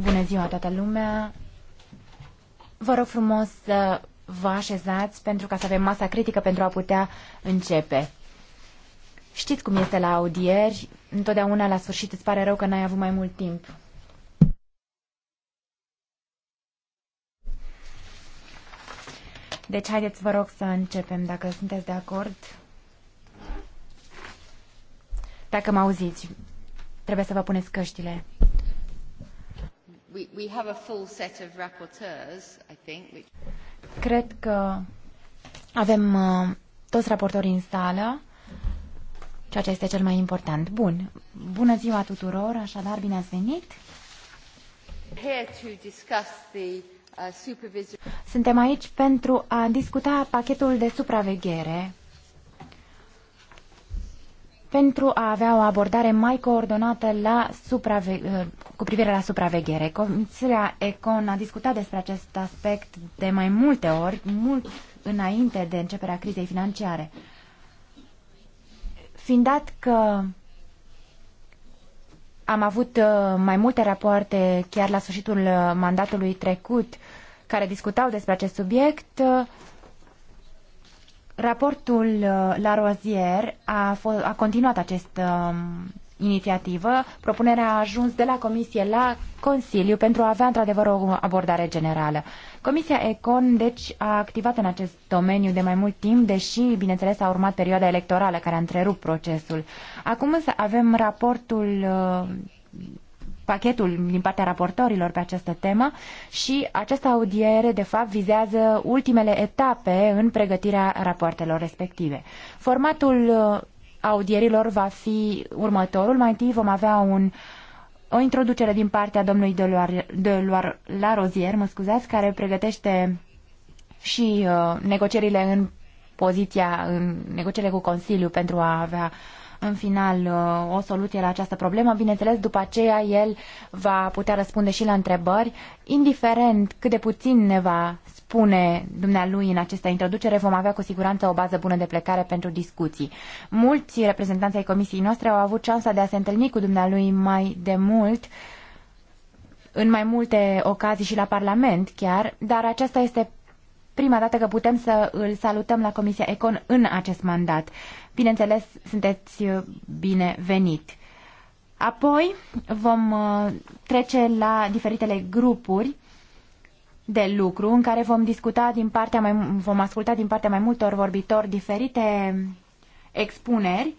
Bună ziua toată lumea. Vă rog frumos să vă așezați pentru ca să avem masa critică pentru a putea începe. Știți cum este la audieri, întotdeauna la sfârșit îți pare rău că n-ai avut mai mult timp. Deci haideți vă rog să începem dacă sunteți de acord. Dacă mă auziți, trebuie să vă puneți căștile. Cred că avem uh, toți raportorii în sală, ceea ce este cel mai important. Bun. Bună ziua tuturor, așadar bine ați venit. Uh, Suntem aici pentru a discuta pachetul de supraveghere pentru a avea o abordare mai coordonată la suprave- uh, cu privire la supraveghere. Comisia Econ a discutat despre acest aspect de mai multe ori, mult înainte de începerea crizei financiare. Fiind dat că am avut uh, mai multe rapoarte chiar la sfârșitul uh, mandatului trecut care discutau despre acest subiect, Raportul uh, la Rozier a, fost, a continuat această um, inițiativă. Propunerea a ajuns de la Comisie la Consiliu pentru a avea într-adevăr o abordare generală. Comisia Econ, deci, a activat în acest domeniu de mai mult timp, deși, bineînțeles, a urmat perioada electorală care a întrerupt procesul. Acum însă avem raportul uh, pachetul din partea raportorilor pe această temă și această audiere, de fapt, vizează ultimele etape în pregătirea rapoartelor respective. Formatul uh, audierilor va fi următorul. Mai întâi vom avea un o introducere din partea domnului de la Rozier, mă scuzați, care pregătește și uh, negocierile în poziția, în negocierile cu Consiliu pentru a avea uh, în final uh, o soluție la această problemă. Bineînțeles, după aceea el va putea răspunde și la întrebări. Indiferent cât de puțin ne va spune dumnealui în această introducere, vom avea cu siguranță o bază bună de plecare pentru discuții. Mulți reprezentanți ai comisiei noastre au avut șansa de a se întâlni cu dumnealui mai de mult în mai multe ocazii și la Parlament chiar, dar aceasta este prima dată că putem să îl salutăm la Comisia Econ în acest mandat bineînțeles, sunteți uh, binevenit. Apoi vom uh, trece la diferitele grupuri de lucru în care vom discuta din partea mai, vom asculta din partea mai multor vorbitori diferite expuneri.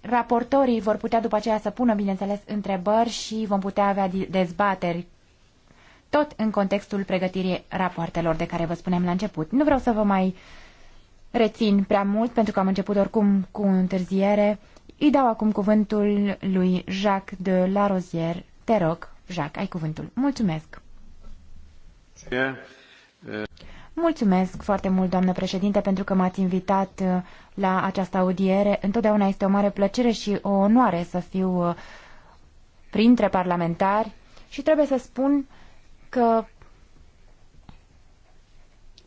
Raportorii vor putea după aceea să pună, bineînțeles, întrebări și vom putea avea dezbateri tot în contextul pregătirii rapoartelor de care vă spuneam la început. Nu vreau să vă mai uh, rețin prea mult pentru că am început oricum cu întârziere. Îi dau acum cuvântul lui Jacques de la Rozier. Te rog, Jacques, ai cuvântul. Mulțumesc! Mulțumesc foarte mult, doamnă președinte, pentru că m-ați invitat uh, la această audiere. Întotdeauna este o mare plăcere și o onoare să fiu uh, printre parlamentari și trebuie să spun că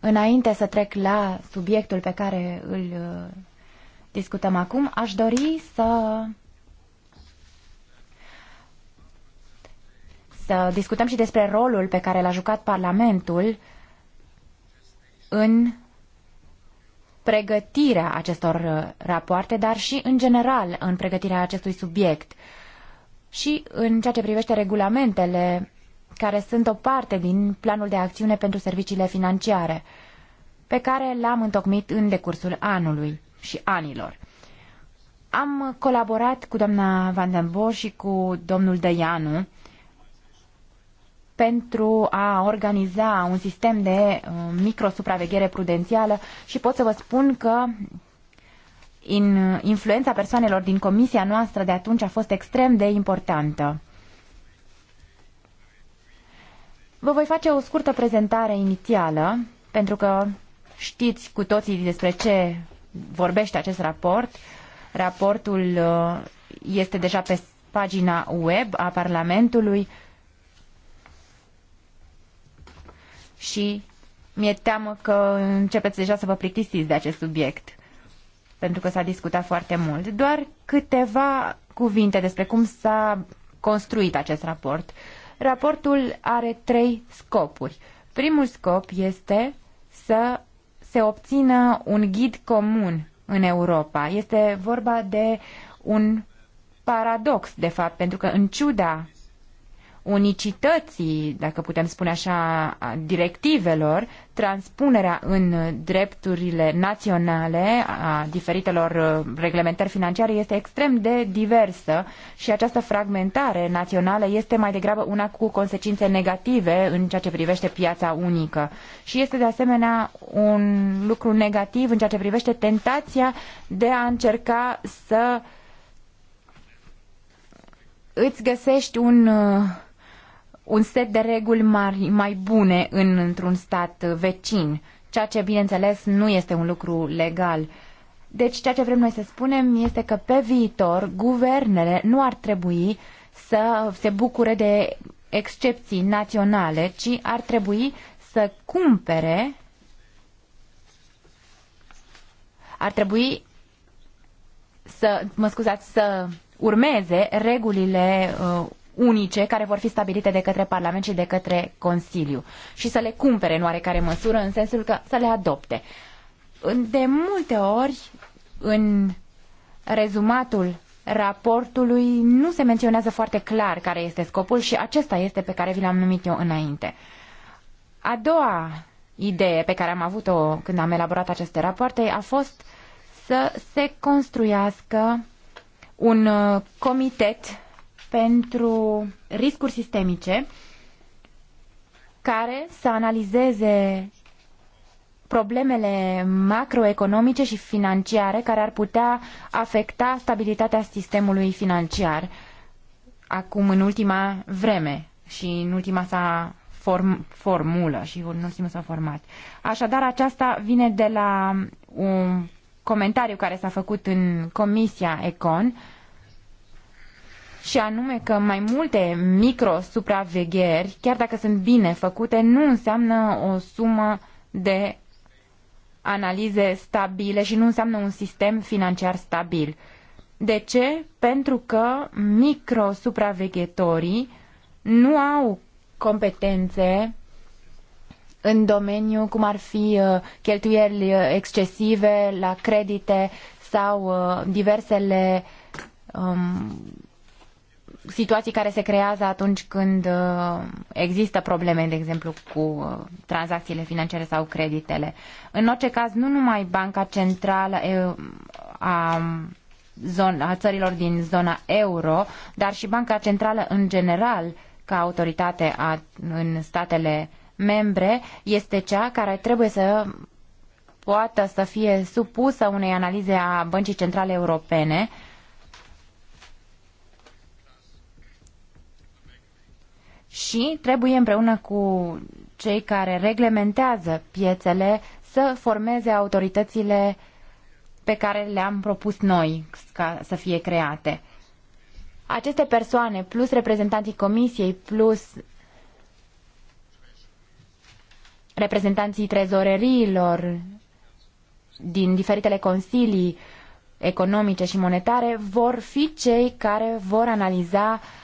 Înainte să trec la subiectul pe care îl uh, discutăm acum, aș dori să să discutăm și despre rolul pe care l-a jucat Parlamentul în pregătirea acestor uh, rapoarte, dar și în general în pregătirea acestui subiect și în ceea ce privește regulamentele care sunt o parte din planul de acțiune pentru serviciile financiare, pe care l-am întocmit în decursul anului și anilor. Am colaborat cu doamna Van den Bosch și cu domnul Deianu pentru a organiza un sistem de uh, microsupraveghere prudențială și pot să vă spun că influența persoanelor din comisia noastră de atunci a fost extrem de importantă. Vă voi face o scurtă prezentare inițială, pentru că știți cu toții despre ce vorbește acest raport. Raportul uh, este deja pe pagina web a Parlamentului și mi-e teamă că începeți deja să vă plictisiți de acest subiect, pentru că s-a discutat foarte mult. Doar câteva cuvinte despre cum s-a construit acest raport. Uh, Raportul are trei scopuri. Primul scop este să se obțină un ghid comun în Europa. Este vorba de un paradox, de fapt, pentru că în ciuda unicității, dacă putem spune așa, a directivelor, transpunerea în drepturile naționale a diferitelor uh, reglementări financiare este extrem de diversă și această fragmentare națională este mai degrabă una cu consecințe negative în ceea ce privește piața unică. Și este de asemenea un lucru negativ în ceea ce privește tentația de a încerca să îți găsești un uh, un set de reguli mari, mai bune în, într-un stat vecin, ceea ce, bineînțeles, nu este un lucru legal. Deci, ceea ce vrem noi să spunem este că pe viitor guvernele nu ar trebui să se bucure de excepții naționale, ci ar trebui să cumpere ar trebui să, mă scuzați, să urmeze regulile uh, unice care vor fi stabilite de către Parlament și de către Consiliu și să le cumpere în oarecare măsură în sensul că să le adopte. De multe ori, în rezumatul raportului, nu se menționează foarte clar care este scopul și acesta este pe care vi l-am numit eu înainte. A doua idee pe care am avut-o când am elaborat aceste rapoarte a fost să se construiască un uh, comitet pentru riscuri sistemice care să analizeze problemele macroeconomice și financiare care ar putea afecta stabilitatea sistemului financiar acum în ultima vreme și în ultima sa form- formulă și în ultima sa format. Așadar, aceasta vine de la un comentariu care s-a făcut în Comisia Econ și anume că mai multe micro-supravegheri, chiar dacă sunt bine făcute, nu înseamnă o sumă de analize stabile și nu înseamnă un sistem financiar stabil. De ce? Pentru că microsupraveghetorii nu au competențe în domeniu cum ar fi uh, cheltuieli uh, excesive la credite sau uh, diversele um, situații care se creează atunci când uh, există probleme, de exemplu, cu uh, tranzacțiile financiare sau creditele. În orice caz, nu numai Banca Centrală a, a țărilor din zona euro, dar și Banca Centrală în general, ca autoritate a, în statele membre, este cea care trebuie să poată să fie supusă unei analize a Băncii Centrale Europene și trebuie împreună cu cei care reglementează piețele să formeze autoritățile pe care le-am propus noi ca să fie create. Aceste persoane, plus reprezentanții comisiei, plus reprezentanții trezoreriilor din diferitele consilii economice și monetare, vor fi cei care vor analiza uh,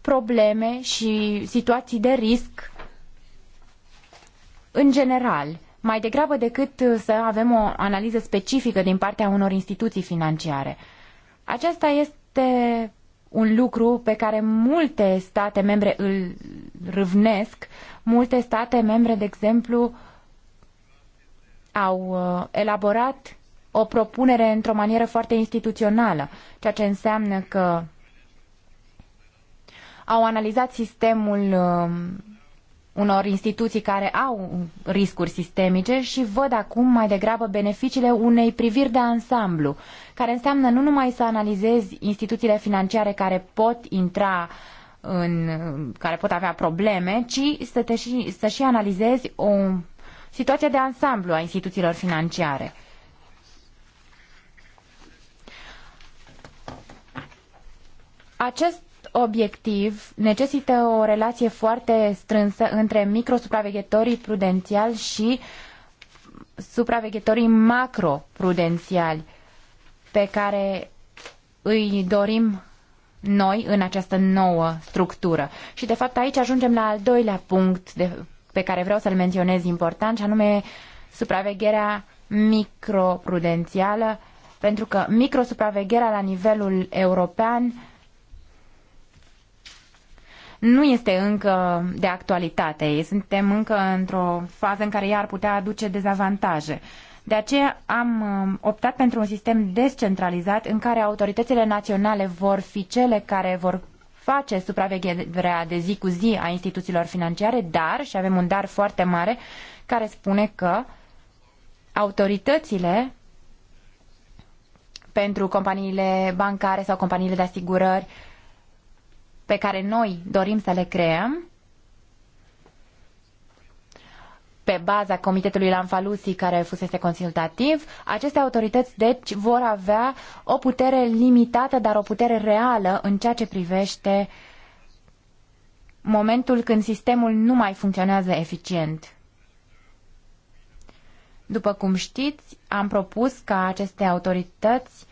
probleme și situații de risc în general, mai degrabă decât să avem o analiză specifică din partea unor instituții financiare. Aceasta este un lucru pe care multe state membre îl râvnesc. Multe state membre, de exemplu, au uh, elaborat o propunere într-o manieră foarte instituțională, ceea ce înseamnă că au analizat sistemul um, unor instituții care au riscuri sistemice și văd acum mai degrabă beneficiile unei priviri de ansamblu, care înseamnă nu numai să analizezi instituțiile financiare care pot intra în, care pot avea probleme, ci să, te și, să și analizezi o situație de ansamblu a instituțiilor financiare. Acest obiectiv necesită o relație foarte strânsă între microsupraveghetorii prudențiali și supraveghetorii macroprudențiali pe care îi dorim noi în această nouă structură. Și de fapt aici ajungem la al doilea punct de, pe care vreau să-l menționez important și anume supravegherea microprudențială pentru că microsupravegherea la nivelul european nu este încă de actualitate. Suntem încă într-o fază în care ea ar putea aduce dezavantaje. De aceea am um, optat pentru un sistem descentralizat în care autoritățile naționale vor fi cele care vor face supravegherea de zi cu zi a instituțiilor financiare, dar, și avem un dar foarte mare, care spune că autoritățile pentru companiile bancare sau companiile de asigurări pe care noi dorim să le creăm pe baza comitetului Lanfalusi, care fusese consultativ, aceste autorități deci vor avea o putere limitată, dar o putere reală în ceea ce privește momentul când sistemul nu mai funcționează eficient. După cum știți, am propus ca aceste autorități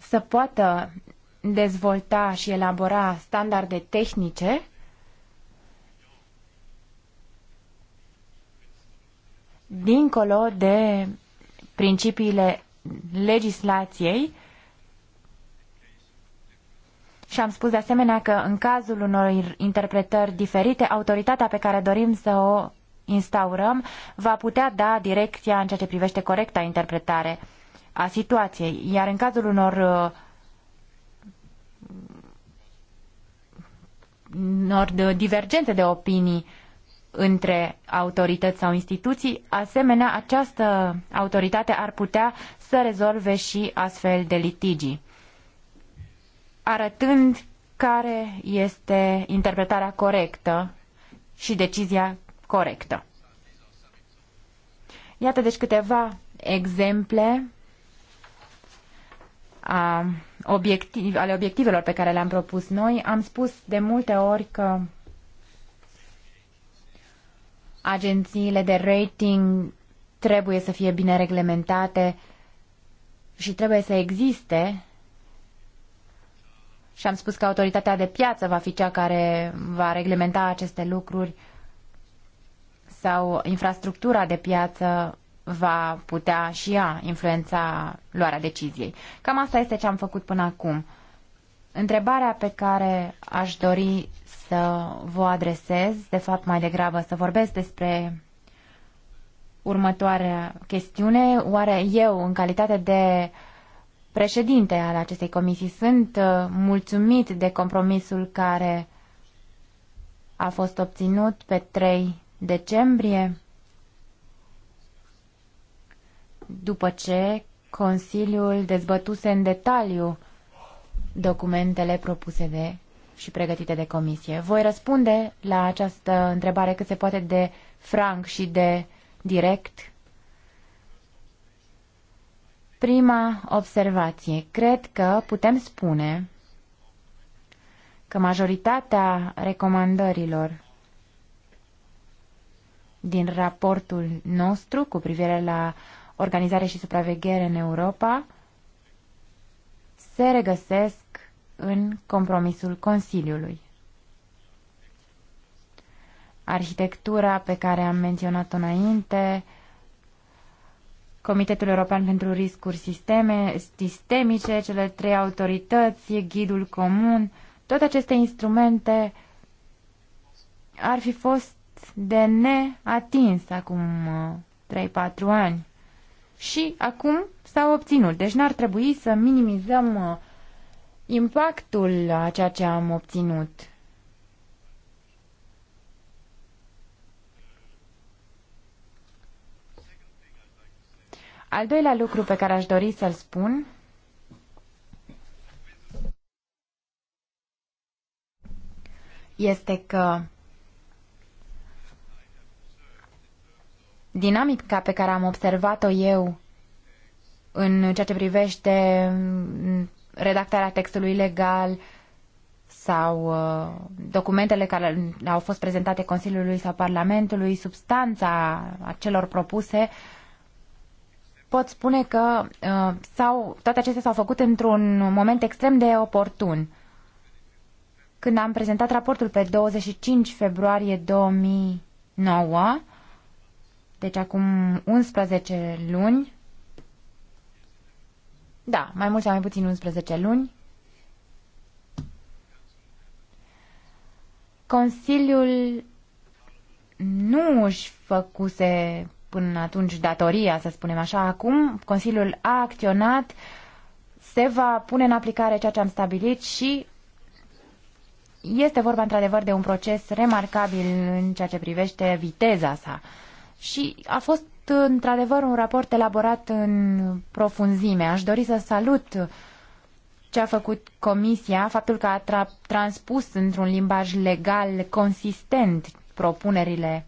să poată dezvolta și elabora standarde tehnice dincolo de principiile legislației și am spus de asemenea că în cazul unor interpretări diferite, autoritatea pe care dorim să o instaurăm va putea da direcția în ceea ce privește corecta interpretare a situației, iar în cazul unor uh, unor divergențe de opinii între autorități sau instituții, asemenea, această autoritate ar putea să rezolve și astfel de litigii, arătând care este interpretarea corectă și decizia corectă. Iată deci câteva exemple a obiectiv, ale obiectivelor pe care le-am propus noi, am spus de multe ori că agențiile de rating trebuie să fie bine reglementate și trebuie să existe și am spus că autoritatea de piață va fi cea care va reglementa aceste lucruri sau infrastructura de piață va putea și ea influența luarea deciziei. Cam asta este ce am făcut până acum. Întrebarea pe care aș dori să vă adresez, de fapt mai degrabă să vorbesc despre următoarea chestiune, oare eu, în calitate de președinte al acestei comisii, sunt uh, mulțumit de compromisul care a fost obținut pe 3 decembrie? după ce Consiliul dezbătuse în detaliu documentele propuse de și pregătite de comisie. Voi răspunde la această întrebare cât se poate de franc și de direct. Prima observație. Cred că putem spune că majoritatea recomandărilor din raportul nostru cu privire la organizare și supraveghere în Europa se regăsesc în compromisul Consiliului. Arhitectura pe care am menționat-o înainte, Comitetul European pentru Riscuri Sisteme, Sistemice, cele trei autorități, Ghidul Comun, toate aceste instrumente ar fi fost de neatins acum 3-4 uh, ani și acum s-au obținut. Deci n-ar trebui să minimizăm uh, impactul a ceea ce am obținut. Al doilea lucru pe care aș dori să-l spun este că dinamica pe care am observat-o eu în ceea ce privește mm, redactarea textului legal sau uh, documentele care au fost prezentate Consiliului sau Parlamentului, substanța acelor propuse, pot spune că uh, sau, toate acestea s-au făcut într-un moment extrem de oportun. Când am prezentat raportul pe 25 februarie 2009, deci acum 11 luni, da, mai mult sau mai puțin 11 luni, Consiliul nu își făcuse până atunci datoria, să spunem așa. Acum Consiliul a acționat, se va pune în aplicare ceea ce am stabilit și este vorba într-adevăr de un proces remarcabil în ceea ce privește viteza sa și a fost într-adevăr un raport elaborat în profunzime. Aș dori să salut ce a făcut Comisia, faptul că a tra- transpus într-un limbaj legal consistent propunerile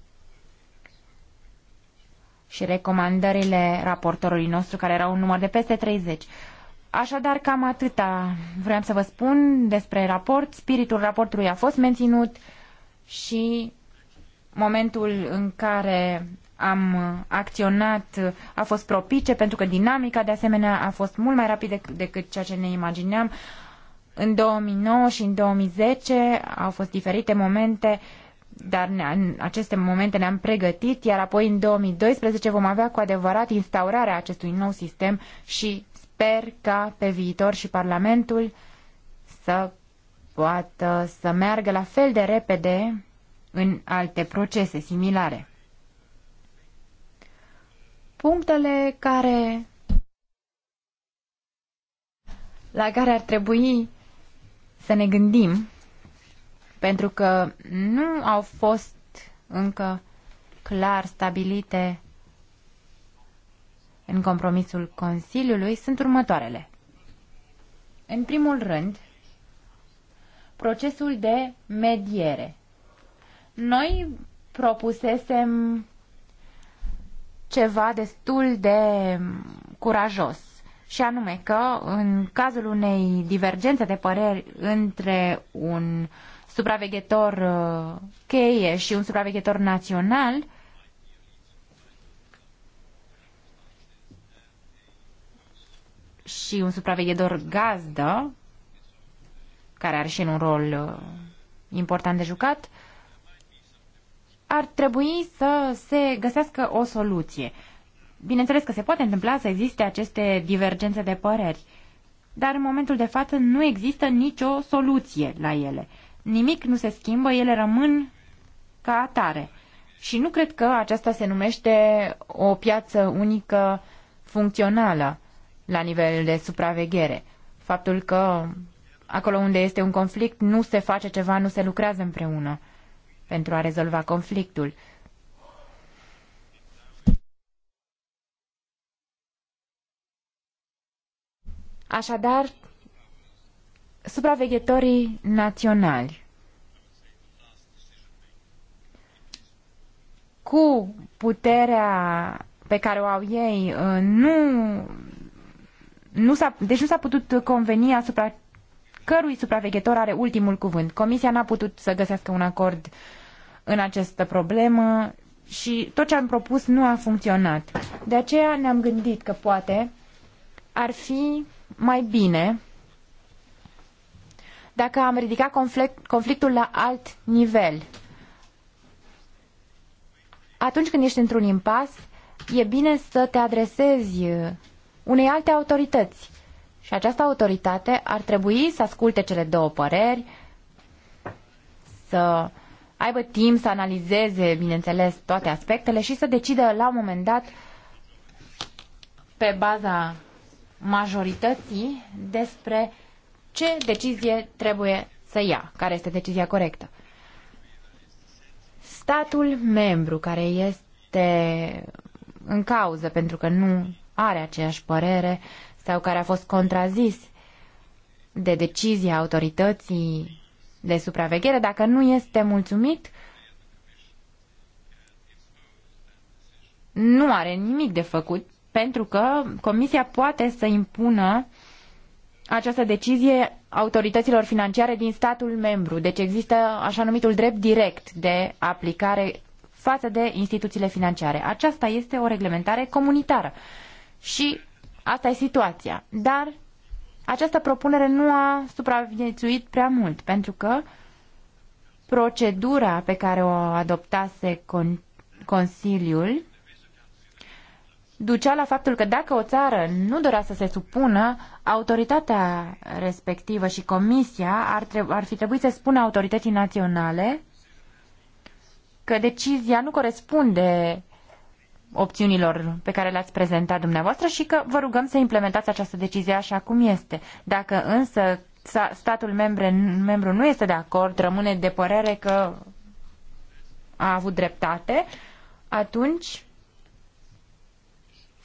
și recomandările raportorului nostru, care erau un număr de peste 30. Așadar, cam atâta vreau să vă spun despre raport. Spiritul raportului a fost menținut și momentul în care am acționat a fost propice pentru că dinamica de asemenea a fost mult mai rapidă decât ceea ce ne imagineam. În 2009 și în 2010 au fost diferite momente, dar în aceste momente ne-am pregătit, iar apoi în 2012 vom avea cu adevărat instaurarea acestui nou sistem și sper ca pe viitor și Parlamentul să poată să meargă la fel de repede în alte procese similare. Punctele care la care ar trebui să ne gândim, pentru că nu au fost încă clar stabilite în compromisul Consiliului, sunt următoarele. În primul rând, procesul de mediere. Noi propusesem ceva destul de curajos și anume că în cazul unei divergențe de păreri între un supraveghetor uh, cheie și un supraveghetor național, și un supraveghetor gazdă, care are și un rol uh, important de jucat, ar trebui să se găsească o soluție. Bineînțeles că se poate întâmpla să existe aceste divergențe de păreri, dar în momentul de față nu există nicio soluție la ele. Nimic nu se schimbă, ele rămân ca atare. Și nu cred că aceasta se numește o piață unică funcțională la nivel de supraveghere. Faptul că acolo unde este un conflict nu se face ceva, nu se lucrează împreună pentru a rezolva conflictul. Așadar, supraveghetorii naționali cu puterea pe care o au ei uh, nu, nu s-a, deci nu s-a putut conveni asupra cărui supraveghetor are ultimul cuvânt. Comisia n-a putut să găsească un acord în această problemă și tot ce am propus nu a funcționat. De aceea ne-am gândit că poate ar fi mai bine dacă am ridicat conflict, conflictul la alt nivel. Atunci când ești într-un impas, e bine să te adresezi unei alte autorități și această autoritate ar trebui să asculte cele două păreri, să aibă timp să analizeze, bineînțeles, toate aspectele și să decidă la un moment dat, pe baza majorității, despre ce decizie trebuie să ia, care este decizia corectă. Statul membru care este în cauză pentru că nu are aceeași părere, sau care a fost contrazis de decizia autorității de supraveghere, dacă nu este mulțumit, nu are nimic de făcut, pentru că Comisia poate să impună această decizie autorităților financiare din statul membru. Deci există așa numitul drept direct de aplicare față de instituțiile financiare. Aceasta este o reglementare comunitară. Și Asta e situația. Dar această propunere nu a supraviețuit prea mult, pentru că procedura pe care o adoptase con- Consiliul ducea la faptul că dacă o țară nu dorea să se supună, autoritatea respectivă și comisia ar, treb- ar fi trebuit să spună autorității naționale că decizia nu corespunde opțiunilor pe care le-ați prezentat dumneavoastră și că vă rugăm să implementați această decizie așa cum este. Dacă însă statul membre, membru nu este de acord, rămâne de părere că a avut dreptate, atunci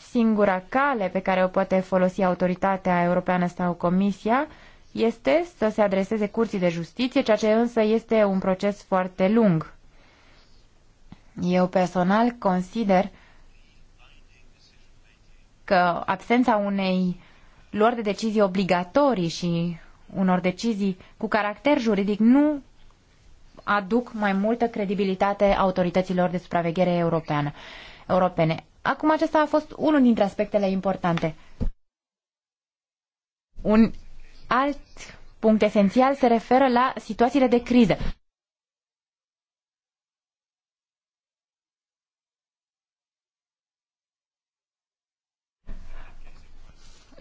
singura cale pe care o poate folosi autoritatea europeană sau comisia este să se adreseze curții de justiție, ceea ce însă este un proces foarte lung. Eu personal consider că absența unei luări de decizii obligatorii și unor decizii cu caracter juridic nu aduc mai multă credibilitate autorităților de supraveghere europeană, europene. Acum acesta a fost unul dintre aspectele importante. Un alt punct esențial se referă la situațiile de criză.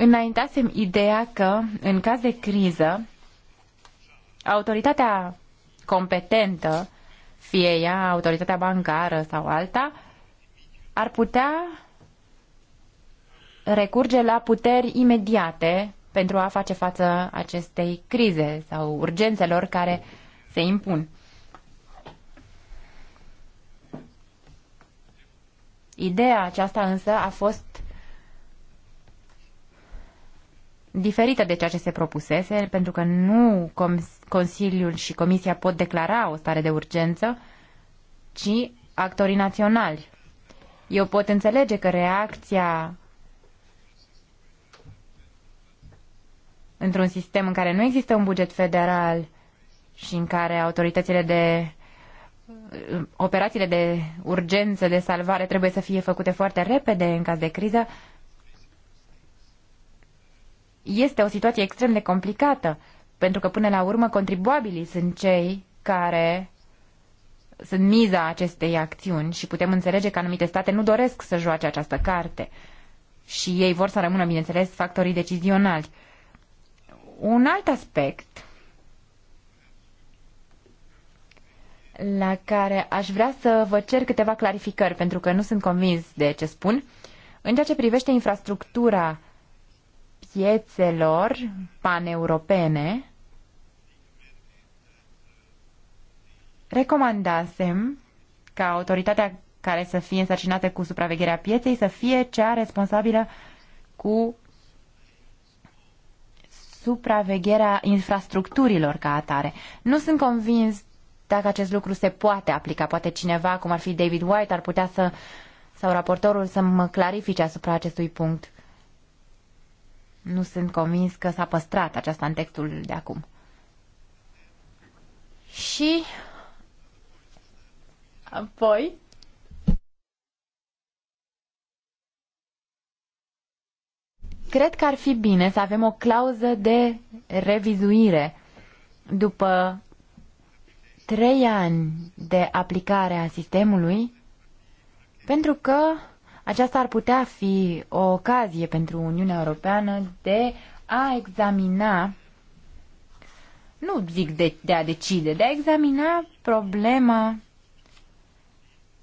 înaintasem ideea că, în caz de criză, autoritatea competentă, fie ea autoritatea bancară sau alta, ar putea recurge la puteri imediate pentru a face față acestei crize sau urgențelor care se impun. Ideea aceasta însă a fost diferită de ceea ce se propusese, pentru că nu Consiliul și Comisia pot declara o stare de urgență, ci actorii naționali. Eu pot înțelege că reacția într-un sistem în care nu există un buget federal și în care autoritățile de operațiile de urgență, de salvare trebuie să fie făcute foarte repede în caz de criză, este o situație extrem de complicată, pentru că până la urmă contribuabilii sunt cei care sunt miza acestei acțiuni și putem înțelege că anumite state nu doresc să joace această carte și ei vor să rămână, bineînțeles, factorii decizionali. Un alt aspect la care aș vrea să vă cer câteva clarificări, pentru că nu sunt convins de ce spun, în ceea ce privește infrastructura piețelor paneuropene, recomandasem ca autoritatea care să fie însărcinată cu supravegherea pieței să fie cea responsabilă cu supravegherea infrastructurilor ca atare. Nu sunt convins dacă acest lucru se poate aplica. Poate cineva, cum ar fi David White, ar putea să, sau raportorul, să mă clarifice asupra acestui punct. Nu sunt convins că s-a păstrat aceasta în textul de acum. Și apoi cred că ar fi bine să avem o clauză de revizuire după trei ani de aplicare a sistemului, pentru că aceasta ar putea fi o ocazie pentru Uniunea Europeană de a examina, nu zic de, de a decide, de a examina problema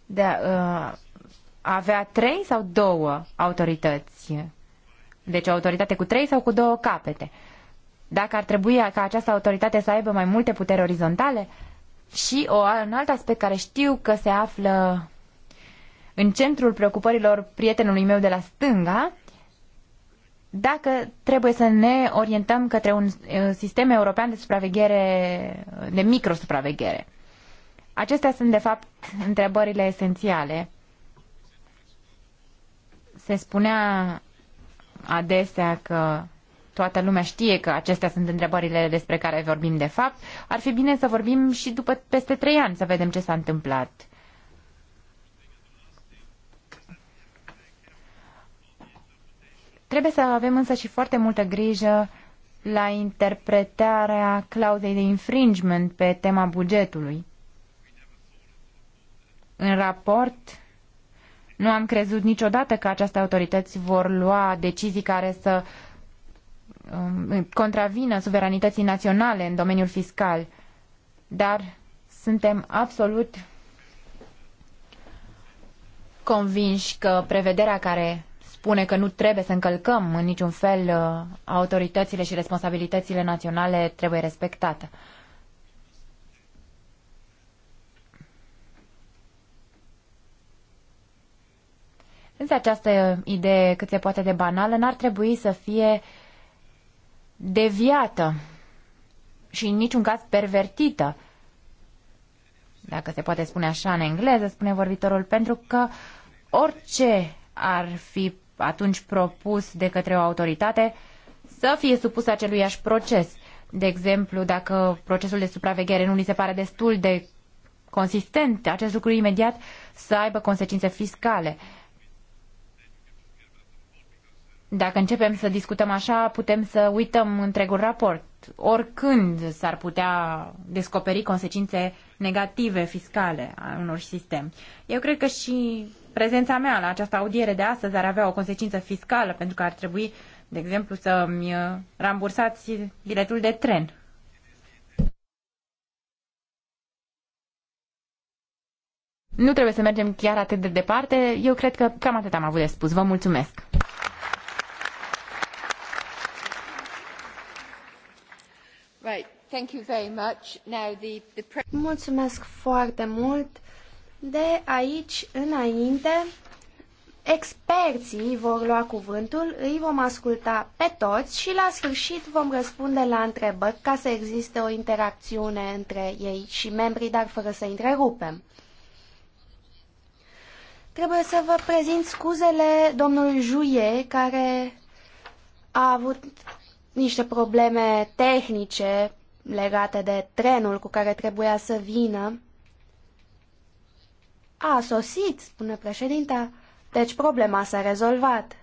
de a uh, avea trei sau două autorități. Deci o autoritate cu trei sau cu două capete. Dacă ar trebui ca această autoritate să aibă mai multe puteri orizontale și o, un alt aspect care știu că se află în centrul preocupărilor prietenului meu de la stânga, dacă trebuie să ne orientăm către un eh, sistem european de supraveghere, de microsupraveghere. Acestea sunt, de fapt, întrebările esențiale. Se spunea adesea că toată lumea știe că acestea sunt întrebările despre care vorbim de fapt. Ar fi bine să vorbim și după peste trei ani să vedem ce s-a întâmplat. Trebuie să avem însă și foarte multă grijă la interpretarea clauzei de infringement pe tema bugetului. În raport, nu am crezut niciodată că aceste autorități vor lua decizii care să um, contravină suveranității naționale în domeniul fiscal, dar suntem absolut convinși că prevederea care spune că nu trebuie să încălcăm în niciun fel uh, autoritățile și responsabilitățile naționale trebuie respectate. Însă această idee cât se poate de banală n-ar trebui să fie deviată și în niciun caz pervertită, dacă se poate spune așa în engleză, spune vorbitorul, pentru că orice ar fi atunci propus de către o autoritate să fie supus aceluiași proces. De exemplu, dacă procesul de supraveghere nu li se pare destul de consistent, acest lucru imediat să aibă consecințe fiscale. Dacă începem să discutăm așa, putem să uităm întregul raport. Oricând s-ar putea descoperi consecințe negative fiscale a unor sistem. Eu cred că și prezența mea la această audiere de astăzi ar avea o consecință fiscală, pentru că ar trebui, de exemplu, să-mi uh, rambursați biletul de tren. Nu trebuie să mergem chiar atât de departe. Eu cred că cam atât am avut de spus. Vă mulțumesc! Right. Thank you very much. Now the, the... Mulțumesc foarte mult! De aici înainte, experții vor lua cuvântul, îi vom asculta pe toți și la sfârșit vom răspunde la întrebări ca să existe o interacțiune între ei și membrii, dar fără să întrerupem. Trebuie să vă prezint scuzele domnului Juie, care a avut niște probleme tehnice legate de trenul cu care trebuia să vină a sosit, spune președinte. deci problema s-a rezolvat.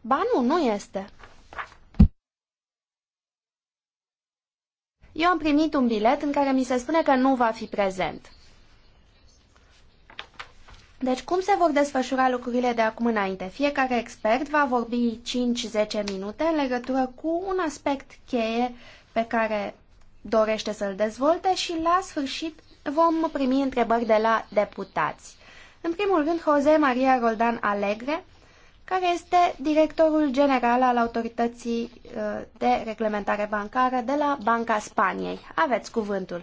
Ba nu, nu este. Eu am primit un bilet în care mi se spune că nu va fi prezent. Deci cum se vor desfășura lucrurile de acum înainte? Fiecare expert va vorbi 5-10 minute în legătură cu un aspect cheie pe care dorește să-l dezvolte și la sfârșit vom primi întrebări de la deputați. În primul rând, Jose Maria Roldan Alegre, care este directorul general al Autorității uh, de Reglementare Bancară de la Banca Spaniei. Aveți cuvântul.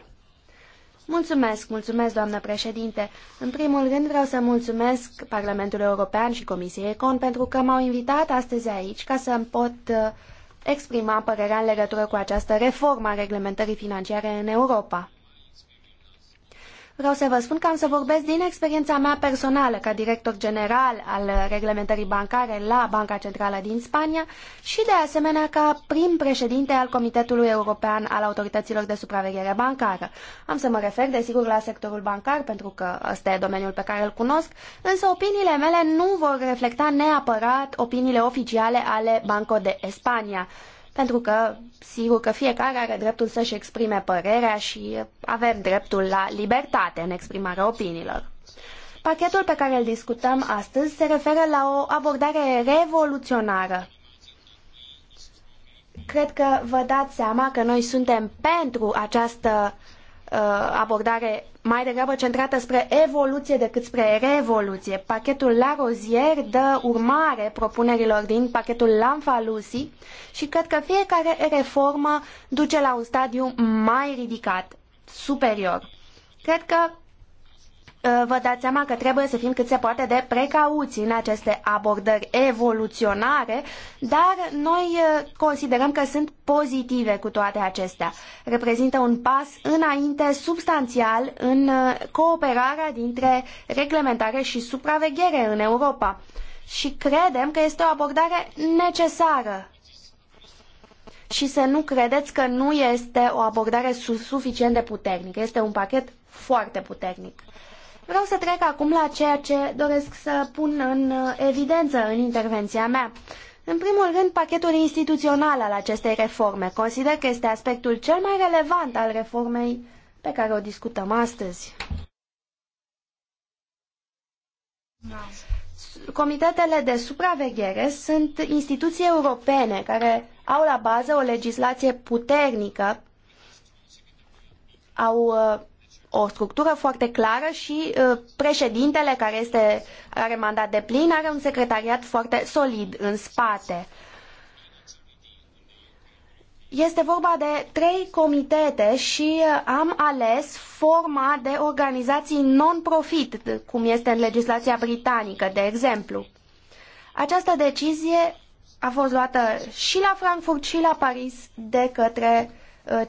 Mulțumesc, mulțumesc, doamnă președinte. În primul rând vreau să mulțumesc Parlamentului European și Comisiei Econ pentru că m-au invitat astăzi aici ca să îmi pot uh, exprima părerea în legătură cu această reformă a reglementării financiare în Europa. Vreau să vă spun că am să vorbesc din experiența mea personală ca director general al reglementării bancare la Banca Centrală din Spania și de asemenea ca prim președinte al Comitetului European al Autorităților de Supraveghere Bancară. Am să mă refer desigur la sectorul bancar pentru că ăsta e domeniul pe care îl cunosc, însă opiniile mele nu vor reflecta neapărat opiniile oficiale ale Banco de Spania pentru că sigur că fiecare are dreptul să-și exprime părerea și avem dreptul la libertate în exprimarea opiniilor. Pachetul pe care îl discutăm astăzi se referă la o abordare revoluționară. Cred că vă dați seama că noi suntem pentru această Uh, abordare mai degrabă centrată spre evoluție decât spre revoluție. Pachetul La Rozier dă urmare propunerilor din pachetul Lamfalusi și cred că fiecare reformă duce la un stadiu mai ridicat, superior. Cred că vă dați seama că trebuie să fim cât se poate de precauți în aceste abordări evoluționare, dar noi eh, considerăm că sunt pozitive cu toate acestea. Reprezintă un pas înainte substanțial în eh, cooperarea dintre reglementare și supraveghere în Europa. Și credem că este o abordare necesară și să nu credeți că nu este o abordare suficient de puternică. Este un pachet foarte puternic. Vreau să trec acum la ceea ce doresc să pun în uh, evidență în intervenția mea. În primul rând, pachetul instituțional al acestei reforme. Consider că este aspectul cel mai relevant al reformei pe care o discutăm astăzi. Comitetele de supraveghere sunt instituții europene care au la bază o legislație puternică, au uh, o structură foarte clară și uh, președintele, care este, are mandat de plin, are un secretariat foarte solid în spate. Este vorba de trei comitete și uh, am ales forma de organizații non-profit, cum este în legislația britanică, de exemplu. Această decizie a fost luată și la Frankfurt și la Paris de către uh,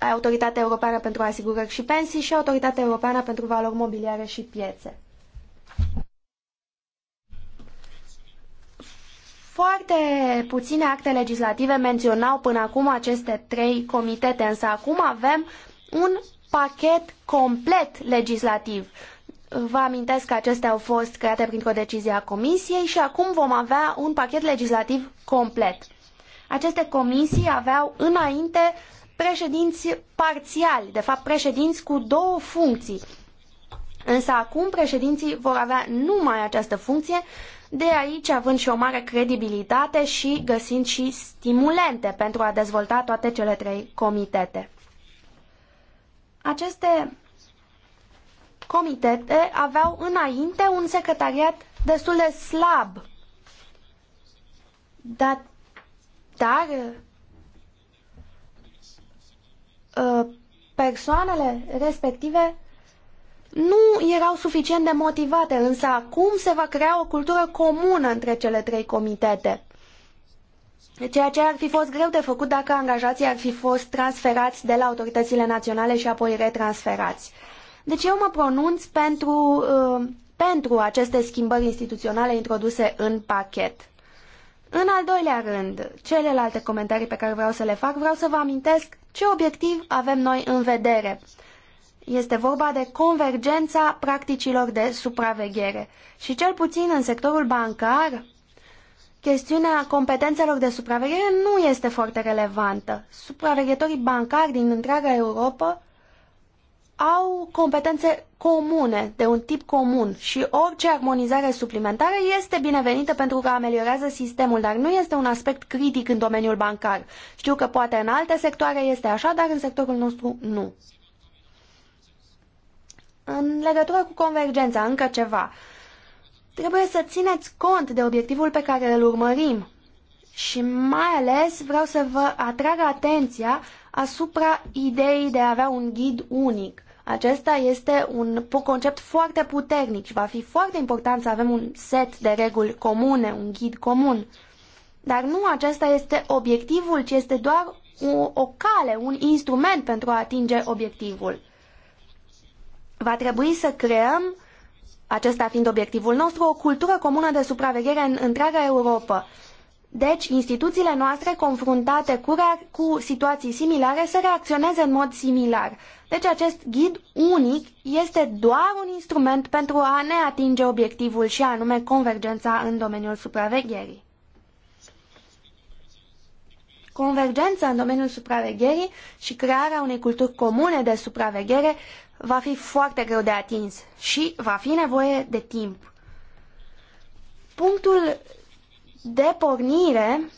Autoritatea Europeană pentru Asigurări și Pensii și Autoritatea Europeană pentru Valori Mobiliare și Piețe. Foarte puține acte legislative menționau până acum aceste trei comitete, însă acum avem un pachet complet legislativ. Vă amintesc că acestea au fost create printr-o decizie a Comisiei și acum vom avea un pachet legislativ complet. Aceste comisii aveau înainte președinți parțiali, de fapt președinți cu două funcții. Însă acum președinții vor avea numai această funcție, de aici având și o mare credibilitate și găsind și stimulente pentru a dezvolta toate cele trei comitete. Aceste comitete aveau înainte un secretariat destul de slab. Dar, dar Uh, persoanele respective nu erau suficient de motivate, însă acum se va crea o cultură comună între cele trei comitete. Ceea ce ar fi fost greu de făcut dacă angajații ar fi fost transferați de la autoritățile naționale și apoi retransferați. Deci eu mă pronunț pentru, uh, pentru aceste schimbări instituționale introduse în pachet. În al doilea rând, celelalte comentarii pe care vreau să le fac, vreau să vă amintesc ce obiectiv avem noi în vedere. Este vorba de convergența practicilor de supraveghere. Și cel puțin în sectorul bancar, chestiunea competențelor de supraveghere nu este foarte relevantă. Supraveghetorii bancari din întreaga Europa au competențe comune, de un tip comun și orice armonizare suplimentară este binevenită pentru că ameliorează sistemul, dar nu este un aspect critic în domeniul bancar. Știu că poate în alte sectoare este așa, dar în sectorul nostru nu. În legătură cu convergența, încă ceva. Trebuie să țineți cont de obiectivul pe care îl urmărim și mai ales vreau să vă atrag atenția asupra ideii de a avea un ghid unic. Acesta este un concept foarte puternic și va fi foarte important să avem un set de reguli comune, un ghid comun. Dar nu acesta este obiectivul, ci este doar o, o cale, un instrument pentru a atinge obiectivul. Va trebui să creăm, acesta fiind obiectivul nostru, o cultură comună de supraveghere în întreaga Europa deci, instituțiile noastre confruntate cu, cu situații similare să reacționeze în mod similar. Deci acest ghid unic este doar un instrument pentru a ne atinge obiectivul și anume convergența în domeniul supravegherii. Convergența în domeniul supravegherii și crearea unei culturi comune de supraveghere va fi foarte greu de atins și va fi nevoie de timp. Punctul de pornire,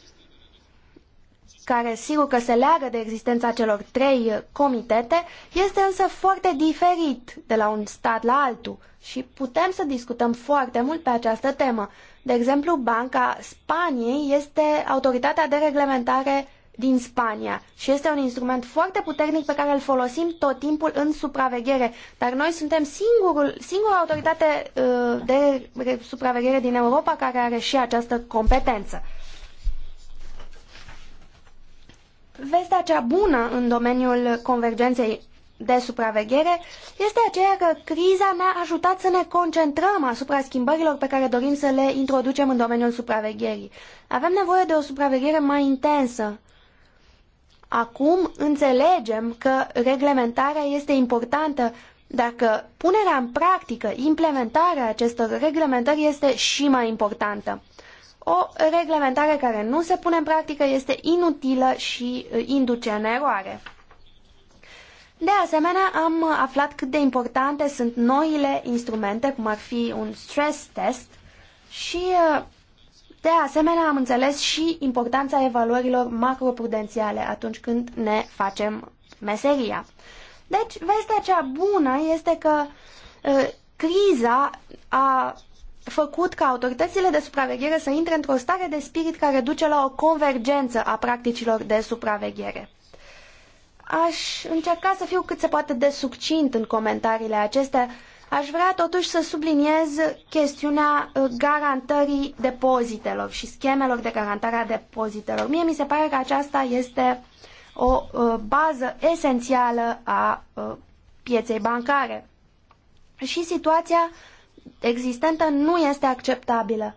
care sigur că se leagă de existența celor trei comitete, este însă foarte diferit de la un stat la altul și putem să discutăm foarte mult pe această temă. De exemplu, Banca Spaniei este autoritatea de reglementare din Spania și este un instrument foarte puternic pe care îl folosim tot timpul în supraveghere, dar noi suntem singurul, singura autoritate uh, de supraveghere din Europa care are și această competență. Vestea cea bună în domeniul convergenței de supraveghere este aceea că criza ne-a ajutat să ne concentrăm asupra schimbărilor pe care dorim să le introducem în domeniul supravegherii. Avem nevoie de o supraveghere mai intensă Acum înțelegem că reglementarea este importantă dacă punerea în practică, implementarea acestor reglementări este și mai importantă. O reglementare care nu se pune în practică este inutilă și uh, induce în eroare. De asemenea, am aflat cât de importante sunt noile instrumente, cum ar fi un stress test și uh, de asemenea, am înțeles și importanța evaluărilor macroprudențiale atunci când ne facem meseria. Deci, vestea cea bună este că uh, criza a făcut ca autoritățile de supraveghere să intre într-o stare de spirit care duce la o convergență a practicilor de supraveghere. Aș încerca să fiu cât se poate de succint în comentariile acestea, Aș vrea totuși să subliniez chestiunea uh, garantării depozitelor și schemelor de garantare a depozitelor. Mie mi se pare că aceasta este o uh, bază esențială a uh, pieței bancare. Și situația existentă nu este acceptabilă.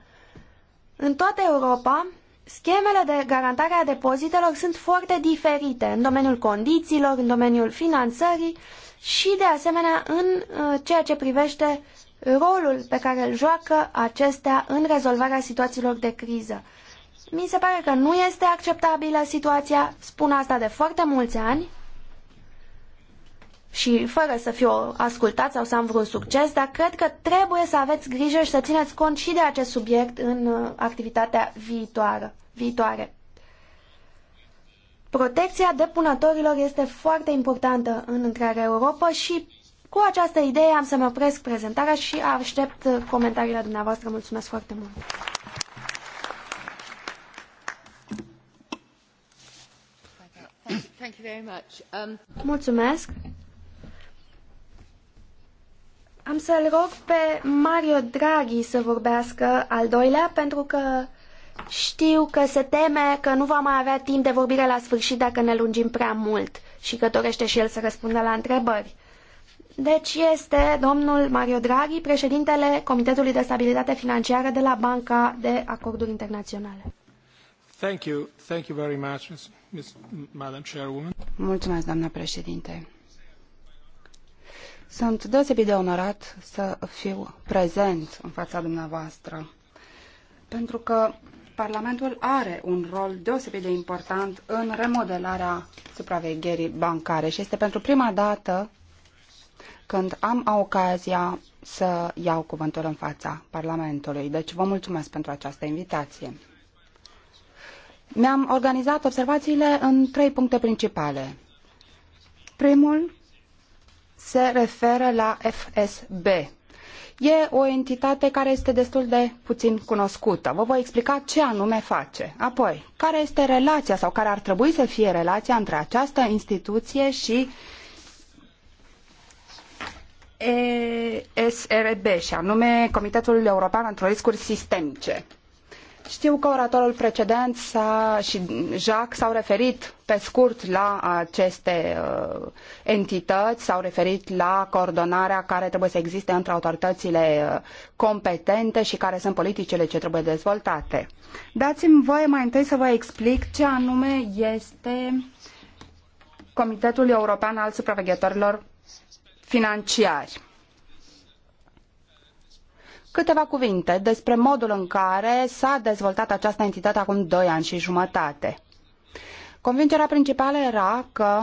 În toată Europa, schemele de garantare a depozitelor sunt foarte diferite în domeniul condițiilor, în domeniul finanțării, uh, și, de asemenea, în uh, ceea ce privește rolul pe care îl joacă acestea în rezolvarea situațiilor de criză. Mi se pare că nu este acceptabilă situația, spun asta de foarte mulți ani și fără să fiu ascultat sau să am vreun succes, dar cred că trebuie să aveți grijă și să țineți cont și de acest subiect în uh, activitatea viitoare. viitoare. Protecția depunătorilor este foarte importantă în întreaga Europa și cu această idee am să-mi opresc prezentarea și aștept comentariile dumneavoastră. Mulțumesc foarte mult! Um, Mulțumesc! Am să-l rog pe Mario Draghi să vorbească al doilea, pentru că știu că se teme că nu va mai avea timp de vorbire la sfârșit dacă ne lungim prea mult și că dorește și el să răspundă la întrebări. Deci este domnul Mario Draghi, președintele Comitetului de Stabilitate Financiară de la Banca de Acorduri Internaționale. Thank you. Thank you very much, Ms. Madam Chairwoman. Mulțumesc, doamna președinte. Sunt deosebit de onorat să fiu prezent în fața dumneavoastră, pentru că Parlamentul are un rol deosebit de important în remodelarea supravegherii bancare și este pentru prima dată când am ocazia să iau cuvântul în fața Parlamentului. Deci vă mulțumesc pentru această invitație. Mi-am organizat observațiile în trei puncte principale. Primul se referă la FSB, e o entitate care este destul de puțin cunoscută. Vă voi explica ce anume face. Apoi, care este relația sau care ar trebui să fie relația între această instituție și ESRB, și anume Comitetul European pentru Riscuri Sistemice. Știu că oratorul precedent s-a, și Jacques s-au referit pe scurt la aceste uh, entități, s-au referit la coordonarea care trebuie să existe între autoritățile uh, competente și care sunt politicile ce trebuie dezvoltate. Dați-mi voie mai întâi să vă explic ce anume este Comitetul European al Supraveghetorilor Financiari. Câteva cuvinte despre modul în care s-a dezvoltat această entitate acum doi ani și jumătate. Convingerea principală era că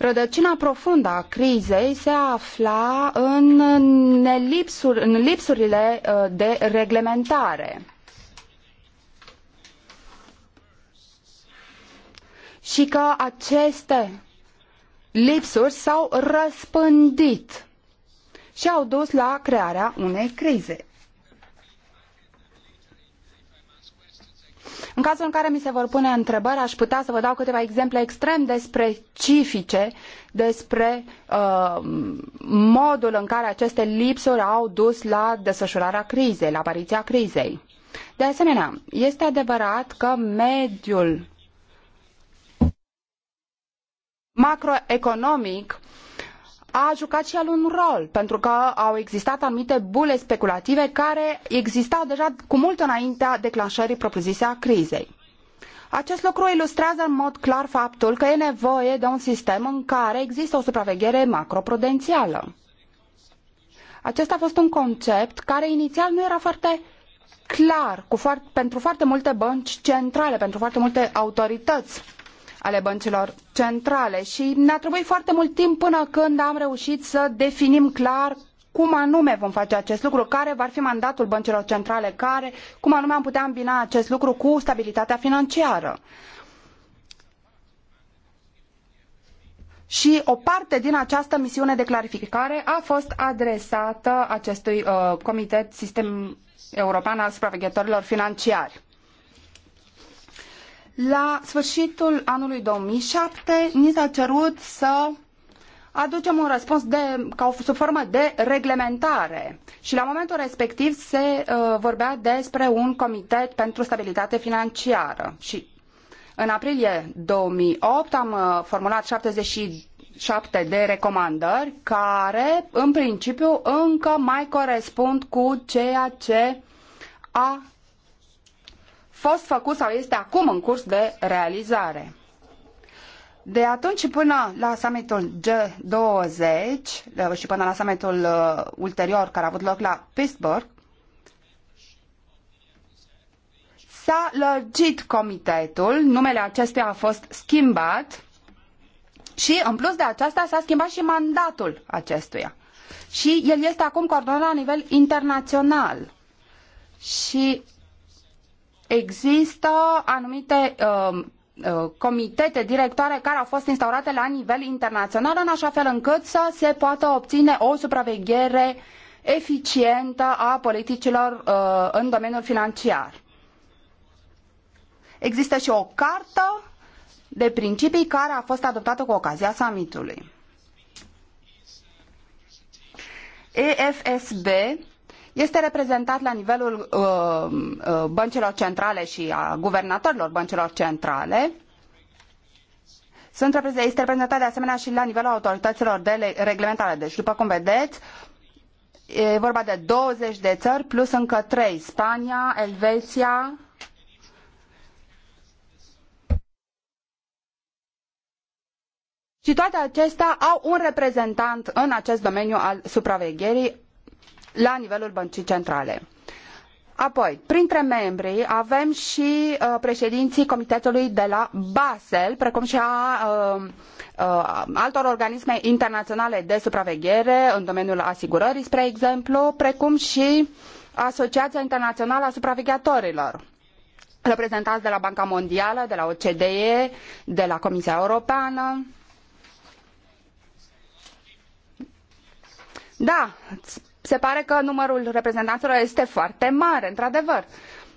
Rădăcina profundă a crizei se afla în, în lipsurile uh, de reglementare. Și că aceste lipsuri s-au răspândit și au dus la crearea unei crize. În cazul în care mi se vor pune întrebări, aș putea să vă dau câteva exemple extrem de specifice despre uh, modul în care aceste lipsuri au dus la desfășurarea crizei, la apariția crizei. De asemenea, este adevărat că mediul macroeconomic a jucat și el un rol, pentru că au existat anumite bule speculative care existau deja cu mult înaintea declanșării propriu-zise a crizei. Acest lucru ilustrează în mod clar faptul că e nevoie de un sistem în care există o supraveghere macroprudențială. Acesta a fost un concept care inițial nu era foarte clar cu foarte, pentru foarte multe bănci centrale, pentru foarte multe autorități ale băncilor centrale și ne-a trebuit foarte mult timp până când am reușit să definim clar cum anume vom face acest lucru, care va fi mandatul băncilor centrale, care, cum anume am putea îmbina acest lucru cu stabilitatea financiară. Și o parte din această misiune de clarificare a fost adresată acestui uh, Comitet Sistem European al Supraveghetorilor Financiari. La sfârșitul anului 2007 ni s-a cerut să aducem un răspuns de, ca o, sub formă de reglementare. Și la momentul respectiv se uh, vorbea despre un comitet pentru stabilitate financiară. Și în aprilie 2008 am uh, formulat 77 de recomandări care, în principiu, încă mai corespund cu ceea ce a fost făcut sau este acum în curs de realizare. De atunci până la summitul G20 uh, și până la summitul uh, ulterior care a avut loc la Pittsburgh, s-a lărgit comitetul, numele acestuia a fost schimbat și în plus de aceasta s-a schimbat și mandatul acestuia. Și el este acum coordonat la nivel internațional. Și există anumite uh, uh, comitete directoare care au fost instaurate la nivel internațional în așa fel încât să se poată obține o supraveghere eficientă a politicilor uh, în domeniul financiar. Există și o cartă de principii care a fost adoptată cu ocazia summitului. EFSB este reprezentat la nivelul uh, uh, băncilor centrale și a guvernatorilor băncilor centrale. Sunt, este reprezentat de asemenea și la nivelul autorităților de reglementare. Deci, după cum vedeți, e vorba de 20 de țări plus încă 3, Spania, Elveția, Și toate acestea au un reprezentant în acest domeniu al supravegherii la nivelul băncii centrale. Apoi, printre membri avem și uh, președinții Comitetului de la Basel, precum și a uh, uh, altor organisme internaționale de supraveghere în domeniul asigurării, spre exemplu, precum și Asociația Internațională a Supravegheatorilor, reprezentanți de la Banca Mondială, de la OCDE, de la Comisia Europeană. Da, se pare că numărul reprezentanilor este foarte mare, într-adevăr.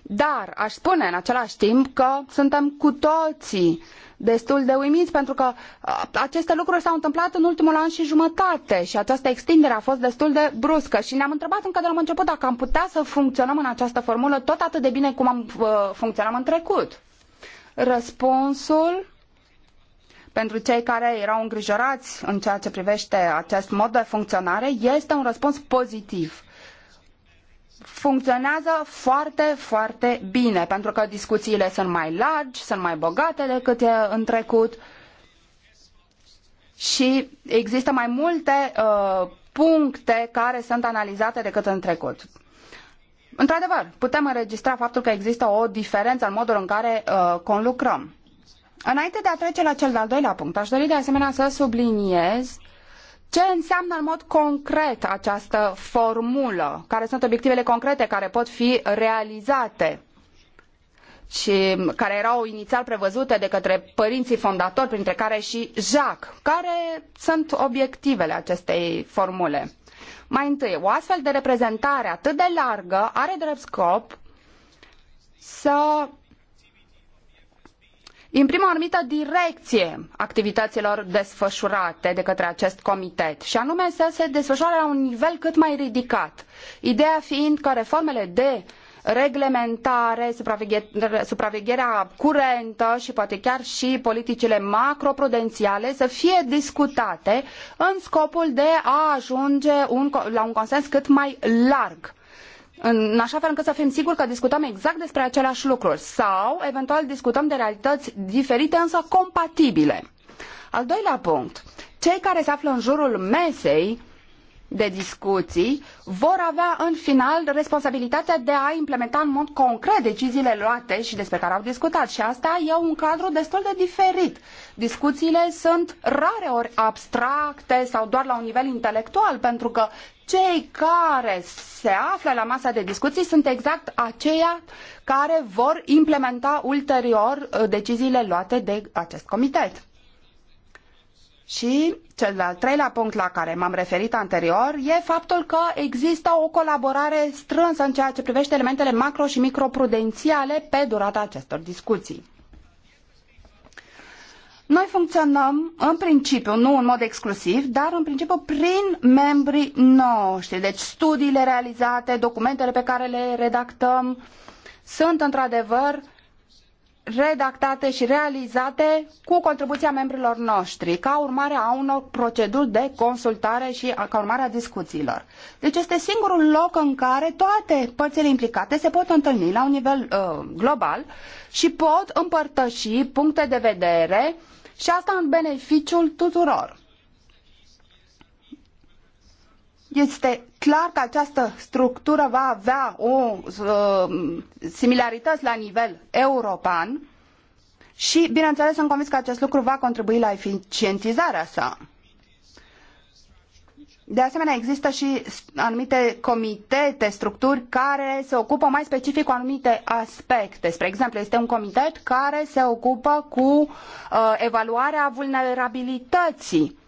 Dar aș spune în același timp că suntem cu toții destul de uimiți pentru că uh, aceste lucruri s-au întâmplat în ultimul an și jumătate și această extindere a fost destul de bruscă și ne-am întrebat încă de la început dacă am putea să funcționăm în această formulă tot atât de bine cum am uh, funcționat în trecut. Răspunsul pentru cei care erau îngrijorați în ceea ce privește acest mod de funcționare, este un răspuns pozitiv funcționează foarte, foarte bine, pentru că discuțiile sunt mai largi, sunt mai bogate decât în trecut și există mai multe uh, puncte care sunt analizate decât în trecut. Într-adevăr, putem înregistra faptul că există o diferență în modul în care uh, conlucrăm. Înainte de a trece la cel de-al doilea punct, aș dori de asemenea să subliniez ce înseamnă în mod concret această formulă, care sunt obiectivele concrete care pot fi realizate și care erau inițial prevăzute de către părinții fondatori, printre care și Jacques. Care sunt obiectivele acestei formule? Mai întâi, o astfel de reprezentare atât de largă are drept scop să imprimă o anumită direcție activităților desfășurate de către acest comitet și anume să se desfășoare la un nivel cât mai ridicat. Ideea fiind că reformele de reglementare, supravegherea curentă și poate chiar și politicile macroprudențiale să fie discutate în scopul de a ajunge un, la un consens cât mai larg în așa fel încât să fim siguri că discutăm exact despre aceleași lucruri sau eventual discutăm de realități diferite, însă compatibile. Al doilea punct. Cei care se află în jurul mesei de discuții vor avea în final responsabilitatea de a implementa în mod concret deciziile luate și despre care au discutat. Și asta e un cadru destul de diferit. Discuțiile sunt rareori abstracte sau doar la un nivel intelectual, pentru că cei care se află la masa de discuții sunt exact aceia care vor implementa ulterior uh, deciziile luate de acest comitet. Și cel de-al treilea punct la care m-am referit anterior e faptul că există o colaborare strânsă în ceea ce privește elementele macro și microprudențiale pe durata acestor discuții. Noi funcționăm în principiu, nu în mod exclusiv, dar în principiu prin membrii noștri. Deci studiile realizate, documentele pe care le redactăm sunt într-adevăr redactate și realizate cu contribuția membrilor noștri, ca urmare a unor proceduri de consultare și ca urmare a discuțiilor. Deci este singurul loc în care toate părțile implicate se pot întâlni la un nivel uh, global și pot împărtăși puncte de vedere și asta în beneficiul tuturor. Este clar că această structură va avea o uh, similarități la nivel european și, bineînțeles, sunt convins că acest lucru va contribui la eficientizarea sa. De asemenea, există și anumite comitete, structuri care se ocupă mai specific cu anumite aspecte. Spre exemplu, este un comitet care se ocupă cu uh, evaluarea vulnerabilității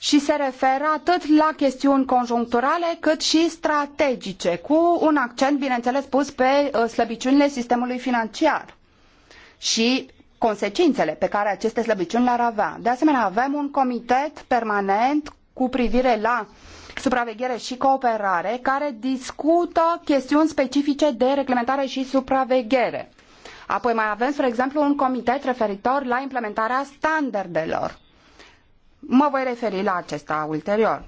și se referă atât la chestiuni conjuncturale cât și strategice, cu un accent, bineînțeles, pus pe uh, slăbiciunile sistemului financiar și consecințele pe care aceste slăbiciuni le-ar avea. De asemenea, avem un comitet permanent cu privire la supraveghere și cooperare care discută chestiuni specifice de reglementare și supraveghere. Apoi mai avem, spre exemplu, un comitet referitor la implementarea standardelor Mă voi referi la acesta ulterior.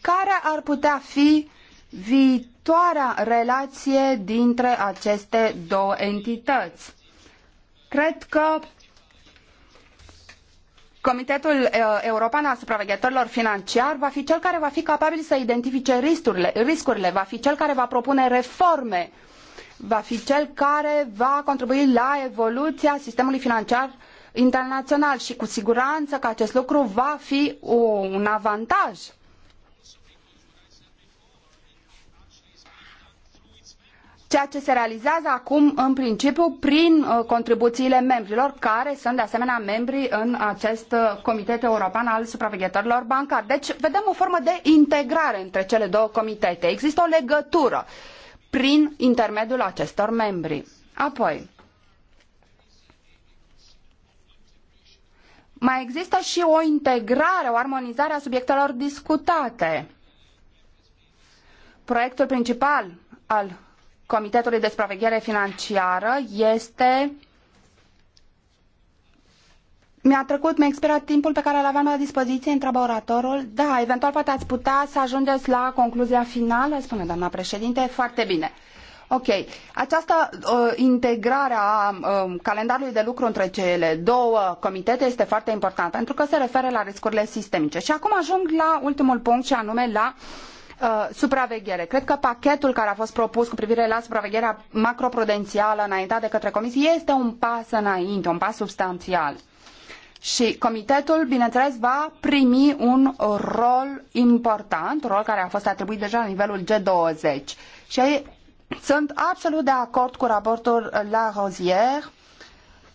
Care ar putea fi viitoarea relație dintre aceste două entități? Cred că Comitetul uh, European al Supraveghetorilor Financiar va fi cel care va fi capabil să identifice riscurile, riscurile, va fi cel care va propune reforme, va fi cel care va contribui la evoluția sistemului financiar uh, internațional și cu siguranță că acest lucru va fi un avantaj. ceea ce se realizează acum în principiu prin uh, contribuțiile membrilor care sunt de asemenea membri în acest uh, Comitet European al Supraveghetorilor Bancari. Deci vedem o formă de integrare între cele două comitete. Există o legătură prin intermediul acestor membri. Apoi, mai există și o integrare, o armonizare a subiectelor discutate. Proiectul principal al Comitetului de Supraveghere Financiară este mi-a trecut, mi-a expirat timpul pe care îl aveam la dispoziție, întreabă oratorul. Da, eventual poate ați putea să ajungeți la concluzia finală, spune doamna președinte. Foarte bine. Ok. Această uh, integrare a uh, calendarului de lucru între cele două comitete este foarte importantă pentru că se referă la riscurile sistemice. Și acum ajung la ultimul punct și anume la uh, supraveghere. Cred că pachetul care a fost propus cu privire la supravegherea macroprudențială înaintat de către comisie este un pas înainte, un pas substanțial. Și comitetul, bineînțeles, va primi un rol important, un rol care a fost atribuit deja la nivelul G20. Și sunt absolut de acord cu raportul La Rosière.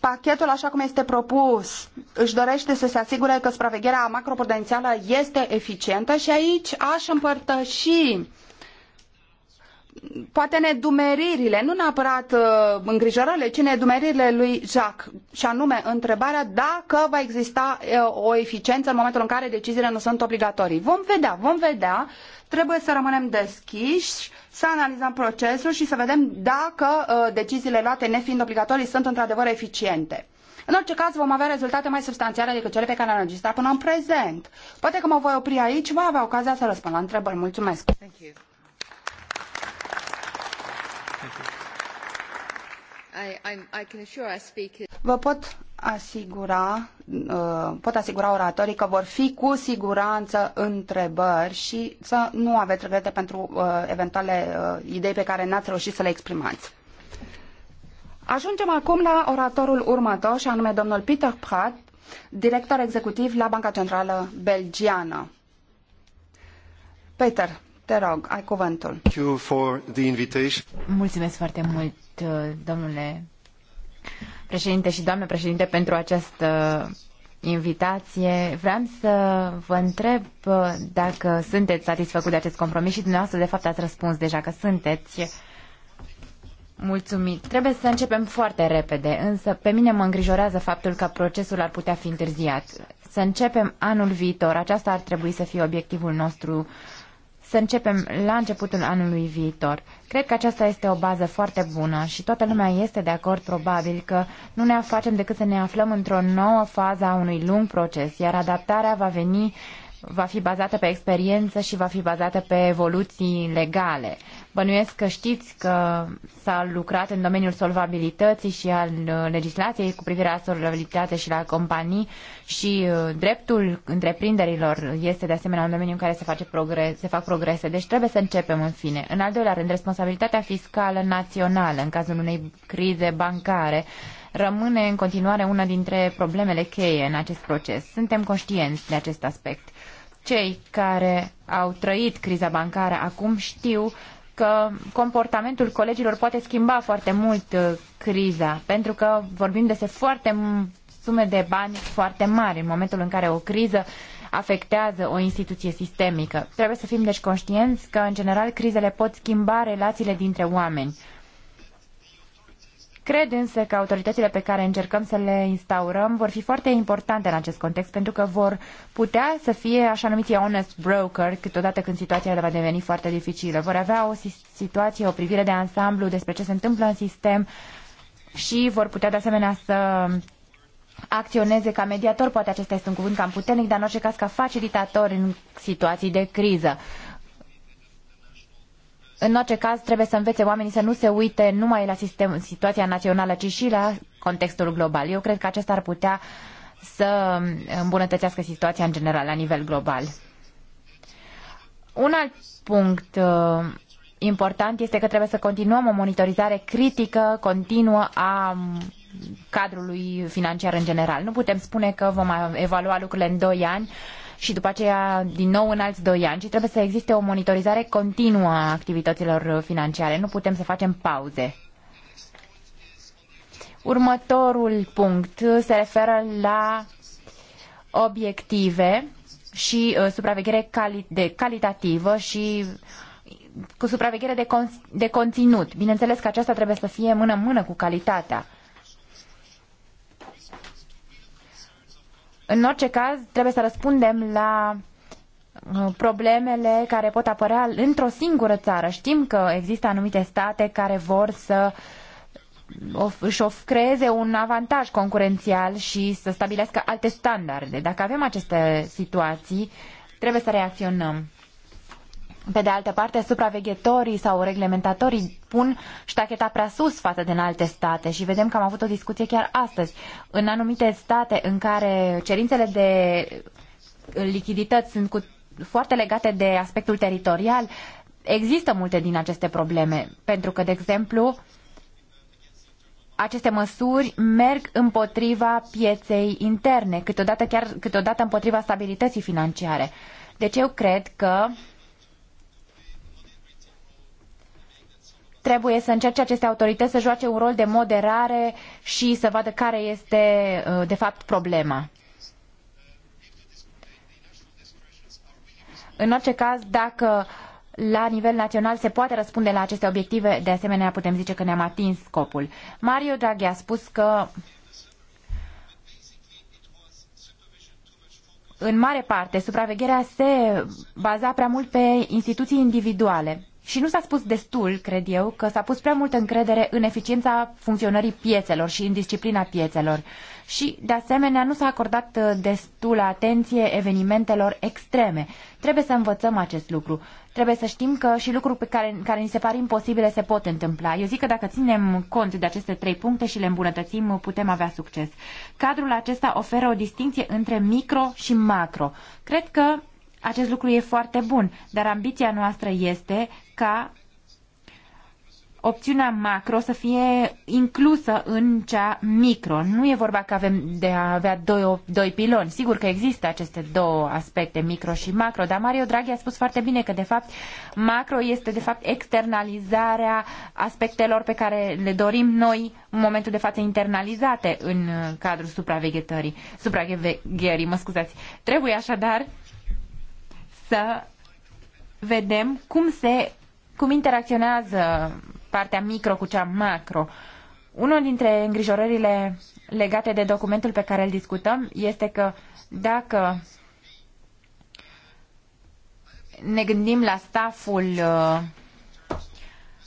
Pachetul, așa cum este propus, își dorește să se asigure că supravegherea macroprudențială este eficientă și aici aș împărtăși uh, poate nedumeririle, nu neapărat uh, îngrijorările, ci nedumeririle lui Jacques, și anume întrebarea dacă va exista uh, o eficiență în momentul în care deciziile nu sunt obligatorii. Vom vedea, vom vedea, trebuie să rămânem deschiși, să analizăm procesul și să vedem dacă uh, deciziile luate nefiind obligatorii sunt într-adevăr eficiente. În orice caz, vom avea rezultate mai substanțiale decât cele pe care le-am înregistrat până în prezent. Poate că mă voi opri aici, va avea ocazia să răspund la întrebări. Mulțumesc! Thank you. Vă pot asigura, uh, pot asigura oratorii că vor fi cu siguranță întrebări și să nu aveți regrete pentru uh, eventuale uh, idei pe care n-ați reușit să le exprimați. Ajungem acum la oratorul următor și anume domnul Peter Prat, director executiv la Banca Centrală Belgiană. Peter, te rog, ai cuvântul. Mulțumesc foarte mult, domnule președinte și doamnă președinte, pentru această invitație. Vreau să vă întreb dacă sunteți satisfăcut de acest compromis și dumneavoastră, de fapt, ați răspuns deja că sunteți. Mulțumit. Trebuie să începem foarte repede, însă pe mine mă îngrijorează faptul că procesul ar putea fi întârziat. Să începem anul viitor, aceasta ar trebui să fie obiectivul nostru uh, să începem la începutul anului viitor. Cred că aceasta este o bază foarte bună și toată lumea este de acord probabil că nu ne facem decât să ne aflăm într-o nouă fază a unui lung proces, iar adaptarea va veni va fi bazată pe experiență și va fi bazată pe evoluții legale. Bănuiesc că știți că s-a lucrat în domeniul solvabilității și al uh, legislației cu privire la solvabilitate și la companii și uh, dreptul întreprinderilor este de asemenea un domeniu în care se, face progres, se fac progrese. Deci trebuie să începem în fine. În al doilea rând, responsabilitatea fiscală națională în cazul unei crize bancare rămâne în continuare una dintre problemele cheie în acest proces. Suntem conștienți de acest aspect. Cei care au trăit criza bancară acum știu că comportamentul colegilor poate schimba foarte mult uh, criza, pentru că vorbim de foarte sume de bani foarte mari în momentul în care o criză afectează o instituție sistemică. Trebuie să fim deci conștienți că, în general, crizele pot schimba relațiile dintre oameni. Cred însă că autoritățile pe care încercăm să le instaurăm vor fi foarte importante în acest context pentru că vor putea să fie așa numiți honest broker câteodată când situația le va deveni foarte dificilă. Vor avea o situație, o privire de ansamblu despre ce se întâmplă în sistem și vor putea de asemenea să acționeze ca mediator, poate acesta este un cuvânt cam puternic, dar în orice caz ca facilitator în situații de criză în orice caz, trebuie să învețe oamenii să nu se uite numai la sistem, situația națională, ci și la contextul global. Eu cred că acesta ar putea să îmbunătățească situația în general, la nivel global. Un alt punct uh, important este că trebuie să continuăm o monitorizare critică, continuă a cadrului financiar în general. Nu putem spune că vom evalua lucrurile în 2 ani, uh, și după aceea din nou în alți doi ani, ci trebuie să existe o monitorizare continuă a activităților financiare. Nu putem să facem pauze. Următorul punct se referă la obiective și uh, supraveghere cali de calitativă și cu supraveghere de, con- de conținut. Bineînțeles că aceasta trebuie să fie mână-mână cu calitatea. În orice caz, trebuie să răspundem la uh, problemele care pot apărea într-o singură țară. Știm că există anumite state care vor să își creeze un avantaj concurențial și să stabilească alte standarde. Dacă avem aceste situații, trebuie să reacționăm. Pe de altă parte, supraveghetorii sau reglementatorii pun ștacheta prea sus față de în alte state și vedem că am avut o discuție chiar astăzi. În anumite state în care cerințele de lichidități sunt cu, foarte legate de aspectul teritorial, există multe din aceste probleme, pentru că, de exemplu, aceste măsuri merg împotriva pieței interne, câteodată chiar câteodată împotriva stabilității financiare. Deci eu cred că trebuie să încerce aceste autorități să joace un rol de moderare și să vadă care este uh, de fapt problema. În orice caz, dacă la nivel național se poate răspunde la aceste obiective, de asemenea putem zice că ne-am atins scopul. Mario Draghi a spus că în mare parte supravegherea se baza prea mult pe instituții individuale. Și nu s-a spus destul, cred eu, că s-a pus prea multă încredere în eficiența funcționării piețelor și în disciplina piețelor. Și, de asemenea, nu s-a acordat uh, destulă atenție evenimentelor extreme. Trebuie să învățăm acest lucru. Trebuie să știm că și lucruri pe care, care ni se par imposibile se pot întâmpla. Eu zic că dacă ținem cont de aceste trei puncte și le îmbunătățim, uh, putem avea succes. Cadrul acesta oferă o distinție între micro și macro. Cred că acest lucru e foarte bun, dar ambiția noastră este ca opțiunea macro să fie inclusă în cea micro. Nu e vorba că avem de a avea doi, doi piloni. Sigur că există aceste două aspecte, micro și macro, dar Mario Draghi a spus foarte bine că, de fapt, macro este, de fapt, externalizarea aspectelor pe care le dorim noi, în momentul de față, internalizate în uh, cadrul supraveghetării, supravegherii, mă scuzați. Trebuie așadar să vedem cum se cum interacționează partea micro cu cea macro. Unul dintre îngrijorările legate de documentul pe care îl discutăm este că dacă ne gândim la staful uh,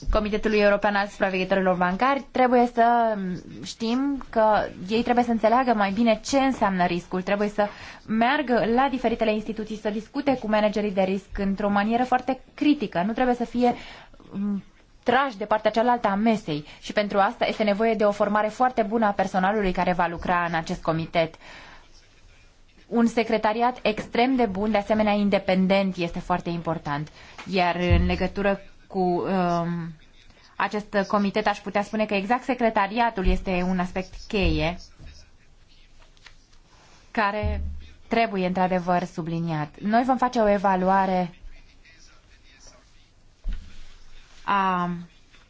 Comitetului European al Supraveghetorilor Bancari, trebuie să mm, știm că ei trebuie să înțeleagă mai bine ce înseamnă riscul, trebuie să meargă la diferitele instituții, să discute cu managerii de risc într-o manieră foarte critică. Nu trebuie să fie mm, trași de partea cealaltă a mesei și pentru asta este nevoie de o formare foarte bună a personalului care va lucra în acest comitet. Un secretariat extrem de bun, de asemenea independent, este foarte important. Iar în legătură cu um, acest comitet, aș putea spune că exact secretariatul este un aspect cheie care trebuie într-adevăr subliniat. Noi vom face o evaluare a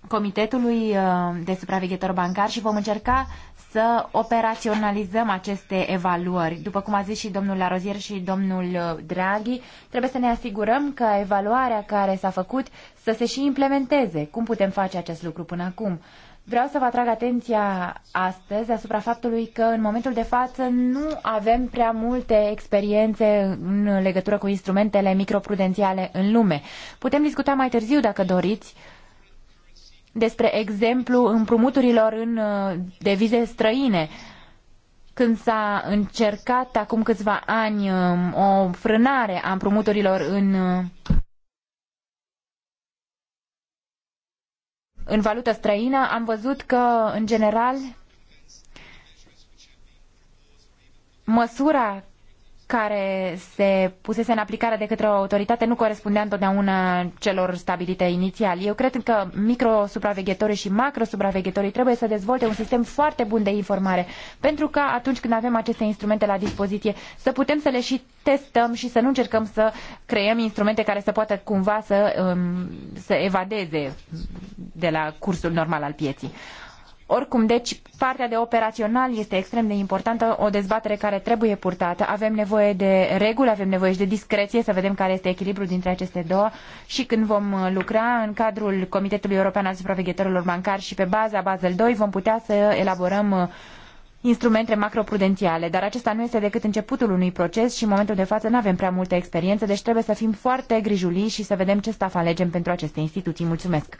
Comitetului uh, de Supraveghetor Bancar și vom încerca să operaționalizăm aceste evaluări. După cum a zis și domnul Larozier și domnul uh, Draghi, trebuie să ne asigurăm că evaluarea care s-a făcut să se și implementeze. Cum putem face acest lucru până acum? Vreau să vă atrag atenția astăzi asupra faptului că în momentul de față nu avem prea multe experiențe în legătură cu instrumentele microprudențiale în lume. Putem discuta mai târziu dacă doriți despre exemplu împrumuturilor în uh, devize străine. Când s-a încercat acum câțiva ani um, o frânare a împrumuturilor în uh, în valută străină, am văzut că, în general, măsura care se pusese în aplicare de către o autoritate nu corespundea întotdeauna celor stabilite inițial. Eu cred că microsupraveghetorii și macrosupraveghetorii trebuie să dezvolte un sistem foarte bun de informare, pentru că atunci când avem aceste instrumente la dispoziție, să putem să le și testăm și să nu încercăm să creăm instrumente care să poată cumva să, um, să evadeze de la cursul normal al pieții. Oricum, deci, partea de operațional este extrem de importantă, o dezbatere care trebuie purtată. Avem nevoie de reguli, avem nevoie și de discreție, să vedem care este echilibrul dintre aceste două și când vom uh, lucra în cadrul Comitetului European al Supraveghetorilor Bancari și pe baza Basel II vom putea să elaborăm uh, instrumente macroprudențiale, dar acesta nu este decât începutul unui proces și în momentul de față nu avem prea multă experiență, deci trebuie să fim foarte grijulii și să vedem ce staf alegem pentru aceste instituții. Mulțumesc!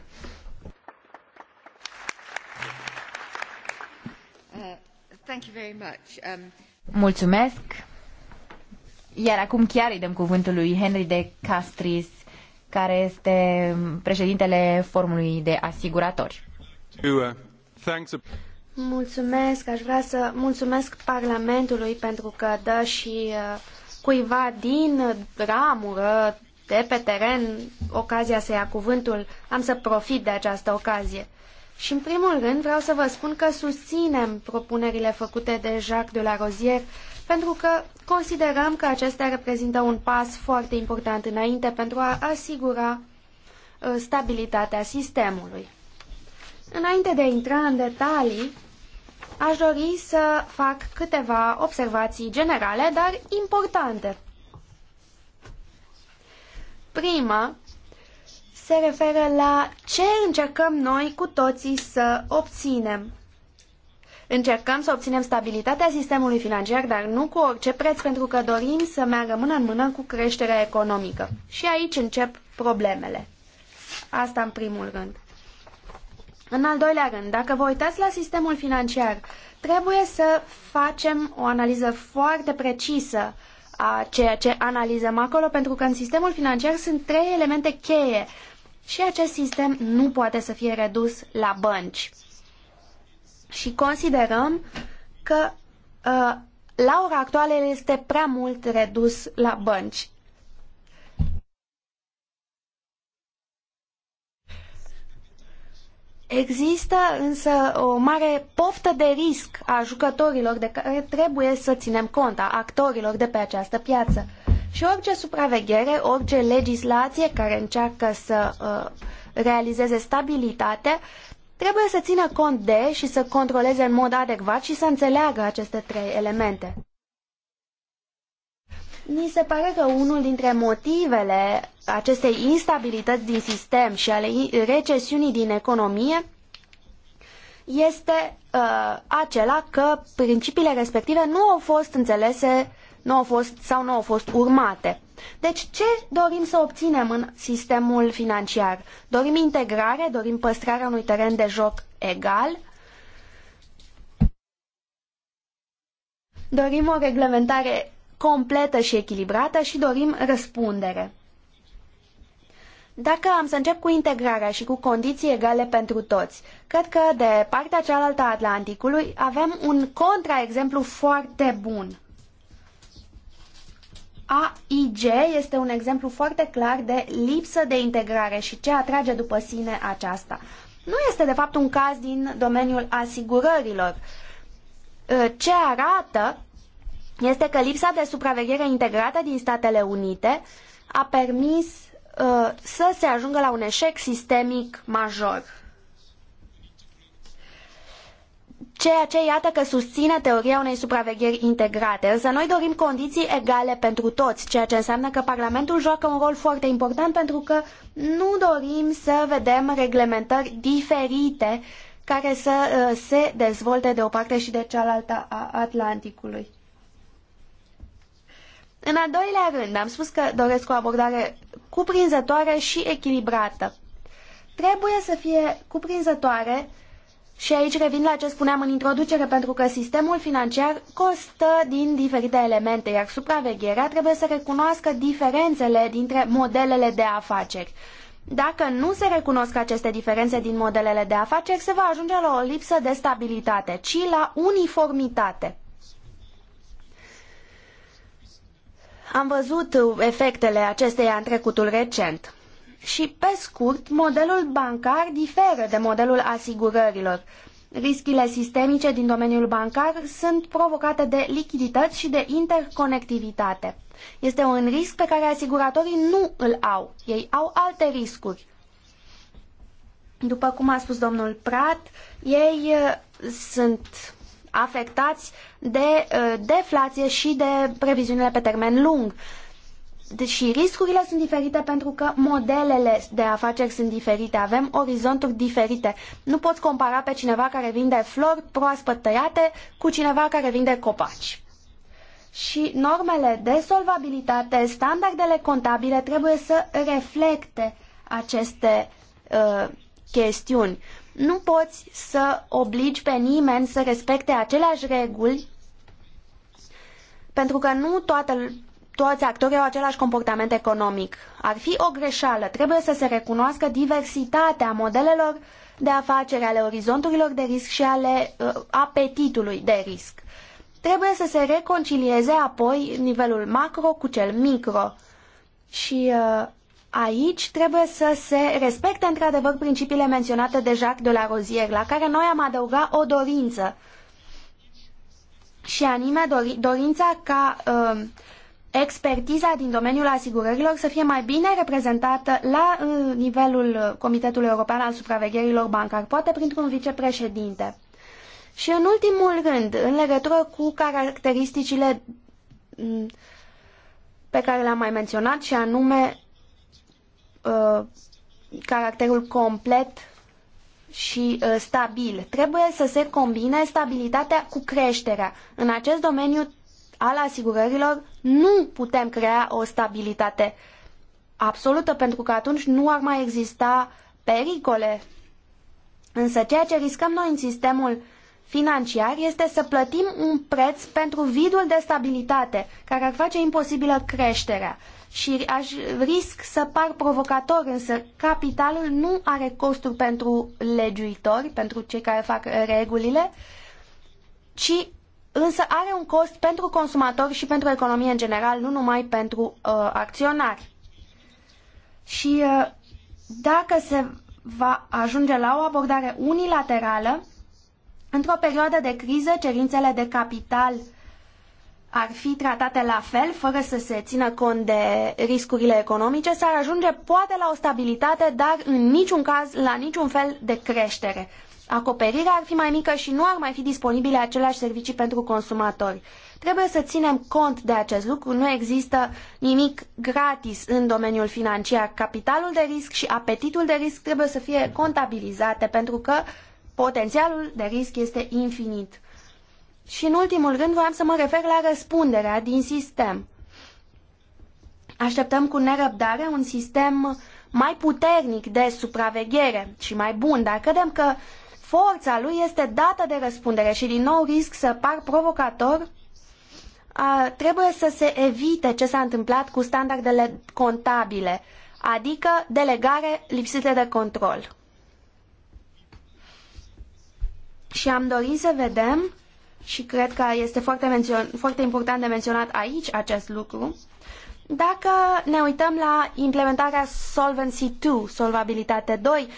Um, mulțumesc. Iar acum chiar îi dăm cuvântul lui Henry de Castris, care este președintele Forumului de Asiguratori. Mulțumesc, aș vrea să mulțumesc Parlamentului pentru că dă și uh, cuiva din ramură de pe teren ocazia să ia cuvântul. Am să profit de această ocazie. Și în primul rând vreau să vă spun că susținem propunerile făcute de Jacques de la Rozier pentru că considerăm că acestea reprezintă un pas foarte important înainte pentru a asigura uh, stabilitatea sistemului. Înainte de a intra în detalii, aș dori să fac câteva observații generale, dar importante. Prima se referă la ce încercăm noi cu toții să obținem. Încercăm să obținem stabilitatea sistemului financiar, dar nu cu orice preț, pentru că dorim să meargă mână în mână cu creșterea economică. Și aici încep problemele. Asta în primul rând. În al doilea rând, dacă vă uitați la sistemul financiar, trebuie să facem o analiză foarte precisă a ceea ce analizăm acolo, pentru că în sistemul financiar sunt trei elemente cheie și acest sistem nu poate să fie redus la bănci. Și considerăm că ă, la ora actuală este prea mult redus la bănci. Există însă o mare poftă de risc a jucătorilor de care trebuie să ținem cont, a actorilor de pe această piață. Și orice supraveghere, orice legislație care încearcă să uh, realizeze stabilitate, trebuie să țină cont de și să controleze în mod adecvat și să înțeleagă aceste trei elemente. Mi se pare că unul dintre motivele acestei instabilități din sistem și ale recesiunii din economie este uh, acela că principiile respective nu au fost înțelese nu au fost sau nu au fost urmate. Deci ce dorim să obținem în sistemul financiar? Dorim integrare, dorim păstrarea unui teren de joc egal, dorim o reglementare completă și echilibrată și dorim răspundere. Dacă am să încep cu integrarea și cu condiții egale pentru toți, cred că de partea cealaltă a Atlanticului avem un contraexemplu foarte bun. AIG este un exemplu foarte clar de lipsă de integrare și ce atrage după sine aceasta. Nu este de fapt un caz din domeniul asigurărilor. Ă, ce arată este că lipsa de supraveghere integrată din Statele Unite a permis ă, să se ajungă la un eșec sistemic major ceea ce iată că susține teoria unei supravegheri integrate. Însă noi dorim condiții egale pentru toți, ceea ce înseamnă că Parlamentul joacă un rol foarte important pentru că nu dorim să vedem reglementări diferite care să uh, se dezvolte de o parte și de cealaltă a Atlanticului. În al doilea rând, am spus că doresc o abordare cuprinzătoare și echilibrată. Trebuie să fie cuprinzătoare uh, și aici revin la ce spuneam în introducere, pentru că sistemul financiar costă din diferite elemente, iar supravegherea trebuie să recunoască diferențele dintre modelele de afaceri. Dacă nu se recunosc aceste diferențe din modelele de afaceri, se va ajunge la o lipsă de stabilitate, ci la uniformitate. Am văzut efectele acesteia în trecutul recent. Și, pe scurt, modelul bancar diferă de modelul asigurărilor. Riscile sistemice din domeniul bancar sunt provocate de lichidități și de interconectivitate. Este un risc pe care asiguratorii nu îl au. Ei au alte riscuri. După cum a spus domnul Prat, ei uh, sunt afectați de uh, deflație și de previziunile pe termen lung. Deci și riscurile sunt diferite pentru că modelele de afaceri sunt diferite, avem orizonturi diferite. Nu poți compara pe cineva care vinde flori proaspăt tăiate cu cineva care vinde copaci. Și normele de solvabilitate, standardele contabile trebuie să reflecte aceste uh, chestiuni. Nu poți să obligi pe nimeni să respecte aceleași reguli pentru că nu toată toți actorii au același comportament economic. Ar fi o greșeală. Trebuie să se recunoască diversitatea modelelor de afacere, ale orizonturilor de risc și ale uh, apetitului de risc. Trebuie să se reconcilieze apoi nivelul macro cu cel micro. Și uh, aici trebuie să se respecte într-adevăr principiile menționate de Jacques de la Rozier, la care noi am adăugat o dorință. Și anime dori, dorința ca uh, expertiza din domeniul asigurărilor să fie mai bine reprezentată la uh, nivelul Comitetului European al Supravegherilor Bancar, poate printr-un vicepreședinte. Și în ultimul rând, în legătură cu caracteristicile mm, pe care le-am mai menționat și anume uh, caracterul complet și uh, stabil. Trebuie să se combine stabilitatea cu creșterea. În acest domeniu al asigurărilor nu putem crea o stabilitate absolută, pentru că atunci nu ar mai exista pericole. Însă ceea ce riscăm noi în sistemul financiar este să plătim un preț pentru vidul de stabilitate, care ar face imposibilă creșterea. Și aș risc să par provocator, însă capitalul nu are costuri pentru legiuitori, pentru cei care fac regulile, ci însă are un cost pentru consumatori și pentru economie în general, nu numai pentru uh, acționari. Și uh, dacă se va ajunge la o abordare unilaterală, într-o perioadă de criză, cerințele de capital ar fi tratate la fel, fără să se țină cont de riscurile economice, s-ar ajunge poate la o stabilitate, dar în niciun caz la niciun fel de creștere acoperirea ar fi mai mică și nu ar mai fi disponibile aceleași servicii pentru consumatori. Trebuie să ținem cont de acest lucru, nu există nimic gratis în domeniul financiar. Capitalul de risc și apetitul de risc trebuie să fie contabilizate pentru că potențialul de risc este infinit. Și în ultimul rând voiam să mă refer la răspunderea din sistem. Așteptăm cu nerăbdare un sistem mai puternic de supraveghere și mai bun, dar credem că forța lui este dată de răspundere și din nou risc să par provocator, trebuie să se evite ce s-a întâmplat cu standardele contabile, adică delegare lipsită de control. Și am dorit să vedem, și cred că este foarte, mențion, foarte important de menționat aici acest lucru, dacă ne uităm la implementarea Solvency 2, Solvabilitate 2,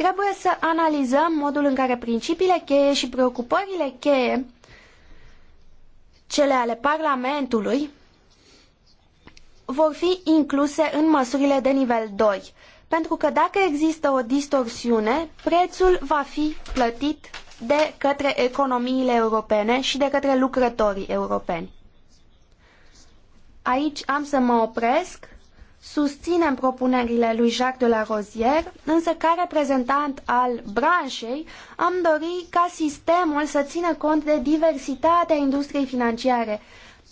Trebuie să analizăm modul în care principiile cheie și preocupările cheie, cele ale Parlamentului, vor fi incluse în măsurile de nivel 2. Pentru că dacă există o distorsiune, prețul va fi plătit de către economiile europene și de către lucrătorii europeni. Aici am să mă opresc Susținem propunerile lui Jacques de la Rosière, însă ca reprezentant al branșei am dori ca sistemul să țină cont de diversitatea industriei financiare,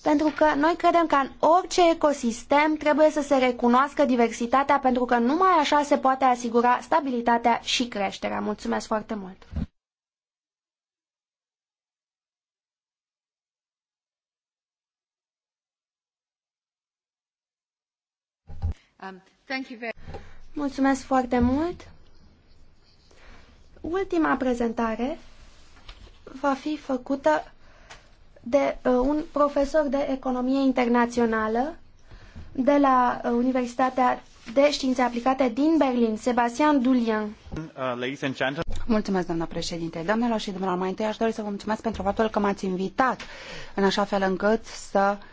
pentru că noi credem că în orice ecosistem trebuie să se recunoască diversitatea, pentru că numai așa se poate asigura stabilitatea și creșterea. Mulțumesc foarte mult! Um, mulțumesc foarte mult. Ultima prezentare va fi făcută de uh, un profesor de economie internațională de la uh, Universitatea de Științe Aplicate din Berlin, Sebastian Uh, Mulțumesc, doamna președinte. Doamnelor și domnilor, mai întâi aș dori să vă mulțumesc pentru faptul că m-ați invitat în așa fel încât să uh,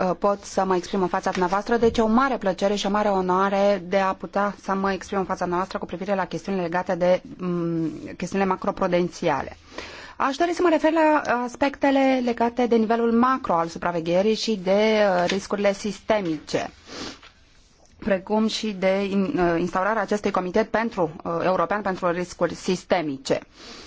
Uh, pot să mă exprim în fața dumneavoastră, deci e o mare plăcere și o mare onoare de a putea să mă exprim în fața noastră cu privire la chestiunile legate de um, chestiunile macroprudențiale. Aș dori să mă refer la aspectele legate de nivelul macro al supravegherii și de uh, riscurile sistemice precum și de uh, instaurarea acestui comitet pentru, european pentru riscuri sistemice. Uh,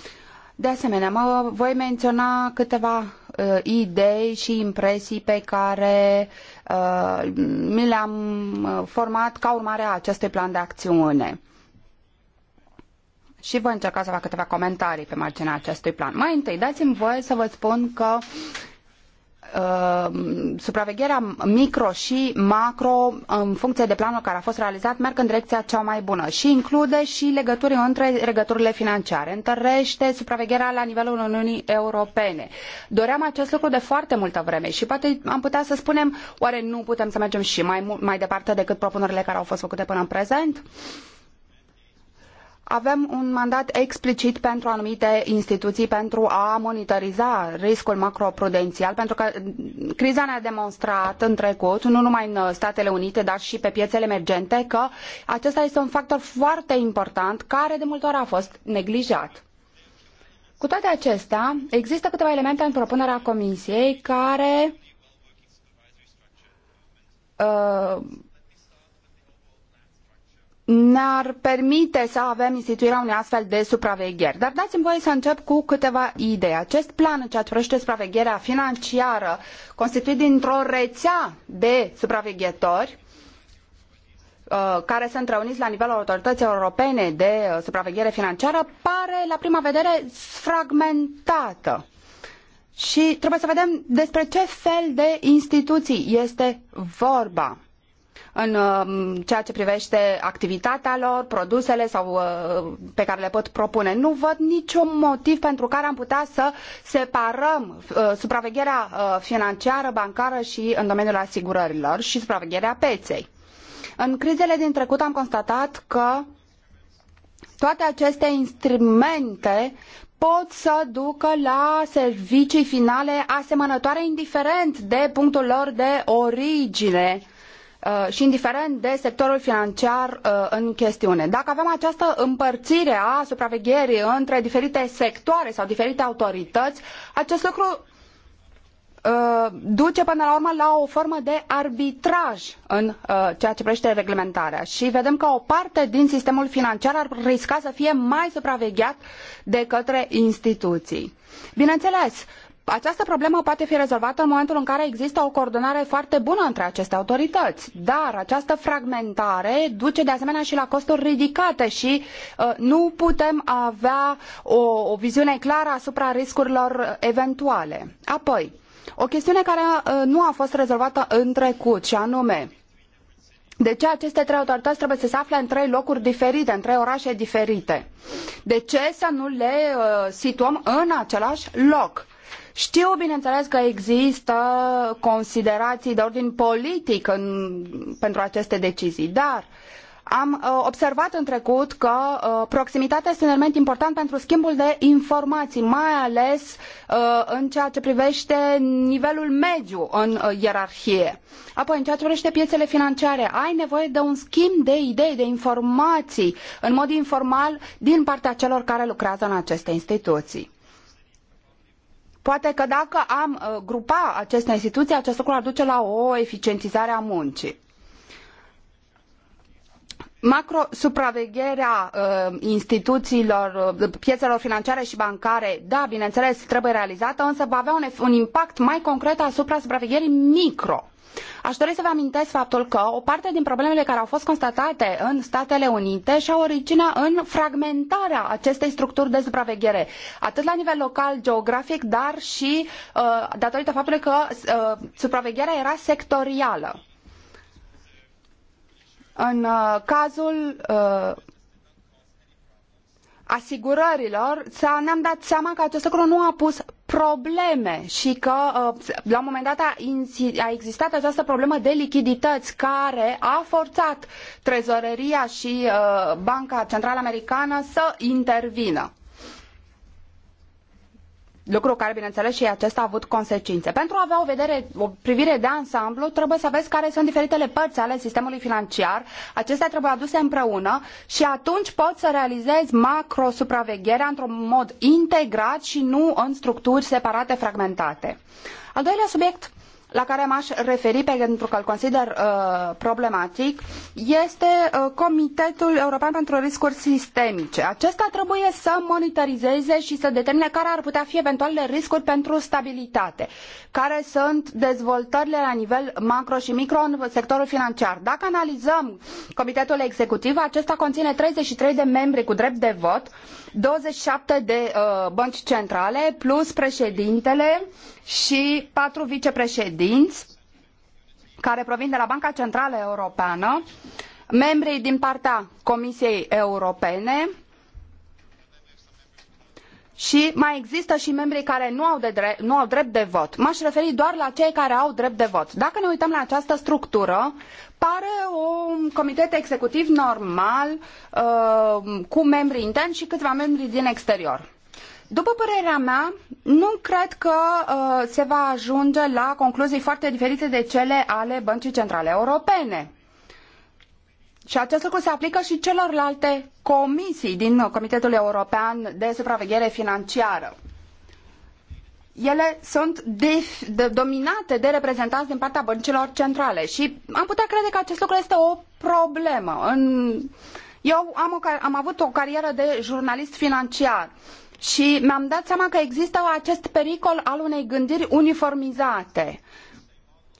de asemenea, mă voi menționa câteva uh, idei și impresii pe care uh, mi le-am uh, format ca urmare a acestui plan de acțiune. Și voi încerca să fac câteva comentarii pe marginea acestui plan. Mai întâi, dați-mi voie să vă spun că uh, uh, supravegherea micro și macro în funcție de planul care a fost realizat merg în direcția cea mai bună și include și legături între legăturile financiare. Întărește supravegherea la nivelul Uniunii Europene. Doream acest lucru de foarte multă vreme și poate am putea să spunem oare nu putem să mergem și mai, mai departe decât propunerile care au fost făcute până în prezent? avem un mandat explicit pentru anumite instituții pentru a monitoriza riscul macroprudențial, pentru că mm, criza ne-a demonstrat în trecut, nu numai în Statele Unite, dar și pe piețele emergente, că acesta este un factor foarte important care de multe ori a fost neglijat. Cu toate acestea, există câteva elemente în propunerea Comisiei care uh, ne-ar permite să avem instituirea unei astfel de supravegheri. Dar dați-mi voie să încep cu câteva idei. Acest plan în ceea ce privește supravegherea financiară, constituit dintr-o rețea de supraveghetori, uh, care sunt reuniți la nivelul autorității europene de uh, supraveghere financiară pare la prima vedere fragmentată. Și trebuie să vedem despre ce fel de instituții este vorba în um, ceea ce privește activitatea lor, produsele sau uh, pe care le pot propune. Nu văd niciun motiv pentru care am putea să separăm uh, supravegherea uh, financiară, bancară și în domeniul asigurărilor și supravegherea peței. În crizele din trecut am constatat că toate aceste instrumente pot să ducă la servicii finale asemănătoare indiferent de punctul lor de origine Uh, și indiferent de sectorul financiar uh, în chestiune. Dacă avem această împărțire a supravegherii între diferite sectoare sau diferite autorități, acest lucru uh, duce până la urmă la o formă de arbitraj în ceea ce privește reglementarea și vedem că o parte din sistemul financiar ar risca să fie mai supravegheat de către instituții. Bineînțeles, această problemă poate fi rezolvată în momentul în care există o coordonare foarte bună între aceste autorități, dar această fragmentare duce de asemenea și la costuri ridicate și uh, nu putem avea o, o viziune clară asupra riscurilor eventuale. Apoi, o chestiune care uh, nu a fost rezolvată în trecut și anume de ce aceste trei autorități trebuie să se afle în trei locuri diferite, în trei orașe diferite? De ce să nu le uh, situăm în același loc? Știu, bineînțeles, că există considerații de ordin politic în, pentru aceste decizii, dar am uh, observat în trecut că uh, proximitatea este un element important pentru schimbul de informații, mai ales uh, în ceea ce privește nivelul mediu în ierarhie. Apoi, în ceea ce privește piețele financiare, ai nevoie de un schimb de idei, de informații, în mod informal, din partea celor care lucrează în aceste instituții. Poate că dacă am uh, grupa aceste instituții, acest lucru ar duce la o eficientizare a muncii macrosupravegherea uh, instituțiilor, uh, piețelor financiare și bancare, da, bineînțeles, trebuie realizată, însă va avea un, un impact mai concret asupra supravegherii micro. Aș dori să vă amintesc faptul că o parte din problemele care au fost constatate în Statele Unite și-au originea în fragmentarea acestei structuri de supraveghere, atât la nivel local, geografic, dar și uh, datorită faptului că uh, supravegherea era sectorială în uh, cazul uh, asigurărilor, ne-am dat seama că acest lucru nu a pus probleme și că uh, la un moment dat a, existat această problemă de lichidități care a forțat trezoreria și Banca Centrală Americană să intervină lucru care, bineînțeles, și acesta a avut consecințe. Pentru a avea o, vedere, o privire de ansamblu, trebuie să vezi care sunt diferitele părți ale sistemului financiar. Acestea trebuie aduse împreună și atunci poți să realizezi macro-supravegherea într-un mod integrat și nu în structuri separate, fragmentate. Al doilea subiect la care m-aș referi pentru că îl consider uh, problematic este uh, Comitetul European pentru Riscuri Sistemice. Acesta trebuie să monitorizeze și să determine care ar putea fi eventualele riscuri pentru stabilitate, care sunt dezvoltările la nivel macro și micro în sectorul financiar. Dacă analizăm Comitetul Executiv, acesta conține 33 de membri cu drept de vot, 27 de uh, bănci centrale, plus președintele și patru vicepreședinți care provin de la Banca Centrală Europeană, membrii din partea Comisiei Europene, și mai există și membrii care nu au, drept, nu au drept de vot. M-aș referi doar la cei care au drept de vot. Dacă ne uităm la această structură, pare un comitet executiv normal, uh, cu membri interni și câțiva membri din exterior. După părerea mea, nu cred că uh, se va ajunge la concluzii foarte diferite de cele ale Băncii Centrale Europene. Și acest lucru se aplică și celorlalte comisii din Comitetul European de Supraveghere Financiară. Ele sunt de, de, dominate de reprezentanți din partea băncilor centrale și am putea crede că acest lucru este o problemă. În... Eu am, o, am avut o carieră de jurnalist financiar și mi-am dat seama că există acest pericol al unei gândiri uniformizate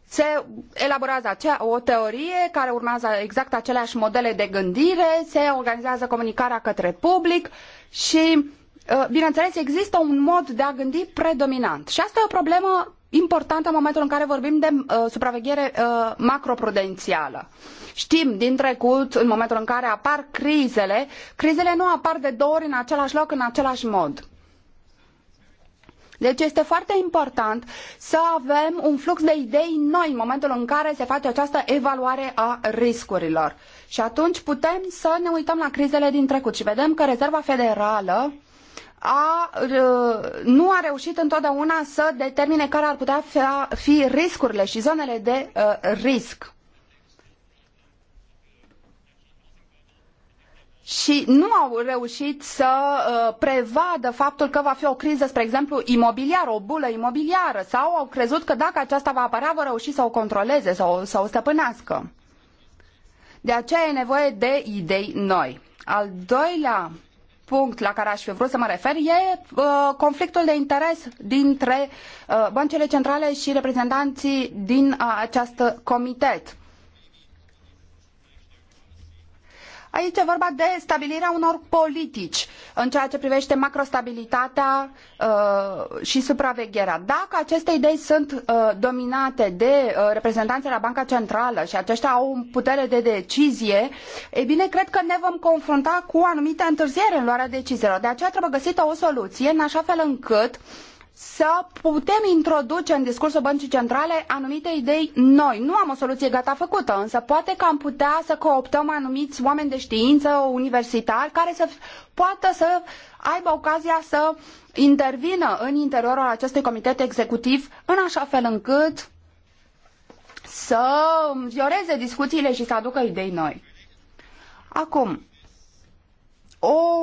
se elaborează acea, o teorie care urmează exact aceleași modele de gândire, se organizează comunicarea către public și, uh, bineînțeles, există un mod de a gândi predominant. Și asta e o problemă importantă în momentul în care vorbim de uh, supraveghere uh, macroprudențială. Știm din trecut, în momentul în care apar crizele, crizele nu apar de două ori în același loc, în același mod. Deci este foarte important să avem un flux de idei noi în momentul în care se face această evaluare a riscurilor. Și atunci putem să ne uităm la crizele din trecut și vedem că Rezerva Federală a, nu a reușit întotdeauna să determine care ar putea fi riscurile și zonele de uh, risc. și nu au reușit să uh, prevadă faptul că va fi o criză, spre exemplu, imobiliară, o bulă imobiliară, sau au crezut că dacă aceasta va apărea, vor reuși să o controleze, sau să o stăpânească. De aceea e nevoie de idei noi. Al doilea punct la care aș fi vrut să mă refer e uh, conflictul de interes dintre uh, băncile centrale și reprezentanții din uh, acest comitet. Aici e vorba de stabilirea unor politici în ceea ce privește macrostabilitatea uh, și supravegherea. Dacă aceste idei sunt uh, dominate de uh, reprezentanții la Banca Centrală și aceștia au putere de decizie, e bine, cred că ne vom confrunta cu anumite întârziere în luarea deciziilor. De aceea trebuie găsită o soluție în așa fel încât uh, să putem introduce în discursul băncii centrale anumite idei noi. Nu am o soluție gata făcută, însă poate că am putea să cooptăm anumiți oameni de știință, universitari, care să poată să aibă ocazia să intervină în interiorul acestui comitet executiv în așa fel încât să vioreze discuțiile și să aducă idei noi. Acum,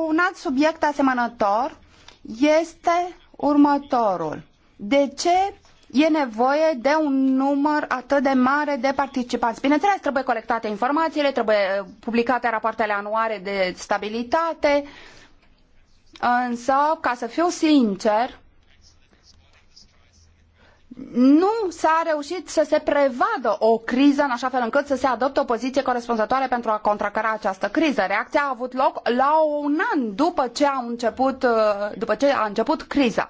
un alt subiect asemănător este următorul. De ce e nevoie de un număr atât de mare de participanți. Bineînțeles, trebuie colectate informațiile, trebuie uh, publicate rapoartele anuare de stabilitate, însă, ca să fiu sincer, nu s-a reușit să se prevadă o criză în așa fel încât să se adopte o poziție corespunzătoare pentru a contracara această criză. Reacția a avut loc la un an după ce a început, uh, după ce a început criza.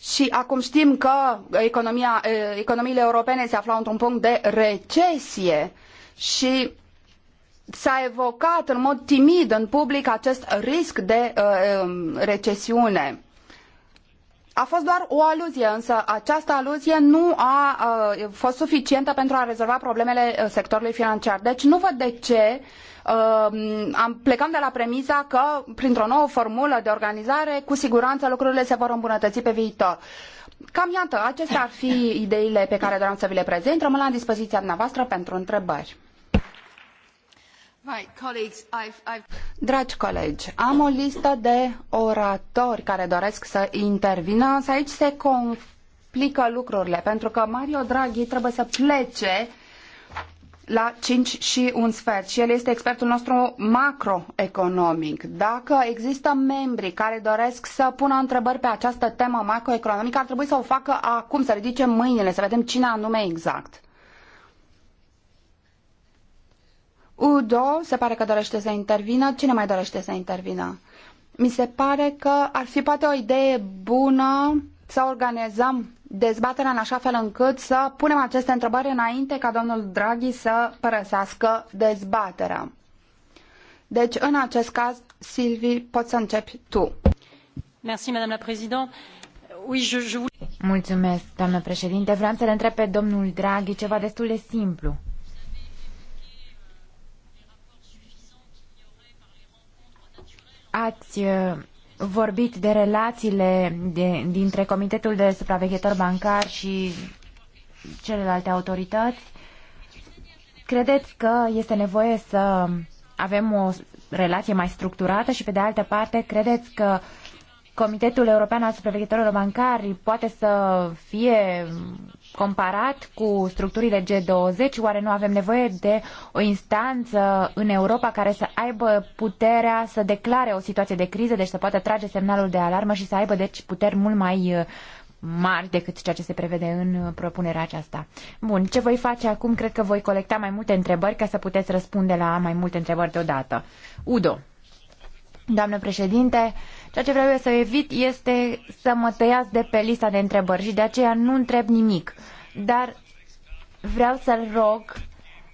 Și acum știm că economia, uh, economiile europene se aflau într-un punct de recesie și s-a evocat în mod timid în public acest risc de uh, recesiune a fost doar o aluzie, însă această aluzie nu a, a fost suficientă pentru a rezolva problemele sectorului financiar. Deci nu văd de ce am, plecăm de la premisa că printr-o nouă formulă de organizare, cu siguranță lucrurile se vor îmbunătăți pe viitor. Cam iată, acestea ar fi ideile pe care doream să vi le prezint. Rămân la dispoziția dumneavoastră pentru întrebări. Dragi colegi, am o listă de oratori care doresc să intervină, însă aici se complică lucrurile, pentru că Mario Draghi trebuie să plece la cinci și un sfert și el este expertul nostru macroeconomic. Dacă există membri care doresc să pună întrebări pe această temă macroeconomică, ar trebui să o facă acum, să ridice mâinile, să vedem cine anume exact. Udo se pare că dorește să intervină. Cine mai dorește să intervină? Mi se pare că ar fi poate o idee bună să organizăm dezbaterea în așa fel încât să punem aceste întrebări înainte ca domnul Draghi să părăsească dezbaterea. Deci, în acest caz, Silvi, poți să începi tu. Merci, Madame la Oui, je, je... Mulțumesc, doamnă președinte. Vreau să le întreb pe domnul Draghi ceva destul de simplu. ați uh, vorbit de relațiile de, dintre Comitetul de Supraveghetor Bancar și celelalte autorități. Credeți că este nevoie să avem o relație mai structurată și, pe de altă parte, credeți că Comitetul European al Supraveghetorilor Bancari poate să fie Comparat cu structurile G20, oare nu avem nevoie de o instanță în Europa care să aibă puterea să declare o situație de criză, deci să poată trage semnalul de alarmă și să aibă deci puteri mult mai uh, mari decât ceea ce se prevede în uh, propunerea aceasta. Bun, ce voi face acum? Cred că voi colecta mai multe întrebări ca să puteți răspunde la mai multe întrebări deodată. Udo. Doamnă președinte, Ceea ce vreau eu să evit este să mă tăiați de pe lista de întrebări și de aceea nu întreb nimic. Dar vreau să-l rog,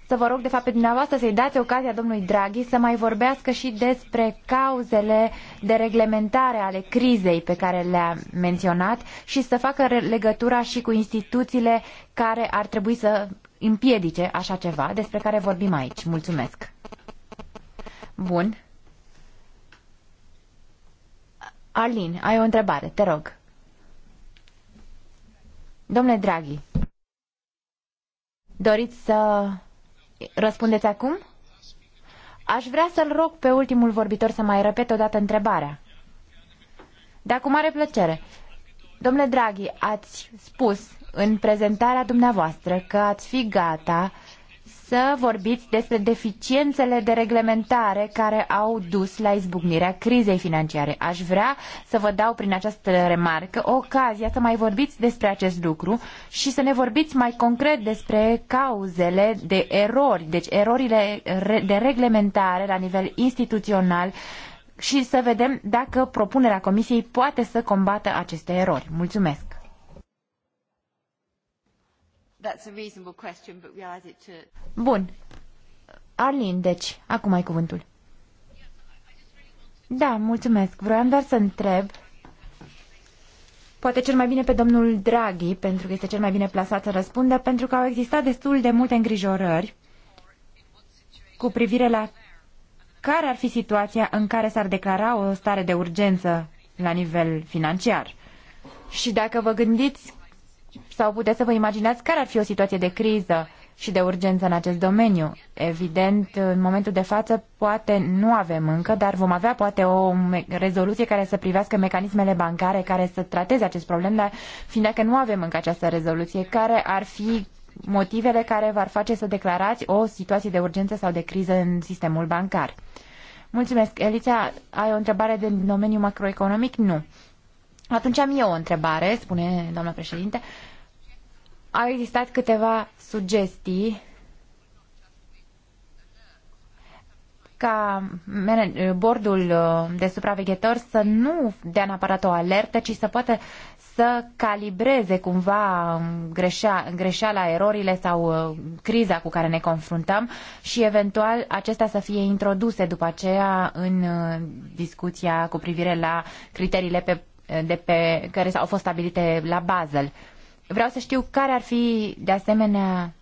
să vă rog de fapt pe dumneavoastră să-i dați ocazia domnului Draghi să mai vorbească și despre cauzele de reglementare ale crizei pe care le-a menționat și să facă legătura și cu instituțiile care ar trebui să împiedice așa ceva despre care vorbim aici. Mulțumesc! Bun. Arlin, ai o întrebare, te rog. Domnule Draghi, doriți să răspundeți acum? Aș vrea să-l rog pe ultimul vorbitor să mai repete dată întrebarea. Dar cu mare plăcere. Domnule Draghi, ați spus în prezentarea dumneavoastră că ați fi gata să vorbiți despre deficiențele de reglementare care au dus la izbucnirea crizei financiare. Aș vrea să vă dau prin această remarcă ocazia să mai vorbiți despre acest lucru și să ne vorbiți mai concret despre cauzele de erori, deci erorile de reglementare la nivel instituțional și să vedem dacă propunerea Comisiei poate să combată aceste erori. Mulțumesc! That's a reasonable question, but it to... Bun. Arlin, deci, acum ai cuvântul. Da, mulțumesc. Vroiam doar să întreb poate cel mai bine pe domnul Draghi, pentru că este cel mai bine plasat să răspundă, pentru că au existat destul de multe îngrijorări cu privire la care ar fi situația în care s-ar declara o stare de urgență la nivel financiar. Și dacă vă gândiți sau puteți să vă imaginați care ar fi o situație de criză și de urgență în acest domeniu. Evident, în momentul de față, poate nu avem încă, dar vom avea poate o rezoluție care să privească mecanismele bancare care să trateze acest problem, dar fiind că nu avem încă această rezoluție, care ar fi motivele care v-ar face să declarați o situație de urgență sau de criză în sistemul bancar. Mulțumesc. Elița, ai o întrebare de domeniu macroeconomic? Nu. Atunci am eu o întrebare, spune doamna președinte. Uh, au existat câteva sugestii ca bordul uh, de supraveghetori să nu dea neapărat o alertă, ci să poată să calibreze cumva um, greșea, greșeala, erorile sau uh, criza cu care ne confruntăm și eventual acestea să fie introduse după aceea în uh, discuția cu privire la criteriile pe, de pe, care au fost stabilite la Basel. Vreau să știu care ar fi, de asemenea,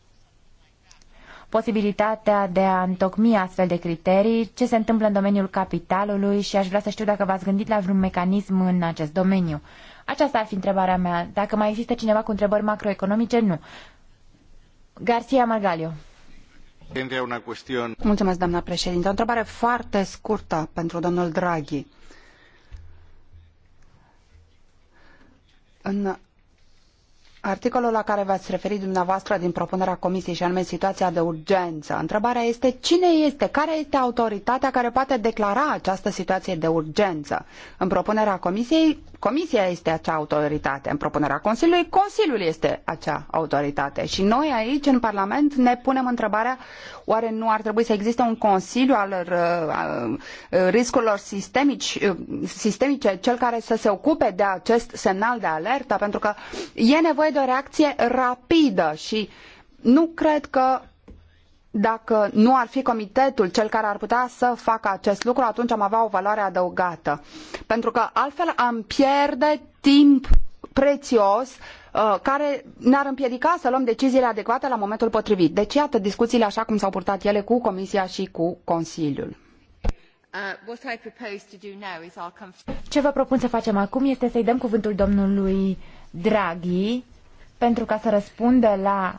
posibilitatea de a întocmi astfel de criterii, ce se întâmplă în domeniul capitalului și aș vrea să știu dacă v-ați gândit la vreun mecanism în acest domeniu. Aceasta ar fi întrebarea mea. Dacă mai există cineva cu întrebări macroeconomice, nu. Garcia Margalio. Mulțumesc, doamna președinte. O întrebare foarte scurtă pentru domnul Draghi. În articolul la care v-ați referit dumneavoastră din propunerea comisiei și anume situația de urgență. Întrebarea este cine este, care este autoritatea care poate declara această situație de urgență? În propunerea comisiei, Comisia este acea autoritate în propunerea Consiliului, Consiliul este acea autoritate și noi aici în Parlament ne punem întrebarea oare nu ar trebui să existe un Consiliu al, uh, al uh, riscurilor sistemici, uh, sistemice, cel care să se ocupe de acest semnal de alertă, pentru că e nevoie de o reacție rapidă și nu cred că dacă nu ar fi comitetul cel care ar putea să facă acest lucru, atunci am avea o valoare adăugată. Pentru că altfel am pierde timp prețios uh, care ne-ar împiedica să luăm deciziile adecvate la momentul potrivit. Deci, iată discuțiile așa cum s-au purtat ele cu Comisia și cu Consiliul. Uh, Ce vă propun să facem acum este să-i dăm cuvântul domnului Draghi pentru ca să răspundă la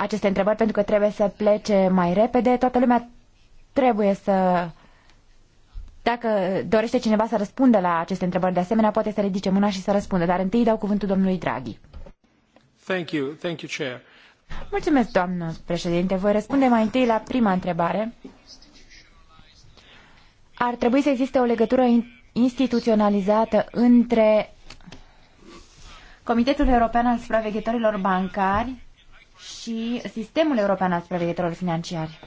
aceste întrebări pentru că trebuie să plece mai repede. Toată lumea trebuie să... Dacă dorește cineva să răspundă la aceste întrebări, de asemenea, poate să ridice mâna și să răspundă. Dar întâi dau cuvântul domnului Draghi. Thank you. Thank you, Chair. Mulțumesc, doamnă președinte. Voi răspunde mai întâi la prima întrebare. Ar trebui să existe o legătură instituționalizată între Comitetul European al Supraveghetorilor Bancari și sistemul european al supraveghetorilor financiari.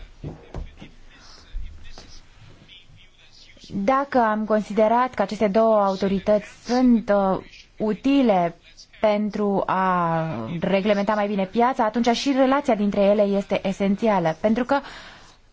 Dacă am considerat că aceste două autorități sunt uh, utile pentru a reglementa mai bine piața, atunci și relația dintre ele este esențială. Pentru că,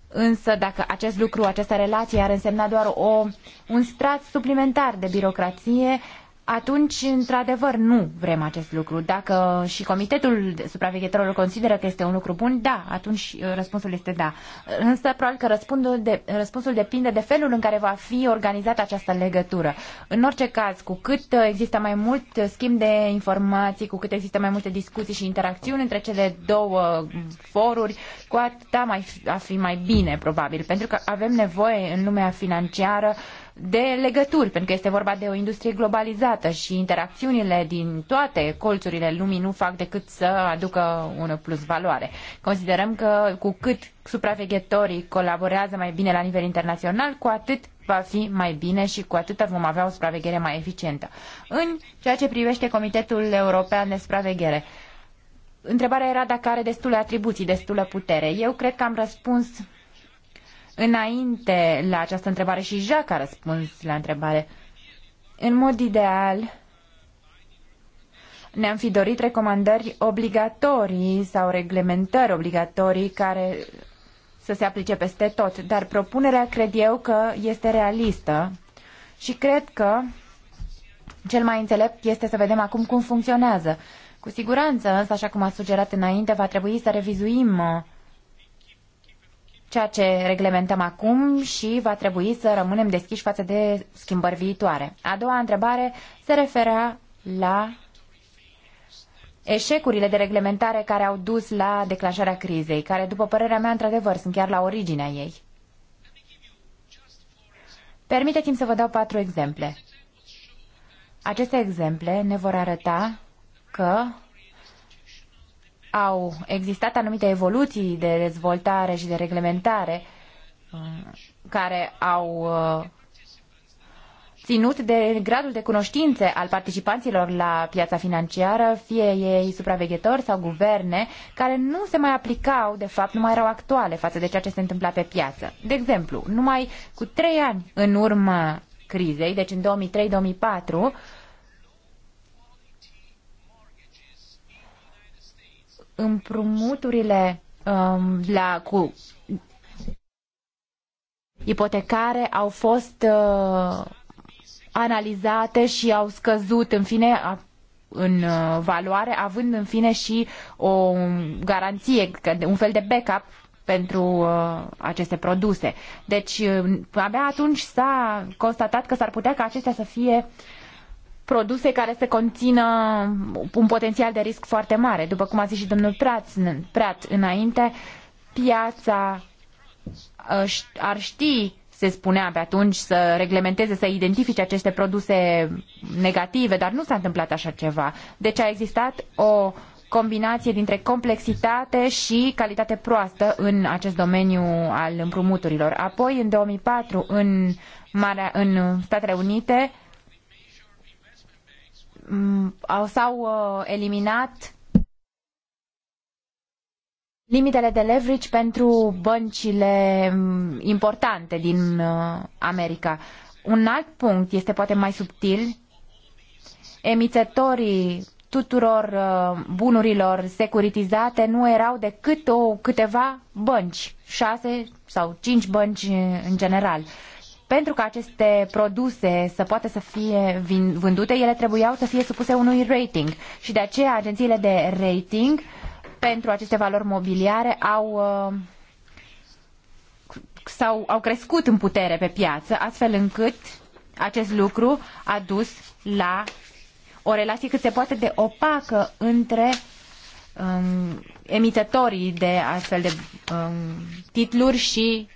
însă, dacă acest lucru, această relație ar însemna doar o, un strat suplimentar de birocrație, atunci, într-adevăr, nu vrem acest lucru. Dacă și Comitetul Supraveghetorilor consideră că este un lucru bun, da, atunci uh, răspunsul este da. Însă, probabil că răspunsul, de, răspunsul depinde de felul în care va fi organizată această legătură. În orice caz, cu cât uh, există mai mult schimb de informații, cu cât există mai multe discuții și interacțiuni între cele două foruri, cu atât mai, a fi mai bine, probabil, pentru că avem nevoie în lumea financiară de legături, pentru că este vorba de o industrie globalizată și interacțiunile din toate colțurile lumii nu fac decât să aducă un plus valoare. Considerăm că cu cât supraveghetorii colaborează mai bine la nivel internațional, cu atât va fi mai bine și cu atât vom avea o supraveghere mai eficientă. În ceea ce privește Comitetul European de Supraveghere, întrebarea era dacă are destule atribuții, destulă putere. Eu cred că am răspuns înainte la această întrebare și Jacques a răspuns la întrebare. În mod ideal, ne-am fi dorit recomandări obligatorii sau reglementări obligatorii care să se aplice peste tot, dar propunerea cred eu că este realistă și cred că cel mai înțelept este să vedem acum cum funcționează. Cu siguranță, însă, așa cum a sugerat înainte, va trebui să revizuim uh, ceea ce reglementăm acum și va trebui să rămânem deschiși față de schimbări viitoare. A doua întrebare se referea la eșecurile de reglementare care au dus la declanșarea crizei, care, după părerea mea, într-adevăr, sunt chiar la originea ei. Permiteți-mi să vă dau patru exemple. Aceste exemple ne vor arăta că au existat anumite evoluții de dezvoltare și de reglementare um, care au uh, ținut de gradul de cunoștințe al participanților la piața financiară, fie ei supraveghetori sau guverne, care nu se mai aplicau, de fapt, nu mai erau actuale față de ceea ce se întâmpla pe piață. De exemplu, numai cu trei ani în urmă crizei, deci în 2003-2004, împrumuturile um, la, cu ipotecare au fost uh, analizate și au scăzut în fine a, în uh, valoare, având în fine și o garanție, un fel de backup pentru uh, aceste produse. Deci, uh, abia atunci s-a constatat că s-ar putea ca acestea să fie uh, produse care să conțină un potențial de risc foarte mare. După cum a zis și domnul Prat, Prat înainte, piața uh, ar ști, se spunea pe atunci, să reglementeze, să identifice aceste produse negative, dar nu s-a întâmplat așa ceva. Deci a existat o combinație dintre complexitate și calitate proastă în acest domeniu al împrumuturilor. Apoi, în 2004, în, Marea, în Statele Unite, s-au uh, eliminat limitele de leverage pentru băncile mm, importante din uh, America. Un alt punct este poate mai subtil. Emițătorii tuturor uh, bunurilor securitizate nu erau decât o, câteva bănci, șase sau cinci bănci în general pentru ca aceste produse să poată să fie vândute, ele trebuiau să fie supuse unui rating. Și de aceea agențiile de rating pentru aceste valori mobiliare au, uh, sau, au crescut în putere pe piață, astfel încât acest lucru a dus la o relație cât se poate de opacă între um, emițătorii de astfel de um, titluri și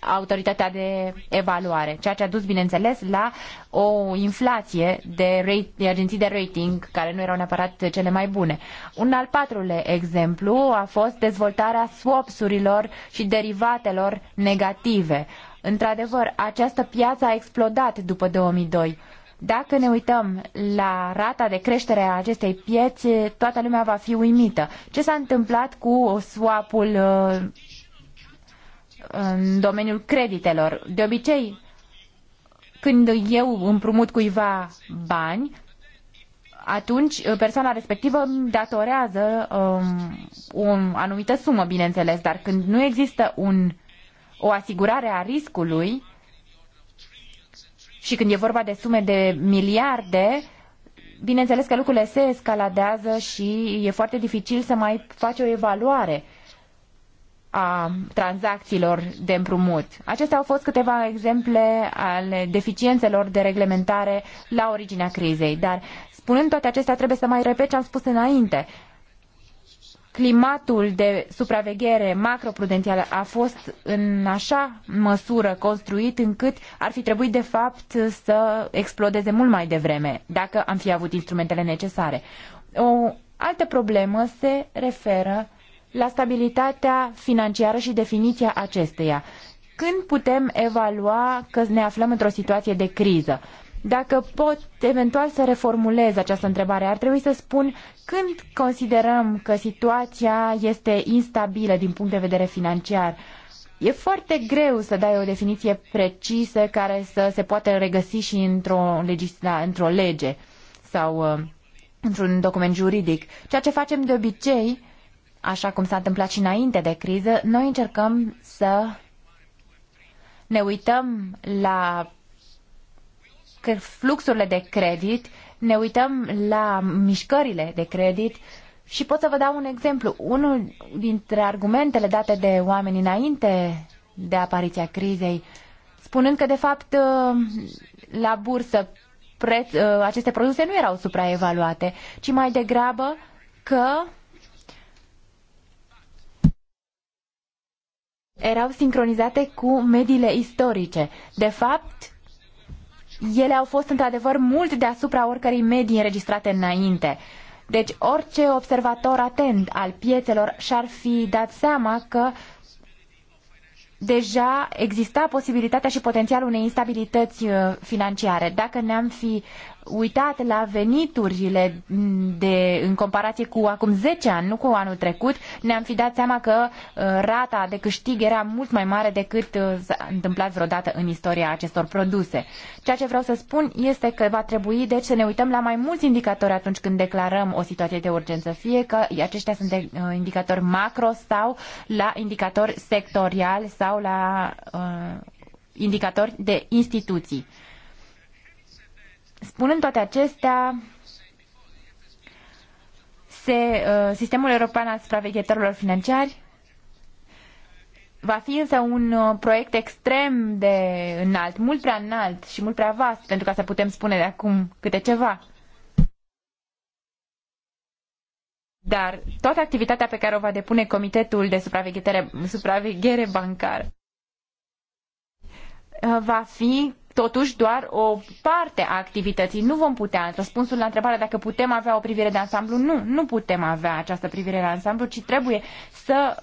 autoritatea de evaluare, ceea ce a dus, bineînțeles, la o inflație de, rate, de agenții de rating care nu erau neapărat cele mai bune. Un al patrulea exemplu a fost dezvoltarea swapsurilor și derivatelor negative. Într-adevăr, această piață a explodat după 2002. Dacă ne uităm la rata de creștere a acestei piețe, toată lumea va fi uimită. Ce s-a întâmplat cu swap-ul uh, în domeniul creditelor. De obicei, când eu împrumut cuiva bani, atunci uh, persoana respectivă îmi datorează um, o anumită sumă, bineînțeles, dar când nu există un, o asigurare a riscului și când e vorba de sume de miliarde, bineînțeles că lucrurile se escaladează și e foarte dificil să mai faci o evaluare. Uh, a tranzacțiilor de împrumut. Acestea au fost câteva exemple ale deficiențelor de reglementare la originea crizei, dar spunând toate acestea trebuie să mai repet ce am spus înainte. Climatul de supraveghere macroprudențială a fost în așa măsură construit încât ar fi trebuit de fapt să explodeze mult mai devreme dacă am fi avut instrumentele necesare. O altă problemă se referă la stabilitatea financiară și definiția acesteia. Când putem evalua că ne aflăm într-o situație de criză? Dacă pot eventual să reformulez această întrebare, ar trebui să spun când considerăm că situația este instabilă din punct de vedere financiar. E foarte greu să dai o definiție precisă care să se poată regăsi și într-o, legisla- da, într-o lege sau uh, într-un document juridic. Ceea ce facem de obicei așa cum s-a întâmplat și înainte de criză, noi încercăm să ne uităm la fluxurile de credit, ne uităm la mișcările de credit și pot să vă dau un exemplu. Unul dintre argumentele date de oameni înainte de apariția crizei, spunând că, de fapt, la bursă preț, aceste produse nu erau supraevaluate, ci mai degrabă că erau sincronizate cu mediile istorice. De fapt, ele au fost într-adevăr mult deasupra oricărei medii înregistrate înainte. Deci orice observator atent al piețelor și-ar fi dat seama că deja exista posibilitatea și potențialul unei instabilități uh, financiare. Dacă ne-am fi uitat la veniturile de, în comparație cu acum 10 ani, nu cu anul trecut, ne-am fi dat seama că uh, rata de câștig era mult mai mare decât uh, s-a întâmplat vreodată în istoria acestor produse. Ceea ce vreau să spun este că va trebui deci să ne uităm la mai mulți indicatori atunci când declarăm o situație de urgență, fie că aceștia sunt de, uh, indicatori macro sau la indicatori sectoriali sau la uh, indicatori de instituții. Spunând toate acestea, se, uh, sistemul european al supraveghetorilor financiari va fi însă un uh, proiect extrem de înalt, mult prea înalt și mult prea vast, pentru ca să putem spune de acum câte ceva. Dar toată activitatea pe care o va depune Comitetul de Supraveghere Bancară uh, va fi totuși doar o parte a activității. Nu vom putea, răspunsul la întrebarea dacă putem avea o privire de ansamblu, nu, nu putem avea această privire de ansamblu, ci trebuie să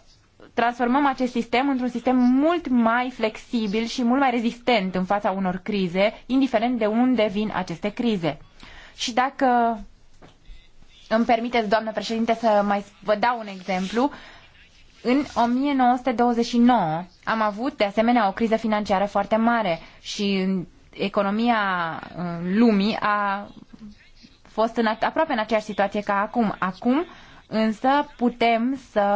transformăm acest sistem într-un sistem mult mai flexibil și mult mai rezistent în fața unor crize, indiferent de unde vin aceste crize. Și dacă îmi permiteți, doamnă președinte, să mai vă dau un exemplu, uh, în 1929 am avut de asemenea o criză financiară foarte mare și economia uh, lumii a fost în, aproape în aceeași situație ca acum. Acum însă putem să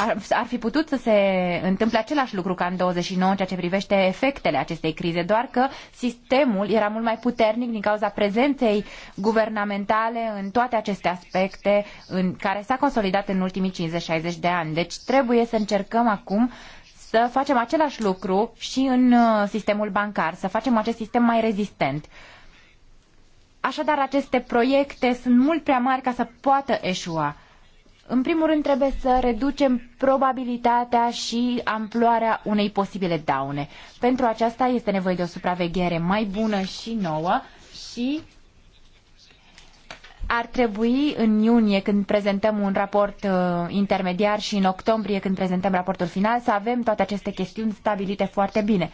ar, ar fi putut să se întâmple același lucru ca în 29 în ceea ce privește efectele acestei crize, doar că sistemul era mult mai puternic din cauza prezenței guvernamentale în toate aceste aspecte în care s-a consolidat în ultimii 50-60 de ani. Deci trebuie să încercăm acum să facem același lucru și în uh, sistemul bancar, să facem acest sistem mai rezistent. Așadar, aceste proiecte sunt mult prea mari ca să poată eșua. În primul rând trebuie să reducem probabilitatea și amploarea unei posibile daune. Pentru aceasta este nevoie de o supraveghere mai bună și nouă și ar trebui în iunie când prezentăm un raport uh, intermediar și în octombrie când prezentăm raportul final să avem toate aceste chestiuni stabilite foarte bine.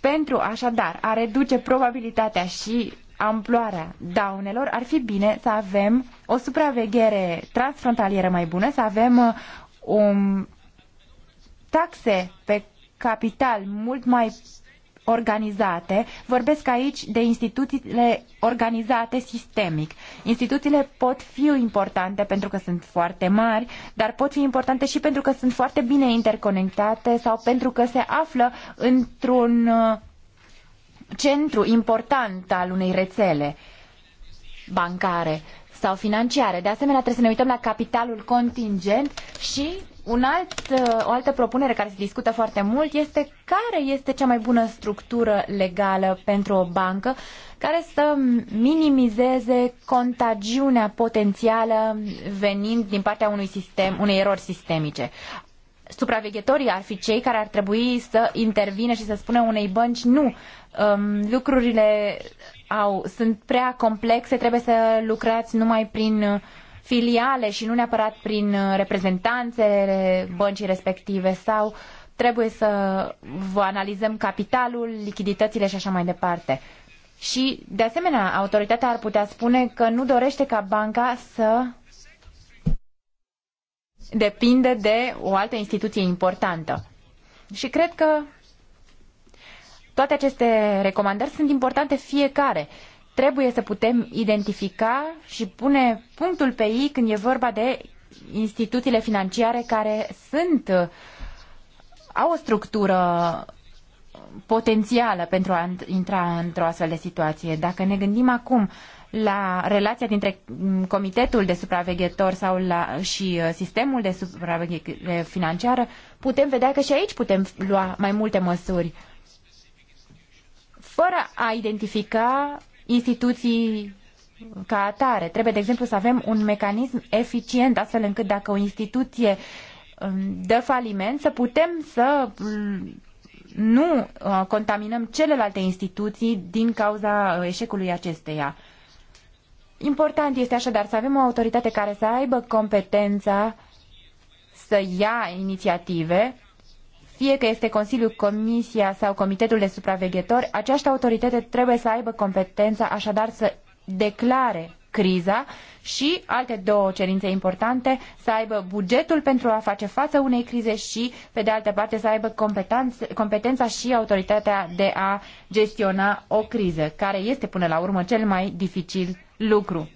Pentru așadar a reduce probabilitatea și amploarea daunelor, ar fi bine să avem o supraveghere transfrontalieră mai bună, să avem uh, um, taxe pe capital mult mai organizate. Vorbesc aici de instituțiile organizate sistemic. Instituțiile pot fi importante pentru că sunt foarte mari, dar pot fi importante și pentru că sunt foarte bine interconectate sau pentru că se află într-un uh, centru important al unei rețele bancare sau financiare. De asemenea, trebuie să ne uităm la capitalul contingent și un alt, o altă propunere care se discută foarte mult este care este cea mai bună structură legală pentru o bancă care să minimizeze contagiunea potențială venind din partea unui sistem, unei erori sistemice supraveghetorii ar fi cei care ar trebui să intervină și să spună unei bănci nu, um, lucrurile au, sunt prea complexe, trebuie să lucrați numai prin uh, filiale și nu neapărat prin uh, reprezentanțele băncii respective sau trebuie să vă analizăm capitalul, lichiditățile și așa mai departe. Și, de asemenea, autoritatea ar putea spune că nu dorește ca banca să depinde de o altă instituție importantă. Și cred că toate aceste recomandări sunt importante fiecare. Trebuie să putem identifica și pune punctul pe ei când e vorba de instituțiile financiare care sunt uh, au o structură potențială pentru a intra într-o astfel de situație. Dacă ne gândim acum la relația dintre mm, Comitetul de Supraveghetor sau la, și uh, Sistemul de Supraveghere Financiară, putem vedea că și aici putem lua mai multe măsuri fără a identifica instituții ca atare. Trebuie, de exemplu, să avem un mecanism eficient, astfel încât dacă o instituție um, dă faliment, să putem să mm, nu uh, contaminăm celelalte instituții din cauza uh, eșecului acesteia. Important este așadar să avem o autoritate care să aibă competența să ia inițiative, fie că este Consiliul, Comisia sau Comitetul de Supraveghetori, această autoritate trebuie să aibă competența așadar să declare criza și alte două cerințe importante, să aibă bugetul pentru a face față unei crize și, pe de altă parte, să aibă competența și autoritatea de a gestiona o criză, care este până la urmă cel mai dificil lucru.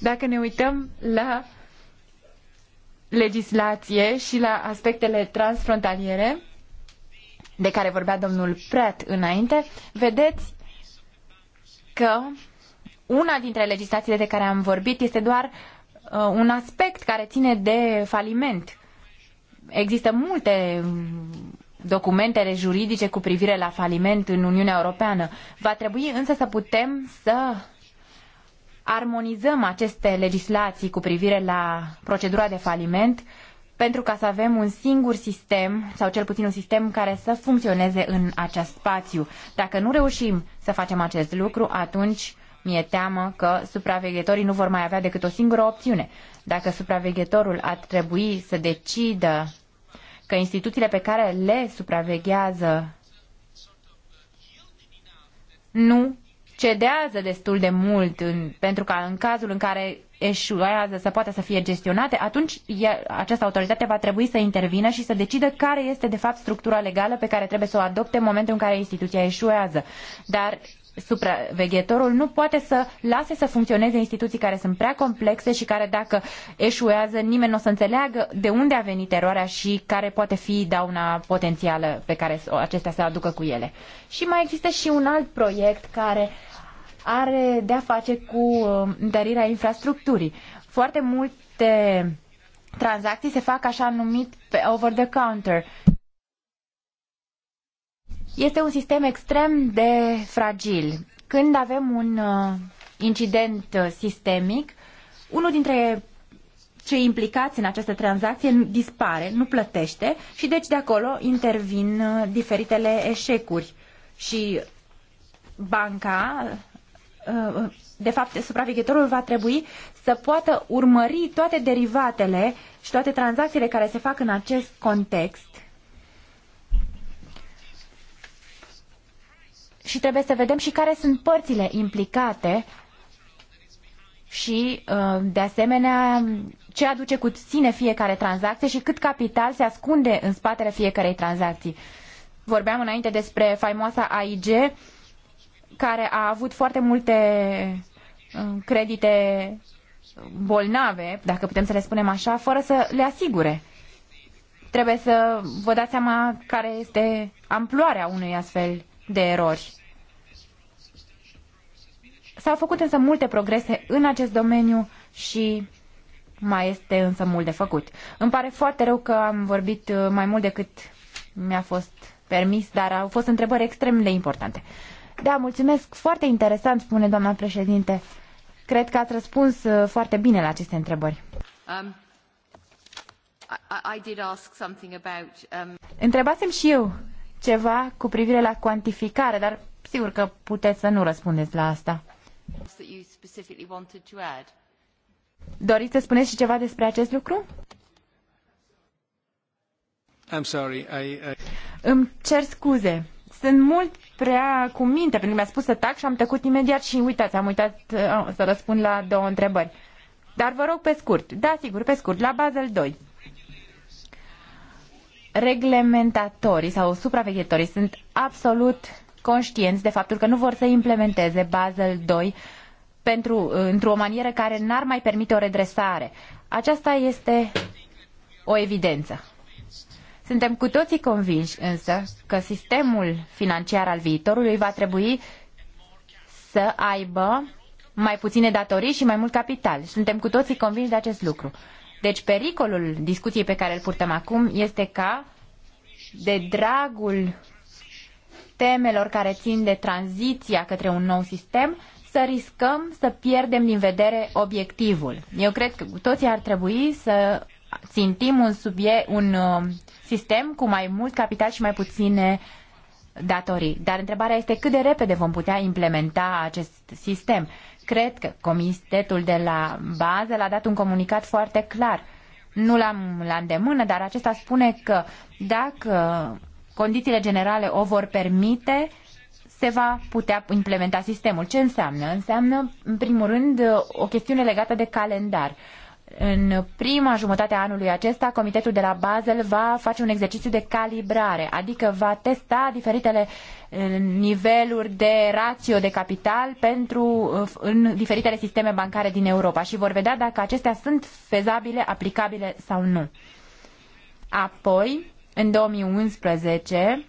Dacă ne uităm la legislație și la aspectele transfrontaliere de care vorbea domnul Pratt înainte, vedeți că una dintre legislațiile de care am vorbit este doar uh, un aspect care ține de faliment. Există multe documentele juridice cu privire la faliment în Uniunea Europeană. Va trebui însă să putem să armonizăm aceste legislații cu privire la procedura de faliment pentru ca să avem un singur sistem sau cel puțin un sistem care să funcționeze în acest spațiu. Dacă nu reușim să facem acest lucru, atunci mi-e teamă că supraveghetorii nu vor mai avea decât o singură opțiune. Dacă supraveghetorul ar trebui să decidă că instituțiile pe care le supraveghează nu cedează destul de mult în, pentru ca în cazul în care eșuează să poată să fie gestionate, atunci e, această autoritate va trebui să intervină și să decidă care este de fapt structura legală pe care trebuie să o adopte în momentul în care instituția eșuează. Dar supraveghetorul nu poate să lase să funcționeze instituții care sunt prea complexe și care dacă eșuează nimeni nu o să înțeleagă de unde a venit eroarea și care poate fi dauna potențială pe care acestea se aducă cu ele. Și mai există și un alt proiect care are de-a face cu um, întărirea infrastructurii. Foarte multe tranzacții se fac așa numit pe over the counter este un sistem extrem de fragil. Când avem un uh, incident uh, sistemic, unul dintre cei implicați în această tranzacție dispare, nu plătește și deci de acolo intervin uh, diferitele eșecuri. Și banca, de fapt supraveghetorul va trebui să poată urmări toate derivatele și toate tranzacțiile care se fac în acest context și trebuie să vedem și care sunt părțile implicate și, uh, de asemenea, ce aduce cu sine fiecare tranzacție și cât capital se ascunde în spatele fiecarei tranzacții. Vorbeam înainte despre faimoasa AIG, care a avut foarte multe uh, credite bolnave, dacă putem să le spunem așa, fără să le asigure. Trebuie să vă dați seama care este amploarea unui astfel de erori. S-au făcut însă multe progrese în acest domeniu și mai este însă mult de făcut. Îmi pare foarte rău că am vorbit uh, mai mult decât mi-a fost permis, dar au fost întrebări extrem de importante. Da, mulțumesc, foarte interesant, spune doamna președinte. Cred că ați răspuns uh, foarte bine la aceste întrebări. Um, I, I did ask about, um... Întrebasem și eu ceva cu privire la cuantificare, dar sigur că puteți să nu răspundeți la asta. Doriți să spuneți și ceva despre acest lucru? I'm sorry, I, I... Îmi cer scuze. Sunt mult prea cu minte, pentru că mi-a spus să tac și am tăcut imediat și uitați, am uitat uh, să răspund la două întrebări. Dar vă rog pe scurt, da, sigur, pe scurt, la Basel 2 reglementatorii sau supraveghetorii sunt absolut conștienți de faptul că nu vor să implementeze Basel II pentru, într-o manieră care n-ar mai permite o redresare. Aceasta este o evidență. Suntem cu toții convinși însă că sistemul financiar al viitorului va trebui să aibă mai puține datorii și mai mult capital. Suntem cu toții convinși de acest lucru. Deci pericolul discuției pe care îl purtăm acum este ca, de dragul temelor care țin de tranziția către un nou sistem, să riscăm să pierdem din vedere obiectivul. Eu cred că toții ar trebui să țintim un, subie, un uh, sistem cu mai mult capital și mai puține datorii. Dar întrebarea este cât de repede vom putea implementa acest sistem cred că comitetul de la bază l-a dat un comunicat foarte clar. Nu l-am la îndemână, dar acesta spune că dacă condițiile generale o vor permite, se va putea implementa sistemul. Ce înseamnă? Înseamnă, în primul rând, o chestiune legată de calendar. Uh, în prima jumătate a anului acesta, Comitetul de la Basel va face un exercițiu de calibrare, adică va testa diferitele eh, niveluri de rațio de capital pentru eh, în diferitele sisteme bancare din Europa și vor vedea dacă acestea sunt fezabile, aplicabile sau nu. Apoi, în 2011,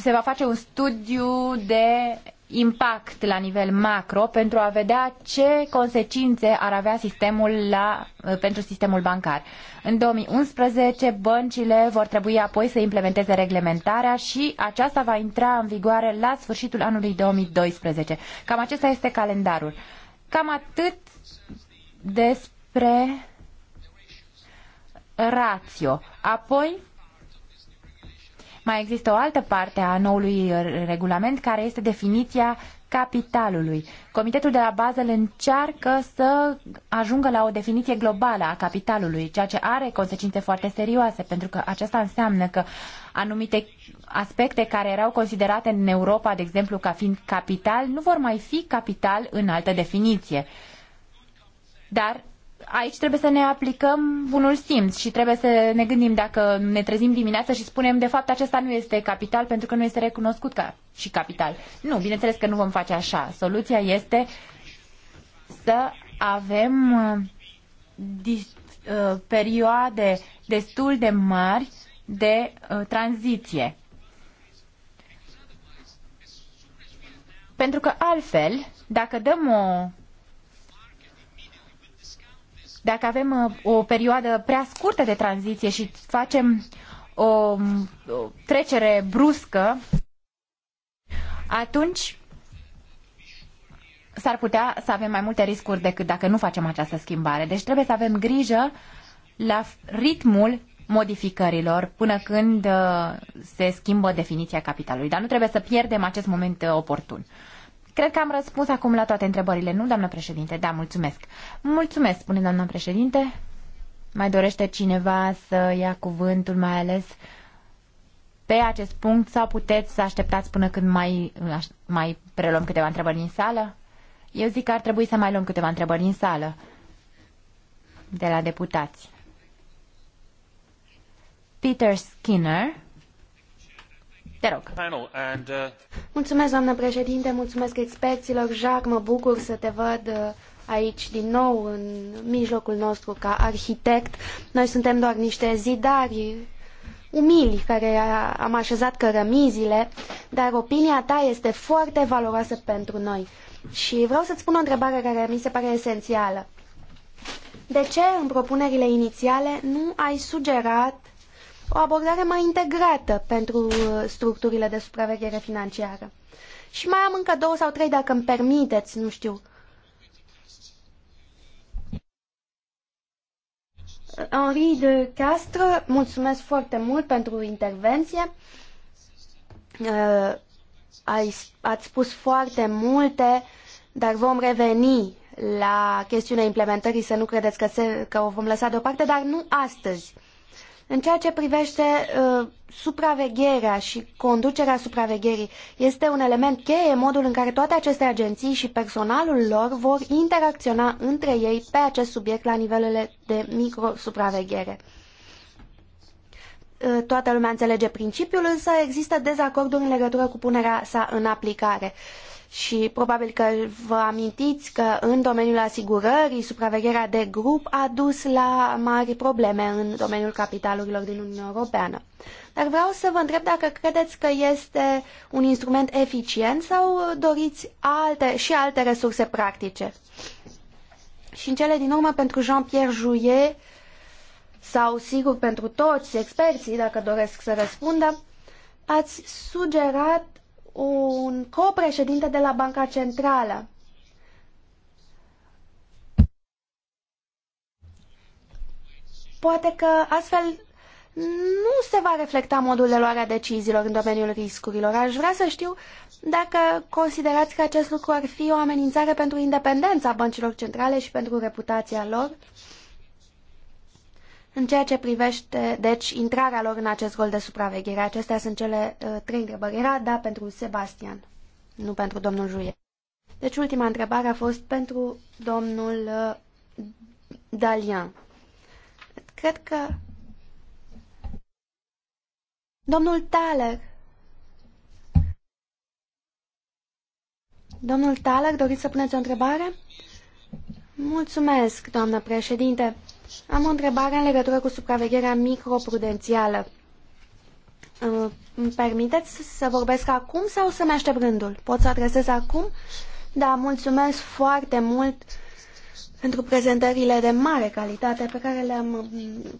se va face un studiu de impact la nivel macro pentru a vedea ce consecințe ar avea sistemul la, pentru sistemul bancar. În 2011, băncile vor trebui apoi să implementeze reglementarea și aceasta va intra în vigoare la sfârșitul anului 2012. Cam acesta este calendarul. Cam atât despre ratio. Apoi, mai există o altă parte a noului regulament care este definiția capitalului. Comitetul de la Basel încearcă să ajungă la o definiție globală a capitalului, ceea ce are consecințe foarte serioase, pentru că aceasta înseamnă că anumite aspecte care erau considerate în Europa, de exemplu, ca fiind capital, nu vor mai fi capital în altă definiție. Dar aici trebuie să ne aplicăm bunul simț și trebuie să ne gândim dacă ne trezim dimineața și spunem de fapt acesta nu este capital pentru că nu este recunoscut ca și capital. Nu, bineînțeles că nu vom face așa. Soluția este să avem uh, uh, perioade destul de mari de uh, tranziție. Pentru că altfel, dacă dăm o dacă avem uh, o perioadă prea scurtă de tranziție și facem o, trecere bruscă, atunci s-ar putea să avem mai multe riscuri decât dacă nu facem această schimbare. Deci trebuie să avem grijă la ritmul modificărilor până când uh, se schimbă definiția capitalului. Dar nu trebuie să pierdem acest moment uh, oportun. Cred că am răspuns acum la toate întrebările, nu, doamnă președinte? Da, mulțumesc. Mulțumesc, spune doamna președinte. Mai dorește cineva să ia cuvântul, mai ales pe acest punct, sau puteți să așteptați până când mai, mai preluăm câteva întrebări din sală? Eu zic că ar trebui să mai luăm câteva întrebări din sală de la deputați. Peter Skinner Uh, mulțumesc, doamnă președinte, mulțumesc experților. Jacques, mă bucur să te văd uh, aici din nou în mijlocul nostru ca arhitect. Noi suntem doar niște zidari umili care uh, am așezat cărămizile, dar opinia ta este foarte valoroasă pentru noi. Și vreau să-ți pun o întrebare care mi se pare esențială. De ce în propunerile inițiale nu ai sugerat o abordare mai integrată pentru uh, structurile de supraveghere financiară. Și mai am încă două sau trei, dacă îmi permiteți, nu știu. Henri de Castro, mulțumesc foarte mult pentru intervenție. Uh, ați spus foarte multe, dar vom reveni la chestiunea implementării, să nu credeți că, se, că o vom lăsa deoparte, dar nu astăzi. În ceea ce privește uh, supravegherea și conducerea supravegherii, este un element cheie modul în care toate aceste agenții și personalul lor vor interacționa între ei pe acest subiect la nivelele de microsupraveghere. Uh, toată lumea înțelege principiul, însă există dezacorduri în legătură cu punerea sa în aplicare. Uh, și probabil că vă amintiți că în domeniul asigurării, supravegherea de grup a dus la mari probleme în domeniul capitalurilor din Uniunea Europeană. Dar vreau să vă întreb dacă credeți că este un instrument eficient sau doriți alte, și alte resurse practice. Și în cele din urmă, pentru Jean-Pierre Jouyet, sau sigur pentru toți experții, dacă doresc să răspundă, ați sugerat un copreședinte de la Banca Centrală. Poate că astfel nu se va reflecta modul de luare a deciziilor în domeniul riscurilor. Aș vrea să știu dacă considerați că acest lucru ar fi o amenințare pentru independența băncilor centrale și pentru reputația lor în ceea ce privește, deci, intrarea lor în acest rol de supraveghere, acestea sunt cele uh, trei întrebări. Era da pentru Sebastian, nu pentru domnul Juie. Deci, ultima întrebare a fost pentru domnul uh, Dalian. Cred că... Domnul Thaler. Domnul Thaler, doriți să puneți o întrebare? Mulțumesc, doamnă președinte. Am o întrebare în legătură cu supravegherea microprudențială. Îmi permiteți să vorbesc acum sau să-mi aștept rândul? Pot să adresez acum? Da, mulțumesc foarte mult pentru prezentările de mare calitate pe care le-am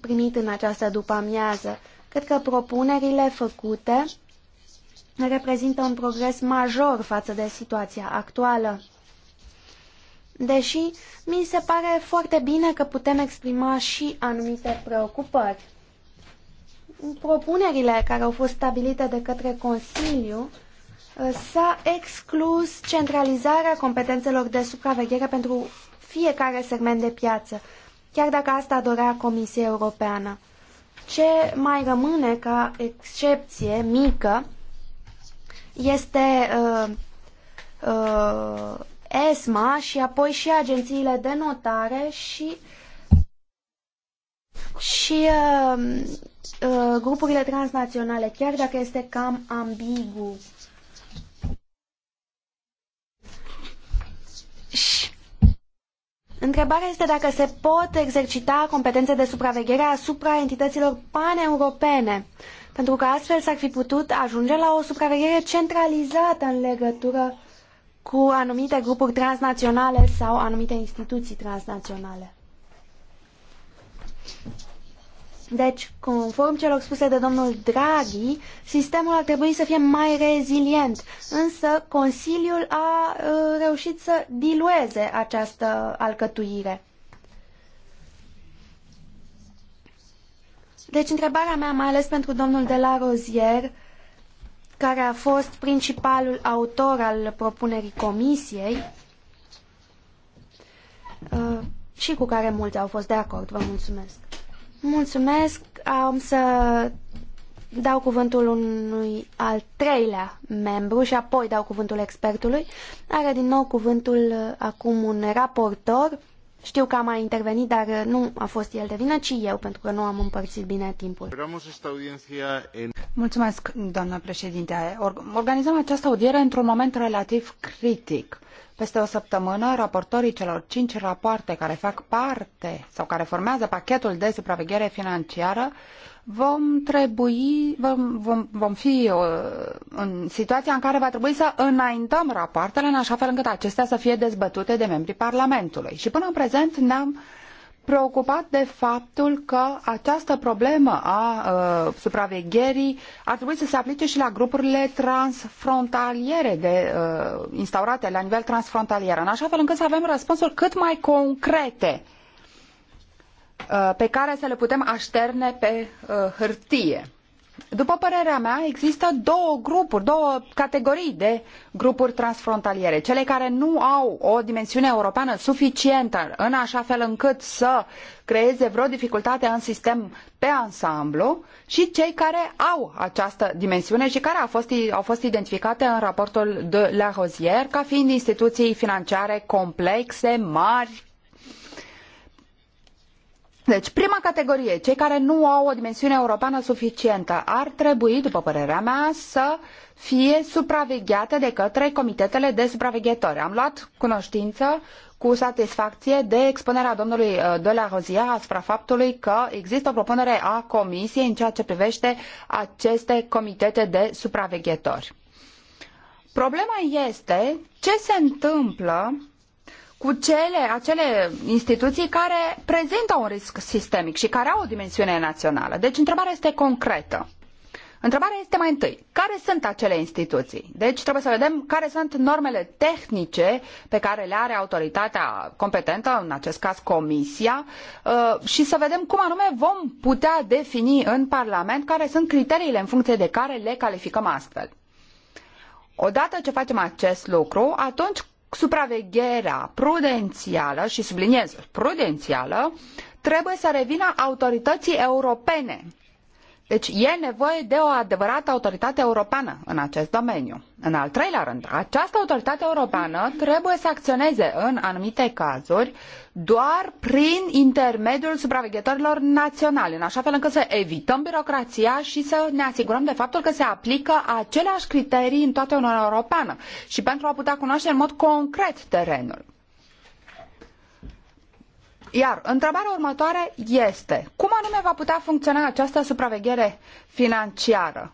primit în această după-amiază. Cred că propunerile făcute reprezintă un progres major față de situația actuală deși mi se pare foarte bine că putem exprima și anumite preocupări. Propunerile care au fost stabilite de către Consiliu uh, s-a exclus centralizarea competențelor de supraveghere pentru fiecare segment de piață, chiar dacă asta dorea Comisia Europeană. Ce mai rămâne ca excepție mică este uh, uh, ESMA și apoi și agențiile de notare și și uh, uh, grupurile transnaționale, chiar dacă este cam ambigu. Și Întrebarea este dacă se pot exercita competențe de supraveghere asupra entităților paneuropene, pentru că astfel s-ar fi putut ajunge la o supraveghere centralizată în legătură cu anumite grupuri transnaționale sau anumite instituții transnaționale. Deci, conform celor spuse de domnul Draghi, sistemul ar trebui să fie mai rezilient, însă Consiliul a uh, reușit să dilueze această alcătuire. Deci, întrebarea mea, mai ales pentru domnul de la Rozier, care a fost principalul autor al propunerii comisiei uh, și cu care mulți au fost de acord. Vă mulțumesc. Mulțumesc. Am să dau cuvântul unui al treilea membru și apoi dau cuvântul expertului. Are din nou cuvântul uh, acum un raportor știu că a mai intervenit, dar uh, nu a fost el de vină, ci eu, pentru că nu am împărțit bine timpul. Mulțumesc, doamnă președinte. Organizăm această audiere într-un moment relativ critic. Peste o săptămână, raportorii celor cinci rapoarte care fac parte sau care formează pachetul de supraveghere financiară vom trebui, vom, vom, vom fi uh, în situația în care va trebui să înaintăm rapoartele în așa fel încât acestea să fie dezbătute de membrii Parlamentului. Și până în prezent ne-am preocupat de faptul că această problemă a uh, supravegherii ar trebui să se aplice și la grupurile transfrontaliere de, uh, instaurate la nivel transfrontalier, în așa fel încât să avem răspunsuri cât mai concrete Uh, pe care să le putem așterne pe uh, hârtie. După părerea mea, există două grupuri, două categorii de grupuri transfrontaliere. Cele care nu au o dimensiune europeană suficientă în așa fel încât să creeze vreo dificultate în sistem pe ansamblu și cei care au această dimensiune și care au fost, au fost identificate în raportul de la Rosière ca fiind instituții financiare complexe, mari, deci, prima categorie, cei care nu au o dimensiune europeană suficientă, ar trebui, după părerea mea, să fie supravegheate de către comitetele de supraveghetori. Am luat cunoștință cu satisfacție de expunerea domnului uh, de la Rozier asupra faptului că există o propunere a Comisiei în ceea ce privește aceste comitete de supraveghetori. Problema este ce se întâmplă cu cele, acele instituții care prezintă un risc sistemic și care au o dimensiune națională. Deci întrebarea este concretă. Întrebarea este mai întâi, care sunt acele instituții? Deci trebuie să vedem care sunt normele tehnice pe care le are autoritatea competentă, în acest caz comisia, uh, și să vedem cum anume vom putea defini în Parlament care sunt criteriile în funcție de care le calificăm astfel. Odată ce facem acest lucru, atunci supravegherea prudențială, și subliniez prudențială, trebuie să revină autorității europene. Deci e nevoie de o adevărată autoritate europeană în acest domeniu. În al treilea rând, această autoritate europeană trebuie să acționeze în anumite cazuri doar prin intermediul supraveghetorilor naționale, în așa fel încât să evităm birocrația și să ne asigurăm de faptul că se aplică aceleași criterii în toată Uniunea Europeană și pentru a putea cunoaște în mod concret terenul. Iar întrebarea următoare este, cum anume va putea funcționa această supraveghere financiară?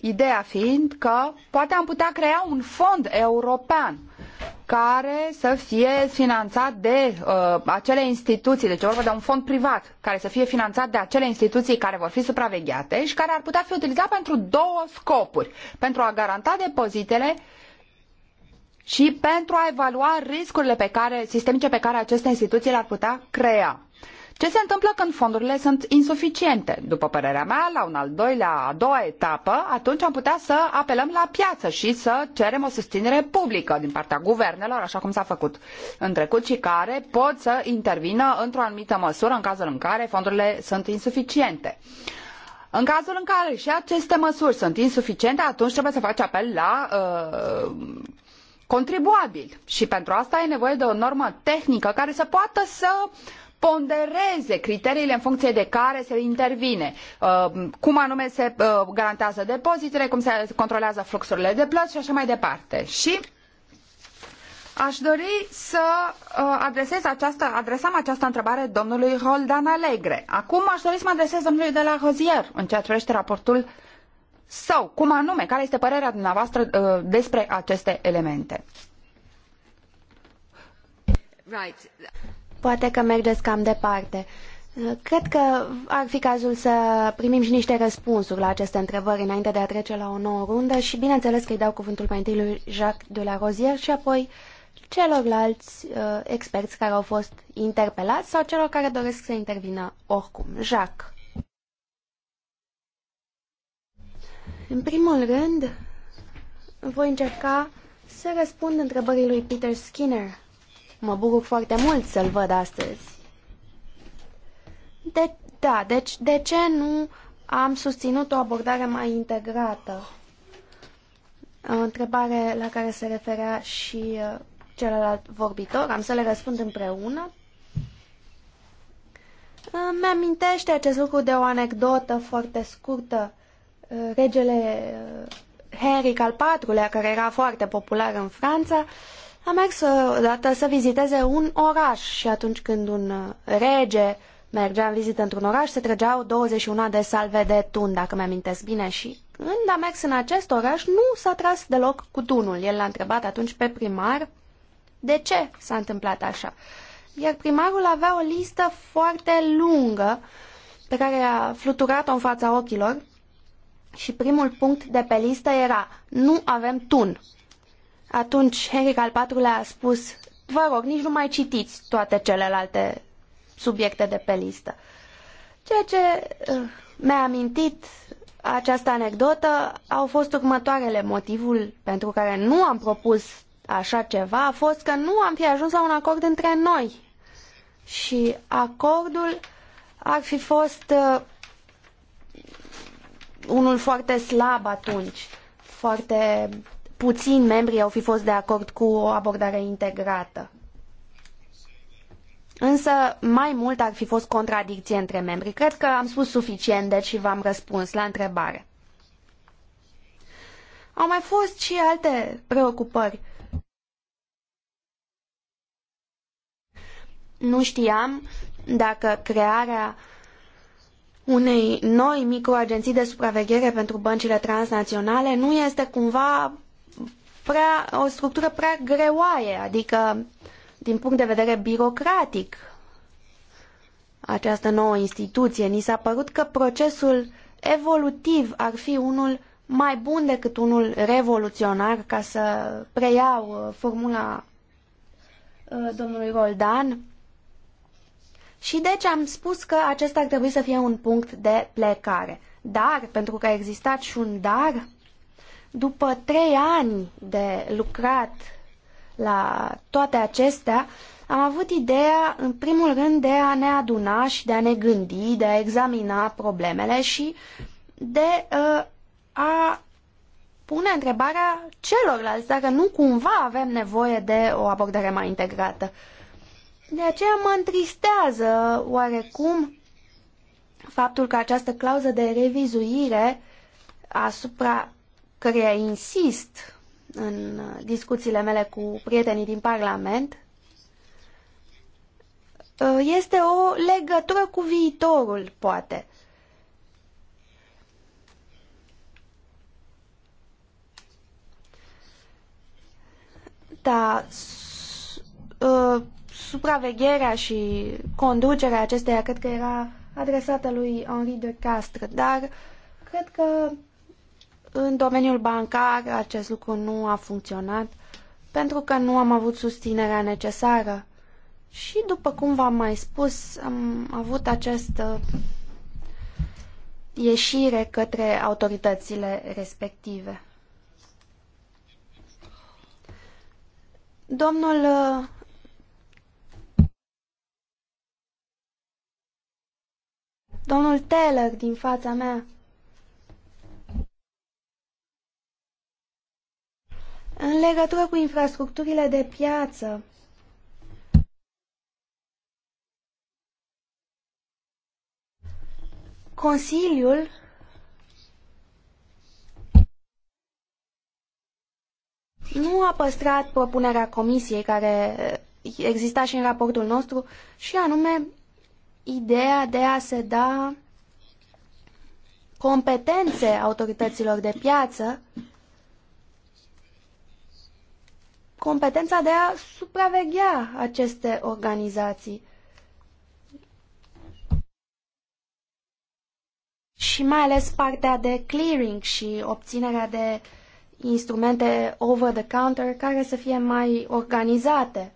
Ideea fiind că poate am putea crea un fond european care să fie finanțat de uh, acele instituții, deci vorba de un fond privat, care să fie finanțat de acele instituții care vor fi supravegheate și care ar putea fi utilizat pentru două scopuri. Pentru a garanta depozitele și pentru a evalua riscurile pe care, sistemice pe care aceste instituții le-ar putea crea. Ce se întâmplă când fondurile sunt insuficiente? După părerea mea, la un al doilea, a doua etapă, atunci am putea să apelăm la piață și să cerem o susținere publică din partea guvernelor, așa cum s-a făcut în trecut și care pot să intervină într-o anumită măsură în cazul în care fondurile sunt insuficiente. În cazul în care și aceste măsuri sunt insuficiente, atunci trebuie să faci apel la uh, contribuabil. Și pentru asta e nevoie de o normă tehnică care să poată să pondereze criteriile în funcție de care se intervine, uh, cum anume se uh, garantează depozitele, cum se controlează fluxurile de plăți și așa mai departe. Și Aș dori să uh, adresez această, adresam această întrebare domnului Roldan Alegre. Acum aș dori să mă adresez domnului de la Rozier în ceea ce privește raportul sau, cum anume, care este părerea dumneavoastră despre aceste elemente. Right. Poate că mergeți cam departe. Cred că ar fi cazul să primim și niște răspunsuri la aceste întrebări înainte de a trece la o nouă rundă și bineînțeles că îi dau cuvântul mai întâi lui Jacques de la Rozier și apoi celorlalți uh, experți care au fost interpelați sau celor care doresc să intervină oricum. Jacques. În primul rând, voi încerca să răspund întrebării lui Peter Skinner Mă bucur foarte mult să-l văd astăzi. De, da, deci de ce nu am susținut o abordare mai integrată? O întrebare la care se referea și uh, celălalt vorbitor. Am să le răspund împreună. Mi-amintește acest lucru de o anecdotă foarte scurtă. Regele uh, Henric al IV-lea, care era foarte popular în Franța, a mers uh, odată să viziteze un oraș și atunci când un uh, rege mergea în vizită într-un oraș, se trăgeau 21 de salve de tun, dacă mi-amintesc bine, și când a mers în acest oraș, nu s-a tras deloc cu tunul. El l-a întrebat atunci pe primar de ce s-a întâmplat așa. Iar primarul avea o listă foarte lungă pe care a fluturat-o în fața ochilor și primul punct de pe listă era nu avem tun. Atunci Henric al IV-lea a spus, vă rog, nici nu mai citiți toate celelalte subiecte de pe listă. Ceea ce uh, mi-a amintit această anecdotă au fost următoarele. Motivul pentru care nu am propus așa ceva a fost că nu am fi ajuns la un acord între noi. Și acordul ar fi fost uh, unul foarte slab atunci, foarte puțini membri au fi fost de acord cu o abordare integrată. Însă mai mult ar fi fost contradicție între membri. Cred că am spus suficient, deci v-am răspuns la întrebare. Au mai fost și alte preocupări. Nu știam dacă crearea unei noi microagenții de supraveghere pentru băncile transnaționale nu este cumva prea, o structură prea greoaie, adică din punct de vedere birocratic această nouă instituție. Ni s-a părut că procesul evolutiv ar fi unul mai bun decât unul revoluționar, ca să preiau uh, formula uh, domnului Roldan. Și deci am spus că acesta ar trebui să fie un punct de plecare. Dar, pentru că a existat și un dar, după trei ani de lucrat la toate acestea, am avut ideea, în primul rând, de a ne aduna și de a ne gândi, de a examina problemele și de uh, a pune întrebarea celorlalți dacă nu cumva avem nevoie de o abordare mai integrată. De aceea mă întristează oarecum faptul că această clauză de revizuire asupra căreia insist în uh, discuțiile mele cu prietenii din Parlament, uh, este o legătură cu viitorul, poate. Da, supravegherea și conducerea acesteia cred că era adresată lui Henri de Castre, dar cred că în domeniul bancar acest lucru nu a funcționat pentru că nu am avut susținerea necesară. Și după cum v-am mai spus, am avut această ieșire către autoritățile respective. Domnul Domnul Taylor din fața mea În legătură cu infrastructurile de piață, Consiliul nu a păstrat propunerea comisiei care exista și în raportul nostru și anume ideea de a se da competențe autorităților de piață competența de a supraveghea aceste organizații. Și mai ales partea de clearing și obținerea de instrumente over-the-counter care să fie mai organizate.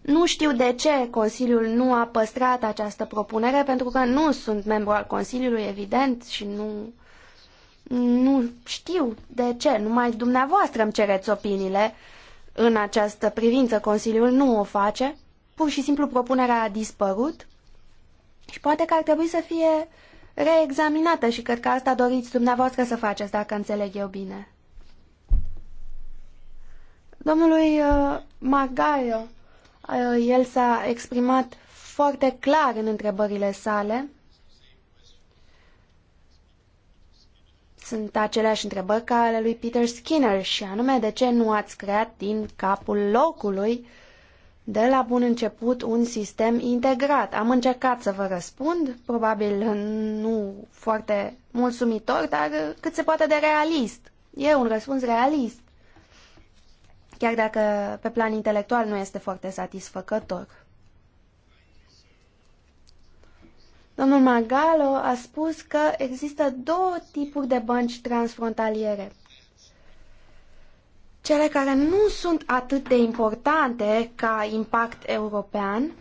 Nu știu de ce Consiliul nu a păstrat această propunere, pentru că nu sunt membru al Consiliului, evident, și nu nu știu de ce, numai dumneavoastră îmi cereți opiniile în această privință. Consiliul nu o face, pur și simplu propunerea a dispărut și poate că ar trebui să fie reexaminată și cred că asta doriți dumneavoastră să faceți, dacă înțeleg eu bine. Domnului uh, Margaio, uh, el s-a exprimat foarte clar în întrebările sale sunt aceleași întrebări ca ale lui Peter Skinner și anume de ce nu ați creat din capul locului de la bun început un sistem integrat. Am încercat să vă răspund, probabil nu foarte mulțumitor, dar cât se poate de realist. E un răspuns realist, chiar dacă pe plan intelectual nu este foarte satisfăcător. Domnul Magalo a spus că există două tipuri de bănci transfrontaliere. Cele care nu sunt atât de importante ca impact european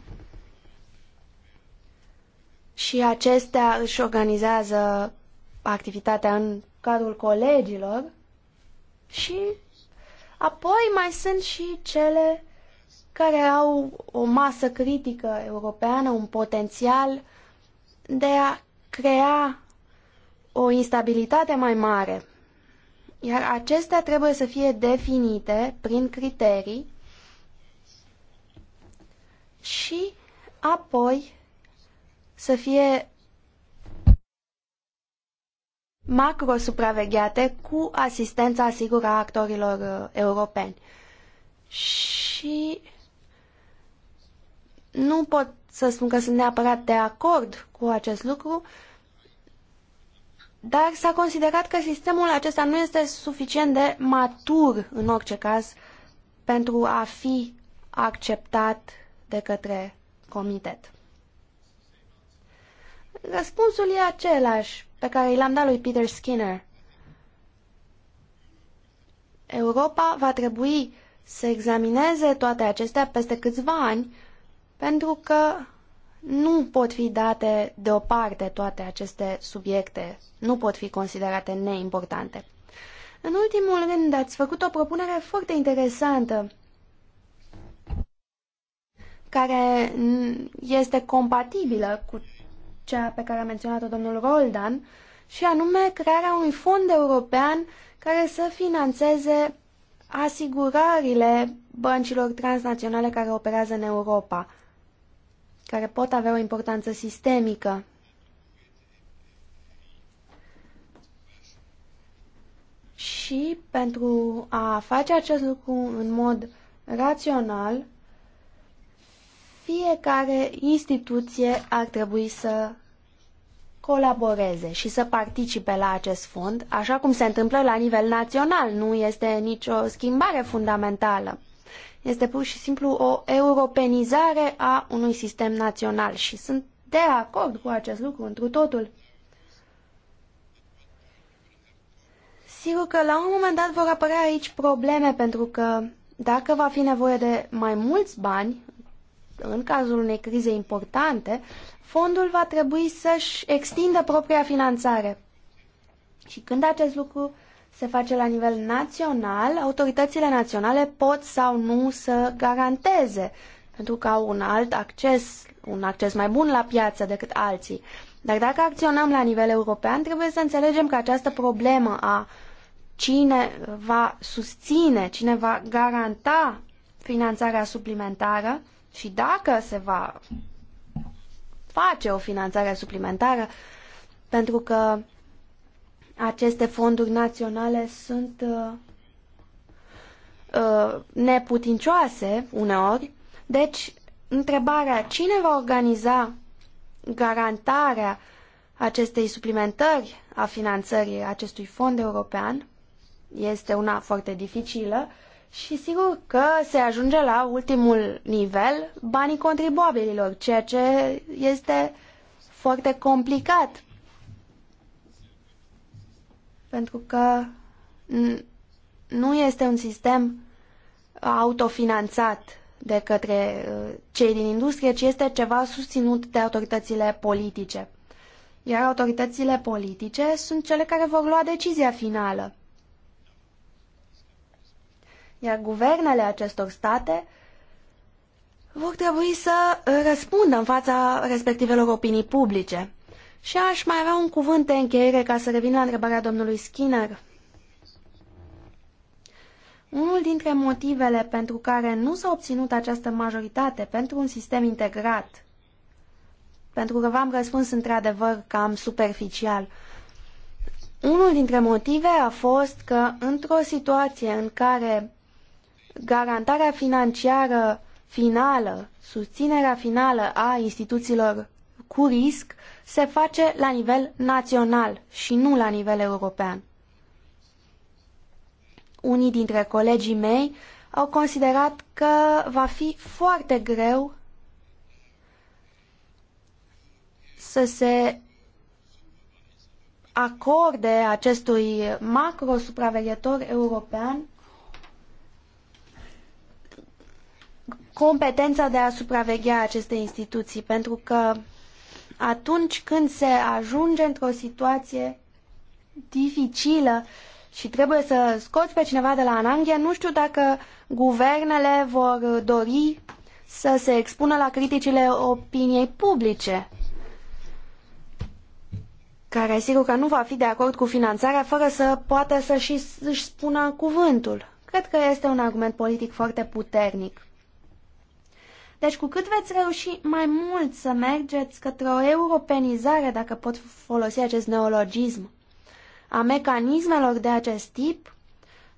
și acestea își organizează activitatea în cadrul colegilor și apoi mai sunt și cele care au o masă critică europeană, un potențial de a crea o instabilitate mai mare. Iar acestea trebuie să fie definite prin criterii și apoi să fie macro-supravegheate cu asistența sigură a actorilor uh, europeni. Și nu pot să spun că sunt neapărat de acord cu acest lucru, dar s-a considerat că sistemul acesta nu este suficient de matur, în orice caz, pentru a fi acceptat de către comitet. Răspunsul e același pe care l-am dat lui Peter Skinner. Europa va trebui să examineze toate acestea peste câțiva ani pentru că nu pot fi date deoparte toate aceste subiecte, nu pot fi considerate neimportante. În ultimul rând, ați făcut o propunere foarte interesantă care este compatibilă cu cea pe care a menționat-o domnul Roldan, și anume crearea unui fond european care să financeze asigurările băncilor transnaționale care operează în Europa care pot avea o importanță sistemică. Și pentru a face acest lucru în mod rațional, fiecare instituție ar trebui să colaboreze și să participe la acest fond, așa cum se întâmplă la nivel național. Nu este nicio schimbare fundamentală. Este pur și simplu o europenizare a unui sistem național și sunt de acord cu acest lucru întru totul. Sigur că la un moment dat vor apărea aici probleme pentru că dacă va fi nevoie de mai mulți bani, în cazul unei crize importante, fondul va trebui să-și extindă propria finanțare. Și când acest lucru se face la nivel național, autoritățile naționale pot sau nu să garanteze, pentru că au un alt acces, un acces mai bun la piață decât alții. Dar dacă acționăm la nivel european, trebuie să înțelegem că această problemă a cine va susține, cine va garanta finanțarea suplimentară și dacă se va face o finanțare suplimentară, pentru că aceste fonduri naționale sunt uh, uh, neputincioase uneori. Deci, întrebarea cine va organiza garantarea acestei suplimentări a finanțării acestui fond european este una foarte dificilă și sigur că se ajunge la ultimul nivel, banii contribuabililor, ceea ce este foarte complicat pentru că nu este un sistem autofinanțat de către uh, cei din industrie, ci este ceva susținut de autoritățile politice. Iar autoritățile politice sunt cele care vor lua decizia finală. Iar guvernele acestor state vor trebui să răspundă în fața respectivelor opinii publice. Și aș mai avea un cuvânt de încheiere ca să revin la întrebarea domnului Skinner. Unul dintre motivele pentru care nu s-a obținut această majoritate pentru un sistem integrat, pentru că v-am răspuns într-adevăr cam superficial, unul dintre motive a fost că într-o situație în care garantarea financiară finală, susținerea finală a instituțiilor cu risc, se face la nivel național și nu la nivel european. Unii dintre colegii mei au considerat că va fi foarte greu să se acorde acestui macro-supraveghetor european competența de a supraveghea aceste instituții, pentru că atunci când se ajunge într-o situație dificilă și trebuie să scoți pe cineva de la ananghia, nu știu dacă guvernele vor dori să se expună la criticile opiniei publice, care sigur că nu va fi de acord cu finanțarea fără să poată să și spună cuvântul. Cred că este un argument politic foarte puternic. Deci cu cât veți reuși mai mult să mergeți către o europenizare, dacă pot folosi acest neologism, a mecanismelor de acest tip,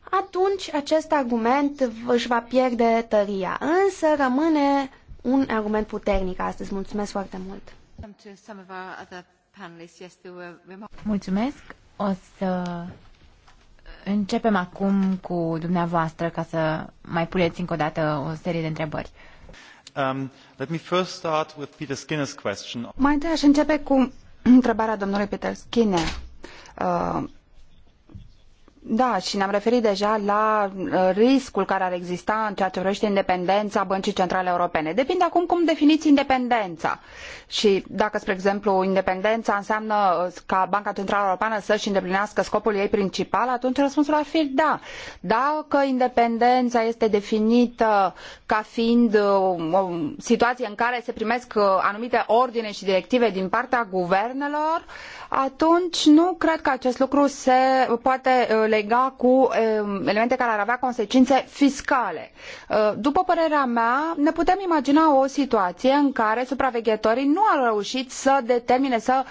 atunci acest argument își va pierde tăria. Însă rămâne un argument puternic astăzi. Mulțumesc foarte mult! Mulțumesc! O să începem acum cu dumneavoastră ca să mai puneți încă o dată o serie de întrebări. Um, Mai întâi aș începe cu întrebarea domnului Peter Skinner. Uh, da, și ne-am referit deja la uh, riscul care ar exista în ceea ce vrește independența Băncii Centrale Europene. Depinde acum cum definiți independența. Și dacă, spre exemplu, independența înseamnă uh, ca Banca Centrală Europeană să-și îndeplinească scopul ei principal, atunci răspunsul ar fi da. Dacă independența este definită ca fiind uh, o situație în care se primesc anumite ordine și directive din partea guvernelor, atunci nu cred că acest lucru se poate lega cu elemente care ar avea consecințe fiscale. După părerea mea, ne putem imagina o situație în care supraveghetorii nu au reușit să determine, să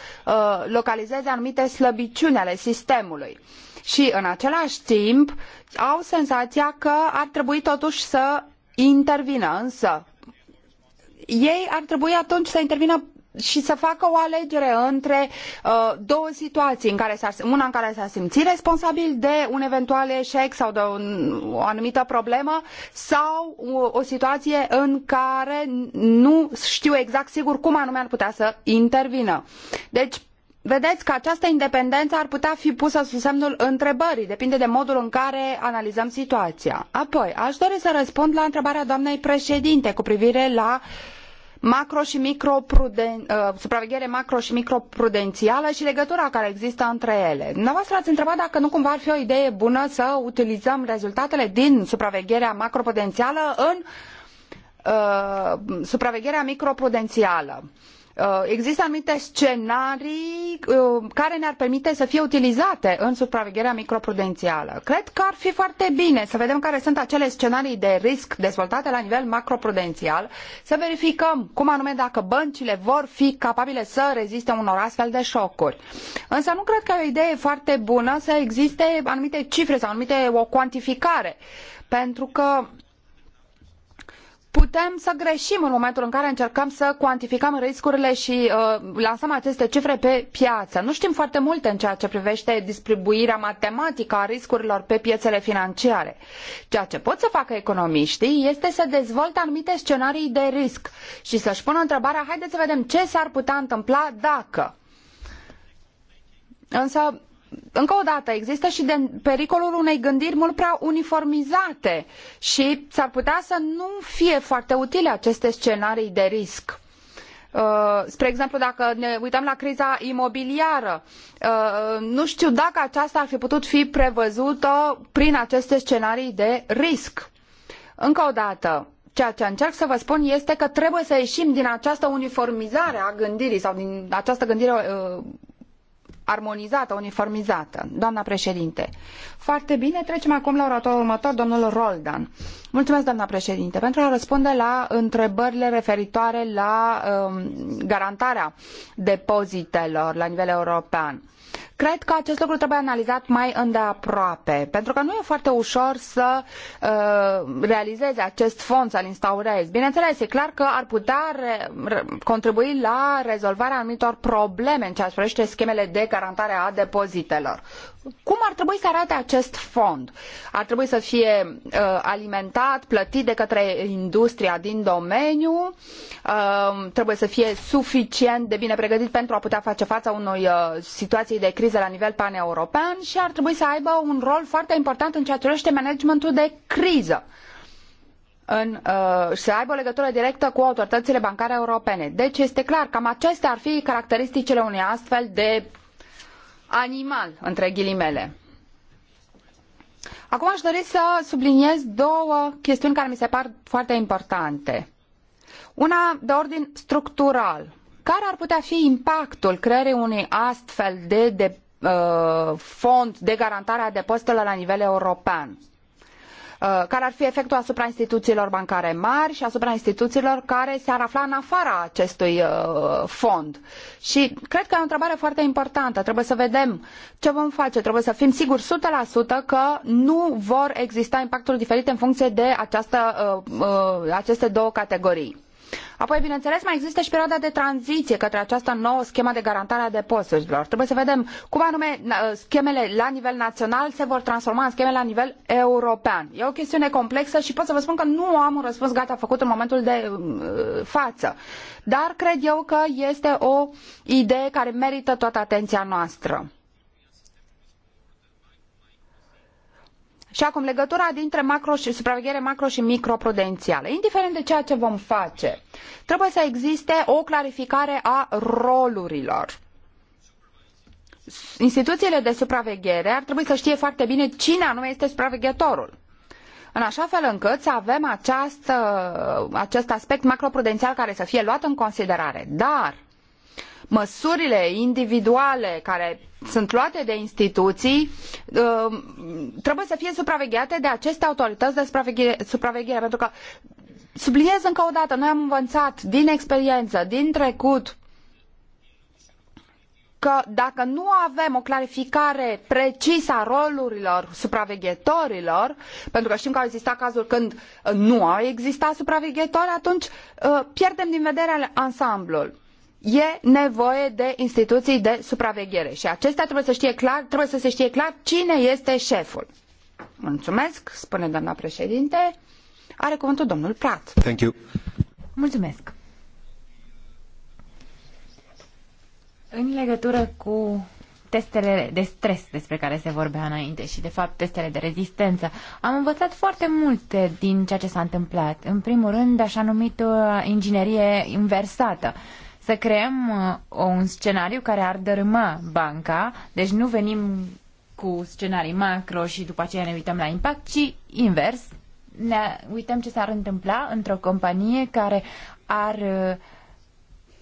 localizeze anumite slăbiciuni ale sistemului și în același timp au senzația că ar trebui totuși să intervină, însă ei ar trebui atunci să intervină și să facă o alegere între uh, două situații, în care una în care s-ar simți responsabil de un eventual eșec sau de un, o anumită problemă sau o, o situație în care nu știu exact sigur cum anume ar putea să intervină. Deci, vedeți că această independență ar putea fi pusă sub semnul întrebării, depinde de modul în care analizăm situația. Apoi, aș dori să răspund la întrebarea doamnei președinte cu privire la uh, macro și micro uh, supraveghere macro și microprudențială și legătura care există între ele. Dumneavoastră ai întrebat dacă nu cumva ar fi o idee bună să utilizăm rezultatele din supravegherea macroprudențială în uh, supravegherea microprudențială. Uh, există anumite scenarii uh, care ne-ar permite să fie utilizate în supravegherea microprudențială. Cred că ar fi foarte bine să vedem care sunt acele scenarii de risc dezvoltate la nivel macroprudențial, să verificăm cum anume dacă băncile vor fi capabile să reziste unor astfel de șocuri. Însă nu cred că e o idee foarte bună să existe anumite cifre sau anumite o cuantificare, pentru că putem să greșim în momentul în care încercăm să cuantificăm riscurile și uh, lansăm aceste cifre pe piață. Nu știm foarte multe în ceea ce privește distribuirea matematică a riscurilor pe piețele financiare. Ceea ce pot să facă economiștii este să dezvolte anumite scenarii de risc și să-și pună întrebarea, haideți să vedem ce s-ar putea întâmpla dacă. Însă încă o dată, există și de pericolul unei gândiri mult prea uniformizate și s-ar putea să nu fie foarte utile aceste scenarii de risc. Uh, spre exemplu, dacă ne uităm la criza imobiliară, uh, nu știu dacă aceasta ar fi putut fi prevăzută prin aceste scenarii de risc. Încă o dată, ceea ce încerc să vă spun este că trebuie să ieșim din această uniformizare a gândirii sau din această gândire uh, armonizată, uniformizată. Doamna președinte. Foarte bine, trecem acum la oratorul următor, domnul Roldan. Mulțumesc, doamna președinte, pentru a răspunde la întrebările referitoare la um, garantarea depozitelor la nivel european. Uh, Cred că acest lucru trebuie analizat mai îndeaproape, pentru că nu e foarte ușor să uh, realizezi acest fond, să-l instaurezi. Bineînțeles, e clar că ar putea re, contribui la rezolvarea anumitor probleme în ceea ce privește schemele de garantare a depozitelor. Cum ar trebui să arate acest fond? Ar trebui să fie uh, alimentat, plătit de către industria din domeniu, uh, trebuie să fie suficient de bine pregătit pentru a putea face față unei uh, situații de criză criză la nivel paneuropean și ar trebui să aibă un rol foarte important în ceea ce privește managementul de criză în, uh, să aibă o legătură directă cu autoritățile bancare europene. Deci este clar, cam acestea ar fi caracteristicile unui astfel de animal, între ghilimele. Acum aș dori să subliniez două chestiuni care mi se par foarte importante. Una de ordin structural. Care ar putea fi impactul creării unui astfel de, de uh, fond de garantare a depozitelor la nivel european? Uh, care ar fi efectul asupra instituțiilor bancare mari și asupra instituțiilor care se ar afla în afara acestui uh, fond. Și cred că e o întrebare foarte importantă. Trebuie să vedem ce vom face. Trebuie să fim siguri 100% că nu vor exista impacturi diferite în funcție de această, uh, aceste două categorii. Apoi, bineînțeles, mai există și perioada de tranziție către această nouă schemă de garantare a depozitelor. Trebuie să vedem cum anume schemele la nivel național se vor transforma în scheme la nivel european. E o chestiune complexă și pot să vă spun că nu am un răspuns gata făcut în momentul de uh, față. Dar cred eu că este o idee care merită toată atenția noastră. Și acum legătura dintre macro și, supraveghere macro și microprudențială. Indiferent de ceea ce vom face, trebuie să existe o clarificare a rolurilor instituțiile de supraveghere ar trebui să știe foarte bine cine anume este supraveghetorul. În așa fel încât să avem acest acest aspect macroprudențial care să fie luat în considerare. Dar măsurile individuale care sunt luate de instituții, um, trebuie să fie supravegheate de aceste autorități de supraveghere, supraveghere pentru că subliniez încă o dată, noi am învățat din experiență, din trecut, că dacă nu avem o clarificare precisă a rolurilor supraveghetorilor, pentru că știm că au existat cazuri când nu au existat supraveghetori, atunci uh, pierdem din vedere ansamblul e nevoie de instituții de supraveghere și acestea trebuie să știe clar, trebuie să se știe clar cine este șeful. Mulțumesc, spune doamna președinte. Are cuvântul domnul Prat. Thank you. Mulțumesc. În legătură cu testele de stres despre care se vorbea înainte și, de fapt, testele de rezistență. Am învățat foarte multe din ceea ce s-a întâmplat. În primul rând, așa numită inginerie inversată să creăm uh, un scenariu care ar dărâma banca, deci nu venim cu scenarii macro și după aceea ne uităm la impact, ci invers. Ne uităm ce s-ar întâmpla într-o companie care ar uh,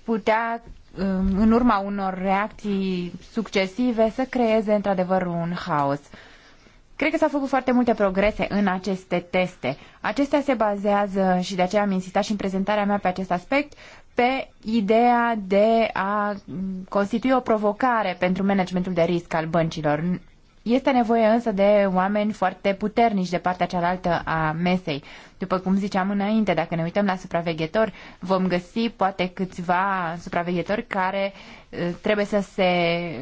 putea, um, în urma unor reacții succesive, să creeze într-adevăr un haos. Cred că s-au făcut foarte multe progrese în aceste teste. Acestea se bazează, și de aceea am insistat și în prezentarea mea pe acest aspect, pe ideea de a constitui o provocare pentru managementul de risc al băncilor. Este nevoie însă de oameni foarte puternici de partea cealaltă a mesei. După cum ziceam înainte, dacă ne uităm la supraveghetori, vom găsi poate câțiva supraveghetori care trebuie să se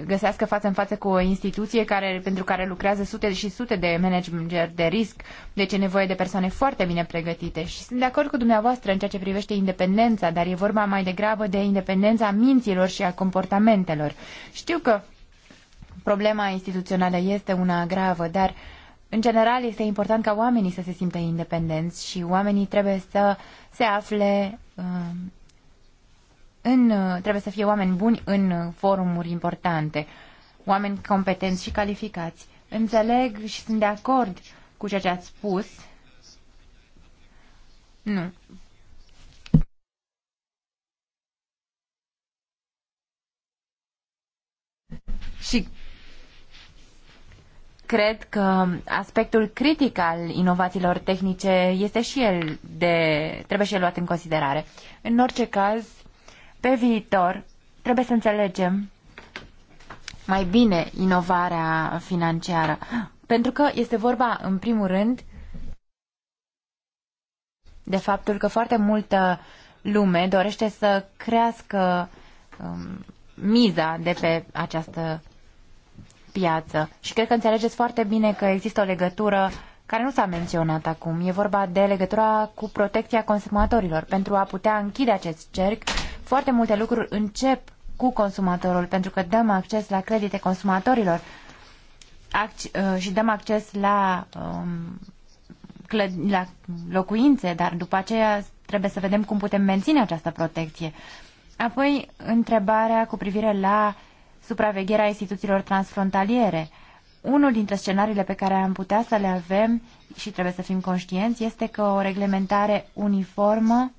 găsească față în față cu o instituție care, pentru care lucrează sute și sute de manageri de risc, deci e nevoie de persoane foarte bine pregătite. Și sunt de acord cu dumneavoastră în ceea ce privește independența, dar e vorba mai degrabă de independența minților și a comportamentelor. Știu că Problema instituțională este una gravă, dar în general este important ca oamenii să se simtă independenți și oamenii trebuie să se afle um, în, trebuie să fie oameni buni în forumuri importante, oameni competenți și calificați. Înțeleg și sunt de acord cu ceea ce ați spus. Nu. Și cred că aspectul critic al inovațiilor tehnice este și el de, trebuie și el luat în considerare. În orice caz, pe viitor, trebuie să înțelegem mai bine inovarea financiară, pentru că este vorba, în primul rând, de faptul că foarte multă lume dorește să crească um, miza de pe această piață. Și cred că înțelegeți foarte bine că există o legătură care nu s-a menționat acum. E vorba de legătura cu protecția consumatorilor. Pentru a putea închide acest cerc, foarte multe lucruri încep cu consumatorul, pentru că dăm acces la credite consumatorilor uh, și dăm acces la, um, la locuințe, dar după aceea trebuie să vedem cum putem menține această protecție. Apoi, întrebarea cu privire la supravegherea instituțiilor transfrontaliere. Unul dintre scenariile pe care am putea să le avem și trebuie să fim conștienți este că o reglementare uniformă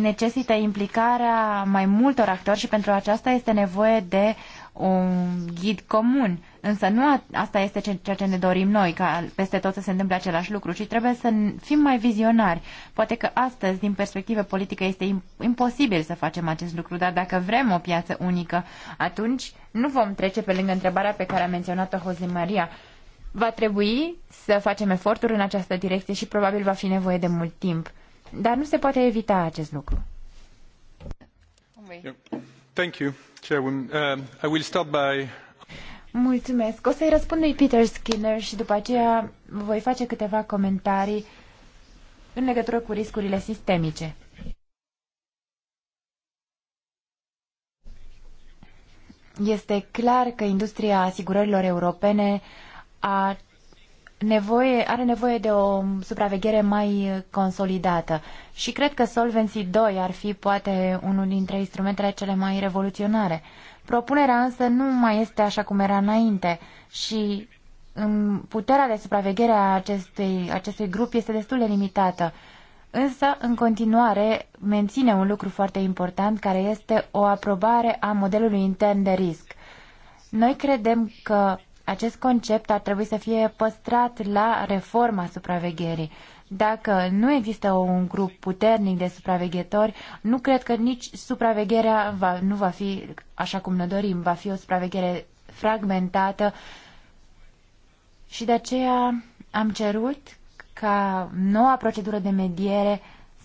necesită implicarea mai multor actori și pentru aceasta este nevoie de un ghid comun Însă nu asta este ceea ce ne dorim noi, ca peste tot să se întâmple același lucru, ci trebuie să fim mai vizionari. Poate că astăzi, din perspectivă politică, este imposibil să facem acest lucru, dar dacă vrem o piață unică, atunci nu vom trece pe lângă întrebarea pe care a menționat-o Jose Maria. Va trebui să facem eforturi în această direcție și probabil va fi nevoie de mult timp. Dar nu se poate evita acest lucru. Thank you, Chairwoman. Um, I will start by Mulțumesc. O să-i răspund lui Peter Skinner și după aceea voi face câteva comentarii în legătură cu riscurile sistemice. Este clar că industria asigurărilor europene a nevoie, are nevoie de o supraveghere mai consolidată și cred că Solvency 2 ar fi poate unul dintre instrumentele cele mai revoluționare Propunerea însă nu mai este așa cum era înainte și în puterea de supraveghere a acestui, acestui grup este destul de limitată. Însă, în continuare, menține un lucru foarte important, care este o aprobare a modelului intern de risc. Noi credem că acest concept ar trebui să fie păstrat la reforma supravegherii. Dacă nu există un grup puternic de supraveghetori, nu cred că nici supravegherea va, nu va fi așa cum ne dorim, va fi o supraveghere fragmentată și de aceea am cerut ca noua procedură de mediere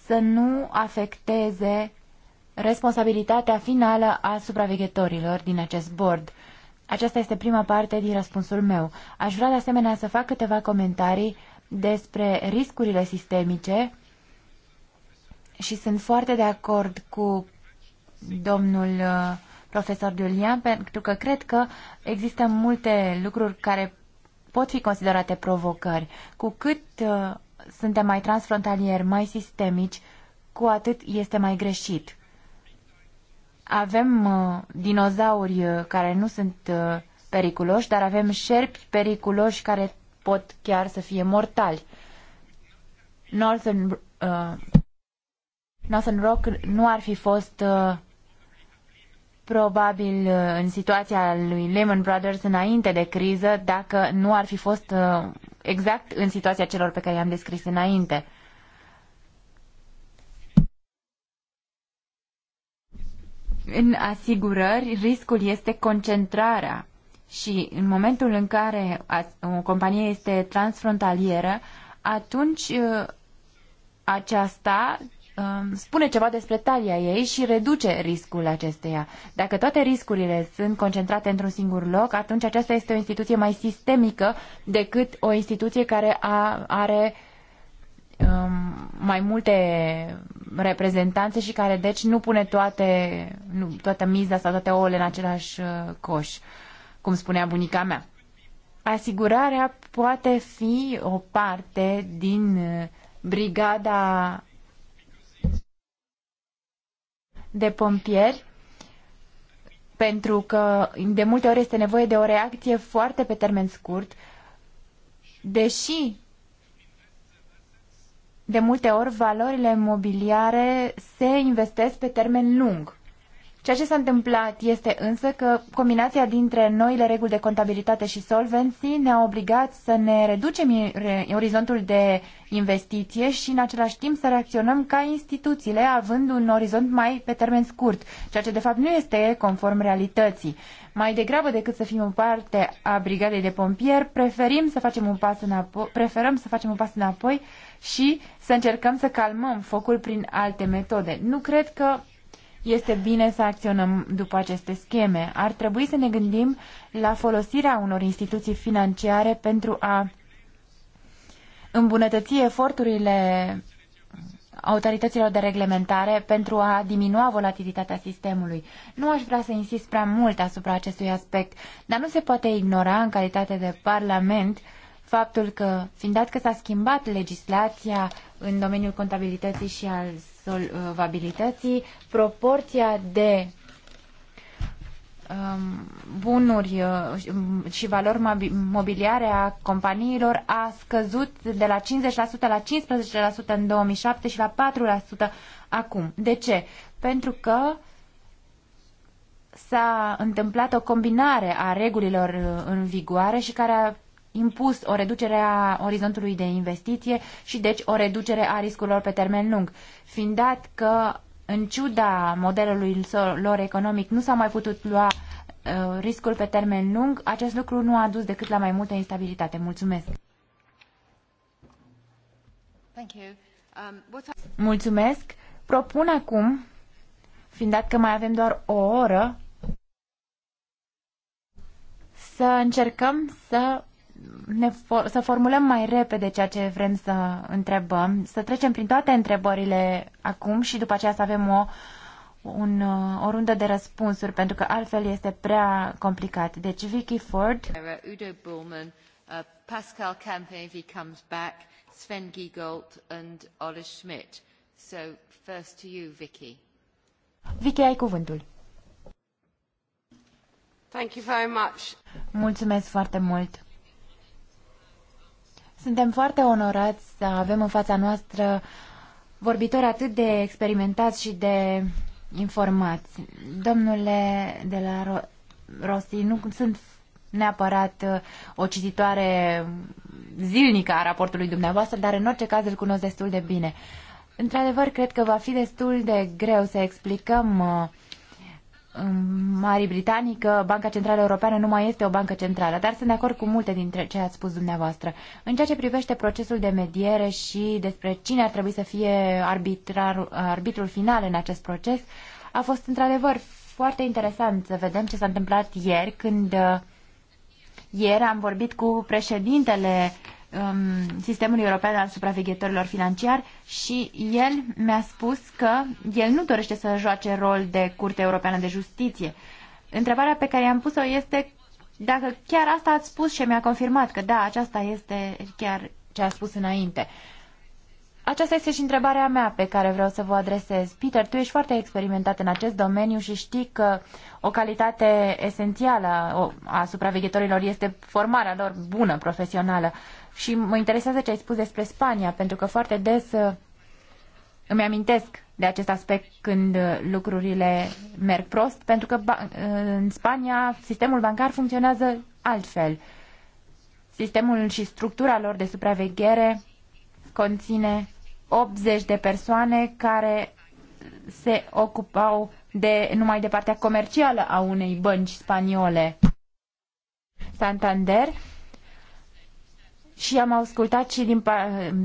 să nu afecteze responsabilitatea finală a supraveghetorilor din acest bord. Aceasta este prima parte din răspunsul meu. Aș vrea de asemenea să fac câteva comentarii despre riscurile sistemice și sunt foarte de acord cu domnul uh, profesor Julian, pentru că cred că există multe lucruri care pot fi considerate provocări. Cu cât uh, suntem mai transfrontalieri, mai sistemici, cu atât este mai greșit. Avem uh, dinozauri care nu sunt periculoși, dar avem șerpi periculoși care pot chiar să fie mortali. Northern, uh, Northern Rock nu ar fi fost uh, probabil uh, în situația lui Lehman Brothers înainte de criză dacă nu ar fi fost uh, exact în situația celor pe care i-am descris înainte. În asigurări, riscul este concentrarea și în momentul în care o companie este transfrontalieră, atunci uh, aceasta um, spune ceva despre talia ei și reduce riscul acesteia. Dacă toate riscurile sunt concentrate într-un singur loc, atunci aceasta este o instituție mai sistemică decât o instituție care a, are um, mai multe reprezentanțe și care deci nu pune toate, nu, toată miza sau toate ouăle în același uh, coș. Uh, cum spunea bunica mea. Asigurarea poate fi o parte din uh, brigada de pompieri pentru că de multe ori este nevoie de o reacție foarte pe termen scurt, deși de multe ori valorile mobiliare se investesc pe termen lung. Ceea ce s-a întâmplat este însă că combinația dintre noile reguli de contabilitate și solvency ne-a obligat să ne reducem orizontul de investiție și în același timp să reacționăm ca instituțiile având un orizont mai pe termen scurt, ceea ce de fapt nu este conform realității. Mai degrabă decât să fim o parte a brigadei de pompieri, preferim să facem un pas înapoi, preferăm să facem un pas înapoi și să încercăm să calmăm focul prin alte metode. Nu cred că este bine să acționăm după aceste scheme. Ar trebui să ne gândim la folosirea unor instituții financiare pentru a îmbunătăți eforturile autorităților de reglementare pentru a diminua volatilitatea sistemului. Nu aș vrea să insist prea mult asupra acestui aspect, dar nu se poate ignora în calitate de Parlament faptul că, fiind dat că s-a schimbat legislația în domeniul contabilității și al solvabilității, proporția de um, bunuri uh, și valori mobiliare a companiilor a scăzut de la 50% la 15% în 2007 și la 4% acum. De ce? Pentru că s-a întâmplat o combinare a regulilor uh, în vigoare și care a impus o reducere a orizontului de investiție și deci o reducere a riscurilor pe termen lung, fiind dat că în ciuda modelului lor economic nu s-a mai putut lua uh, riscul pe termen lung, acest lucru nu a dus decât la mai multă instabilitate. Mulțumesc! Um, Mulțumesc! Propun acum, fiind dat că mai avem doar o oră, să încercăm să ne for- să formulăm mai repede ceea ce vrem să întrebăm, să trecem prin toate întrebările acum și după aceea să avem o, un, uh, o rundă de răspunsuri, pentru că altfel este prea complicat. Deci Vicky Ford. Udo Bullman, uh, Pascal Campe, if he comes back, Sven Giegold and Ole Schmidt. So first to you, Vicky. Vicky, ai cuvântul. Thank you very much. Mulțumesc foarte mult. Suntem foarte onorați să avem în fața noastră vorbitori atât de experimentați și de informați. Domnule de la Rossi, nu sunt neapărat uh, o cititoare zilnică a raportului dumneavoastră, dar în orice caz îl cunosc destul de bine. Într-adevăr, cred că va fi destul de greu să explicăm uh, Marii Britanii că Banca Centrală Europeană nu mai este o bancă centrală, dar sunt de acord cu multe dintre ce ați spus dumneavoastră. În ceea ce privește procesul de mediere și despre cine ar trebui să fie arbitrar, arbitrul final în acest proces, a fost într-adevăr foarte interesant să vedem ce s-a întâmplat ieri, când uh, ieri am vorbit cu președintele um, Sistemului European al Supraveghetorilor Financiari și el mi-a spus că el nu dorește să joace rol de Curte Europeană de Justiție. Întrebarea pe care i-am pus-o este dacă chiar asta ați spus și mi-a confirmat că da, aceasta este chiar ce a spus înainte. Aceasta este și întrebarea mea pe care vreau să vă adresez. Peter, tu ești foarte experimentat în acest domeniu și știi că o calitate esențială a supraveghetorilor este formarea lor bună, profesională. Și mă interesează ce ai spus despre Spania, pentru că foarte des uh, îmi amintesc de acest aspect când uh, lucrurile merg prost, pentru că uh, în Spania sistemul bancar funcționează altfel. Sistemul și structura lor de supraveghere conține 80 de persoane care se ocupau de numai de partea comercială a unei bănci spaniole. Santander și am ascultat și din,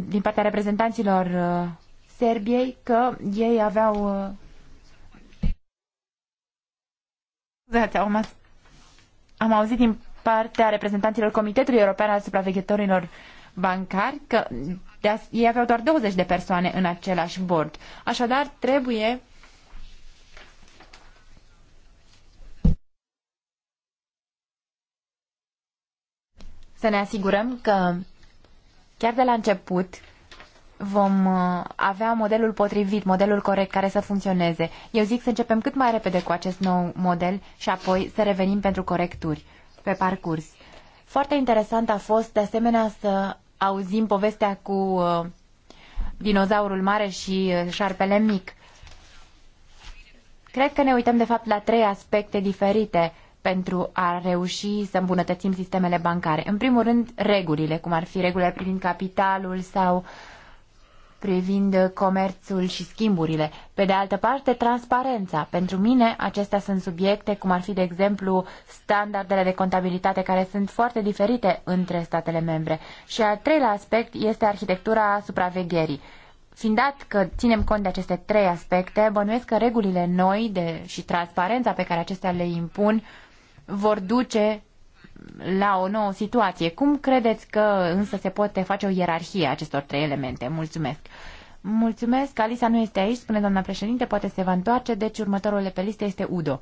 din partea reprezentanților uh, Serbiei că ei aveau uh, am, am auzit din partea reprezentanților Comitetului European al Supraveghetorilor Bancari că ei aveau doar 20 de persoane în același bord. Așadar, trebuie să ne asigurăm că chiar de la început vom uh, avea modelul potrivit, modelul corect care să funcționeze. Eu zic să începem cât mai repede cu acest nou model și apoi să revenim pentru corecturi pe parcurs. Foarte interesant a fost de asemenea să auzim povestea cu uh, dinozaurul mare și uh, șarpele mic. Cred că ne uităm de fapt la trei aspecte diferite pentru a reuși să îmbunătățim sistemele bancare. În primul rând, regulile, cum ar fi regulile privind capitalul sau privind comerțul și schimburile. Pe de altă parte, transparența. Pentru mine, acestea sunt subiecte, cum ar fi, de exemplu, standardele de contabilitate, care sunt foarte diferite între statele membre. Și al treilea aspect este arhitectura supravegherii. Fiind dat că ținem cont de aceste trei aspecte, bănuiesc că regulile noi de, și transparența pe care acestea le impun vor duce la o nouă situație. Cum credeți că însă se poate face o ierarhie a acestor trei elemente? Mulțumesc! Mulțumesc, Alisa nu este aici, spune doamna președinte, poate se va întoarce, deci următorul pe listă este Udo.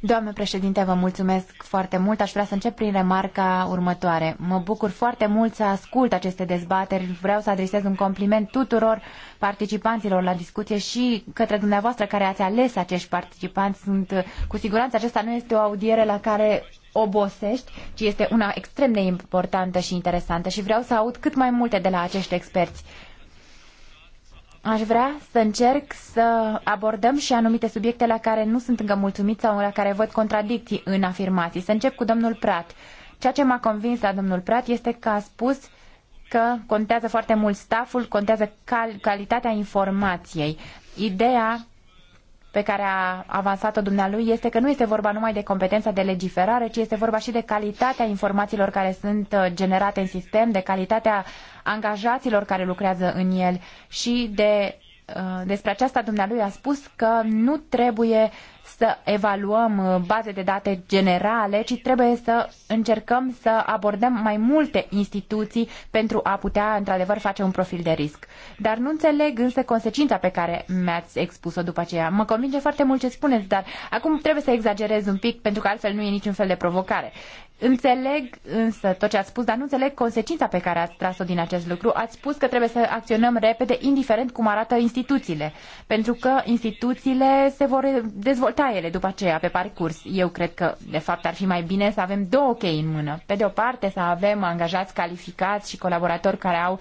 Doamnă președinte, vă mulțumesc foarte mult. Aș vrea să încep prin remarca următoare. Mă bucur foarte mult să ascult aceste dezbateri. Vreau să adresez un compliment tuturor participanților la discuție și către dumneavoastră care ați ales acești participanți. Sunt, cu siguranță aceasta nu este o audiere la care obosești, ci este una extrem de importantă și interesantă și vreau să aud cât mai multe de la acești experți. Aș vrea să încerc să abordăm și anumite subiecte la care nu sunt încă mulțumit sau la care văd contradicții în afirmații. Să încep cu domnul Prat. Ceea ce m-a convins la domnul Prat este că a spus că contează foarte mult staful, contează cal- calitatea informației. Ideea pe care a avansat-o dumnealui este că nu este vorba numai de competența de legiferare, ci este vorba și de calitatea informațiilor care sunt uh, generate în sistem, de calitatea angajaților care lucrează în el și de uh, despre aceasta dumnealui a spus că nu trebuie să evaluăm uh, baze de date generale, ci trebuie să încercăm să abordăm mai multe instituții pentru a putea, într-adevăr, face un profil de risc. Dar nu înțeleg însă consecința pe care mi-ați expus-o după aceea. Mă convinge foarte mult ce spuneți, dar acum trebuie să exagerez un pic, pentru că altfel nu e niciun fel de provocare. Înțeleg însă tot ce ați spus, dar nu înțeleg consecința pe care ați tras-o din acest lucru. Ați spus că trebuie să acționăm repede, indiferent cum arată instituțiile, pentru că instituțiile se vor dezvolta ele după aceea, pe parcurs. Eu cred că, de fapt, ar fi mai bine să avem două chei în mână. Pe de o parte, să avem angajați calificați și colaboratori care au uh,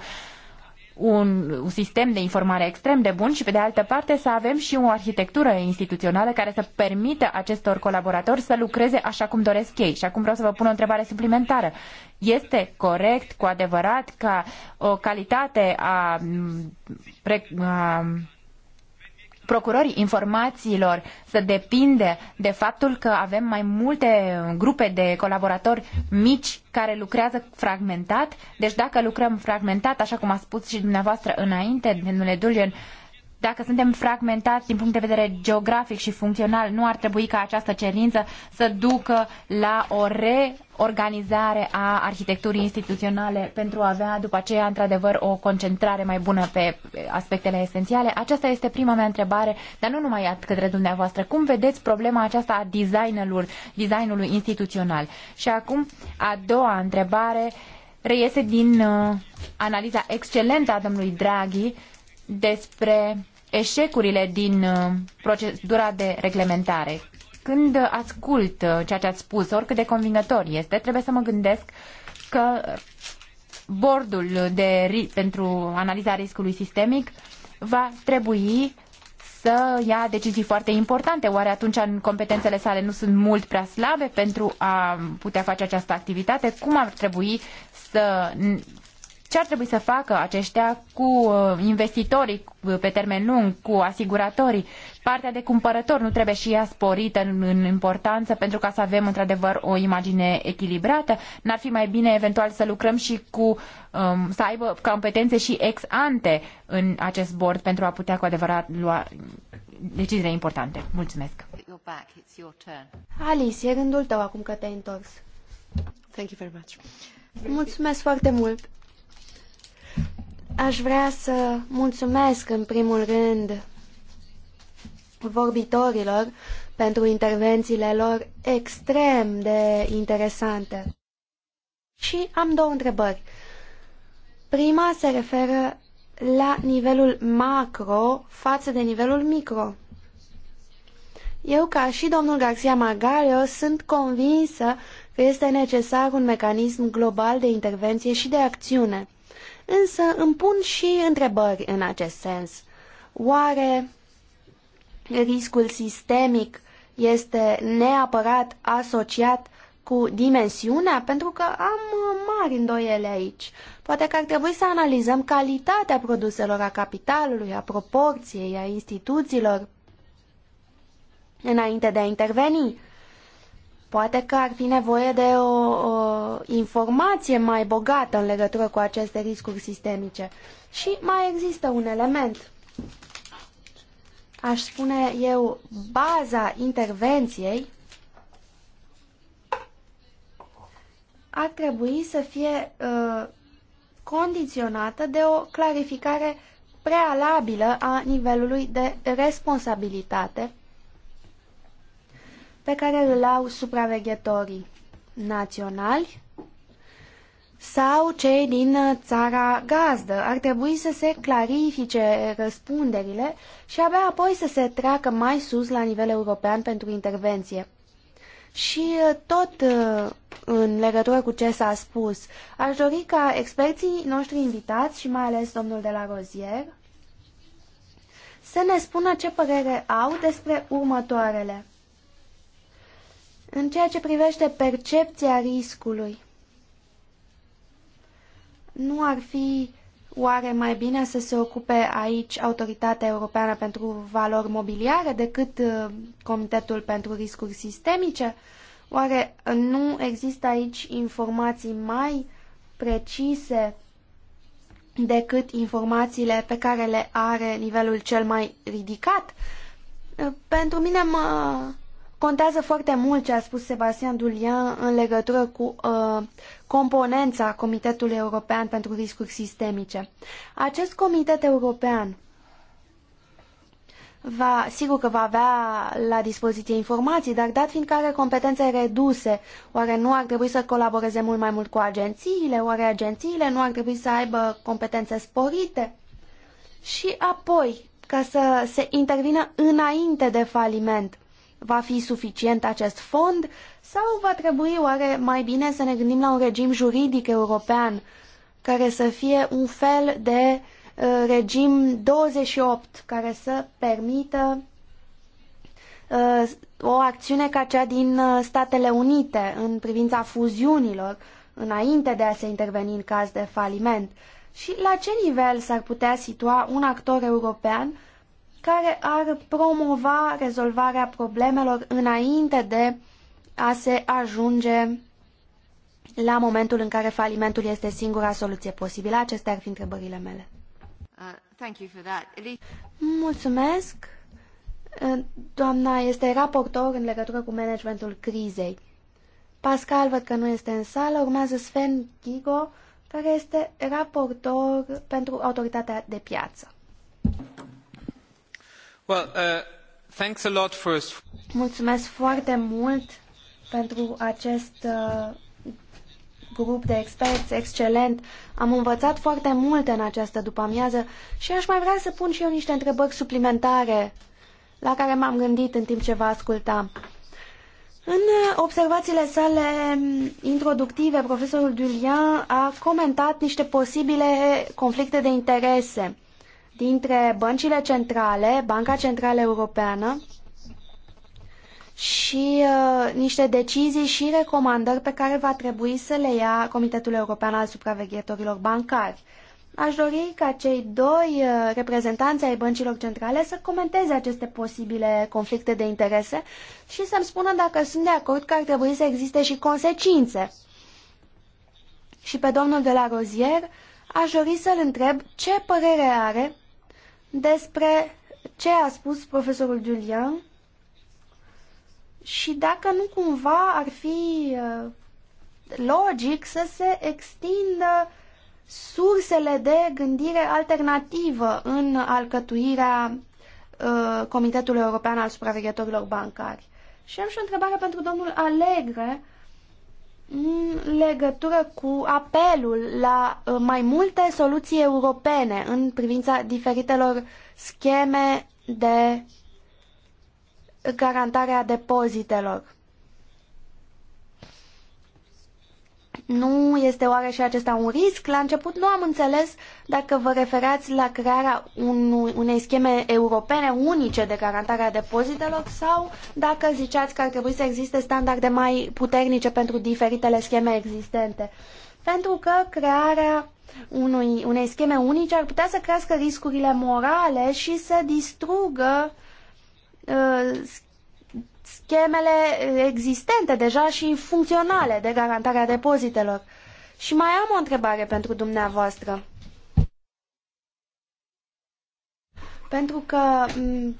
un, sistem de informare extrem de bun și, pe de altă parte, să avem și o arhitectură instituțională care să permită acestor colaboratori să lucreze așa cum doresc ei. Și acum vreau să vă pun o întrebare suplimentară. Este corect, cu adevărat, ca o calitate a, mm, a procurorii informațiilor să depinde de faptul că avem mai multe grupe de colaboratori mici care lucrează fragmentat. Deci dacă lucrăm fragmentat, așa cum a spus și dumneavoastră înainte, domnule Dulian, dacă suntem fragmentați din punct de vedere geografic și funcțional, nu ar trebui ca această cerință să ducă la o reorganizare a arhitecturii instituționale pentru a avea după aceea, într-adevăr, o concentrare mai bună pe aspectele esențiale? Aceasta este prima mea întrebare, dar nu numai atât, către dumneavoastră. Cum vedeți problema aceasta a designului, designului instituțional? Și acum, a doua întrebare reiese din uh, analiza excelentă a domnului Draghi, despre eșecurile din uh, procedura de reglementare. Când ascult uh, ceea ce ați spus, oricât de convingător este, trebuie să mă gândesc că bordul de, pentru analiza riscului sistemic va trebui să ia decizii foarte importante. Oare atunci competențele sale nu sunt mult prea slabe pentru a putea face această activitate? Cum ar trebui să ce ar trebui să facă aceștia cu uh, investitorii uh, pe termen lung, cu asiguratorii? Partea de cumpărător nu trebuie și ea sporită în, în importanță pentru ca să avem într-adevăr o imagine echilibrată? N-ar fi mai bine eventual să lucrăm și cu, um, să aibă competențe și ex ante în acest board pentru a putea cu adevărat lua deciziile importante. Mulțumesc! Alice, e rândul tău acum că te-ai întors. Mulțumesc foarte mult! Aș vrea să mulțumesc în primul rând vorbitorilor pentru intervențiile lor extrem de interesante. Și am două întrebări. Prima se referă la nivelul macro față de nivelul micro. Eu, ca și domnul Garcia Margallo, sunt convinsă că este necesar un mecanism global de intervenție și de acțiune însă îmi pun și întrebări în acest sens. Oare riscul sistemic este neapărat asociat cu dimensiunea? Pentru că am mari îndoiele aici. Poate că ar trebui să analizăm calitatea produselor a capitalului, a proporției, a instituțiilor, înainte de a interveni. Poate că ar fi nevoie de o, o informație mai bogată în legătură cu aceste riscuri sistemice. Și mai există un element, aș spune eu, baza intervenției ar trebui să fie uh, condiționată de o clarificare prealabilă a nivelului de responsabilitate pe care îl au supraveghetorii naționali sau cei din țara gazdă. Ar trebui să se clarifice răspunderile și abia apoi să se treacă mai sus la nivel european pentru intervenție. Și uh, tot uh, în legătură cu ce s-a spus, aș dori ca experții noștri invitați și mai ales domnul de la Rozier să ne spună ce părere au despre următoarele. În ceea ce privește percepția riscului, nu ar fi oare mai bine să se ocupe aici Autoritatea Europeană pentru Valori Mobiliare decât uh, Comitetul pentru Riscuri Sistemice? Oare nu există aici informații mai precise decât informațiile pe care le are nivelul cel mai ridicat? Uh, pentru mine mă Contează foarte mult ce a spus Sebastian Dulian în legătură cu uh, componența Comitetului European pentru Riscuri Sistemice. Acest comitet european va, sigur că va avea la dispoziție informații, dar dat fiind are competențe reduse, oare nu ar trebui să colaboreze mult mai mult cu agențiile? Oare agențiile nu ar trebui să aibă competențe sporite? Și apoi, ca să se intervină înainte de faliment Va fi suficient acest fond sau va trebui oare mai bine să ne gândim la un regim juridic european care să fie un fel de uh, regim 28 care să permită uh, o acțiune ca cea din uh, Statele Unite în privința fuziunilor înainte de a se interveni în caz de faliment? Și la ce nivel s-ar putea situa un actor european care ar promova rezolvarea problemelor înainte de a se ajunge la momentul în care falimentul este singura soluție posibilă. Acestea ar fi întrebările mele. Mulțumesc. Doamna este raportor în legătură cu managementul crizei. Pascal văd că nu este în sală, urmează Sven Gigo, care este raportor pentru autoritatea de piață. Well, uh, thanks a lot first. Mulțumesc foarte mult pentru acest uh, grup de experți excelent. Am învățat foarte multe în această după-amiază și aș mai vrea să pun și eu niște întrebări suplimentare la care m-am gândit în timp ce vă ascultam. În uh, observațiile sale mm, introductive, profesorul Dulian a comentat niște posibile conflicte de interese dintre băncile centrale, Banca Centrală Europeană și uh, niște decizii și recomandări pe care va trebui să le ia Comitetul European al Supraveghetorilor Bancari. Aș dori ca cei doi uh, reprezentanți ai băncilor centrale să comenteze aceste posibile conflicte de interese și să-mi spună dacă sunt de acord că ar trebui să existe și consecințe. Și pe domnul de la Rozier aș dori să-l întreb ce părere are despre ce a spus profesorul Julian și dacă nu cumva ar fi uh, logic să se extindă sursele de gândire alternativă în alcătuirea uh, Comitetului European al Supraveghetorilor Bancari. Și am și o întrebare pentru domnul Alegre în legătură cu apelul la uh, mai multe soluții europene în privința diferitelor scheme de garantare a depozitelor. Nu este oare și acesta un risc? La început nu am înțeles dacă vă referați la crearea unei scheme europene unice de garantare a depozitelor sau dacă ziceați că ar trebui să existe standarde mai puternice pentru diferitele scheme existente. Pentru că crearea unui, unei scheme unice ar putea să crească riscurile morale și să distrugă uh, schemele existente deja și funcționale de garantare a depozitelor. Și mai am o întrebare pentru dumneavoastră. Pentru că mm,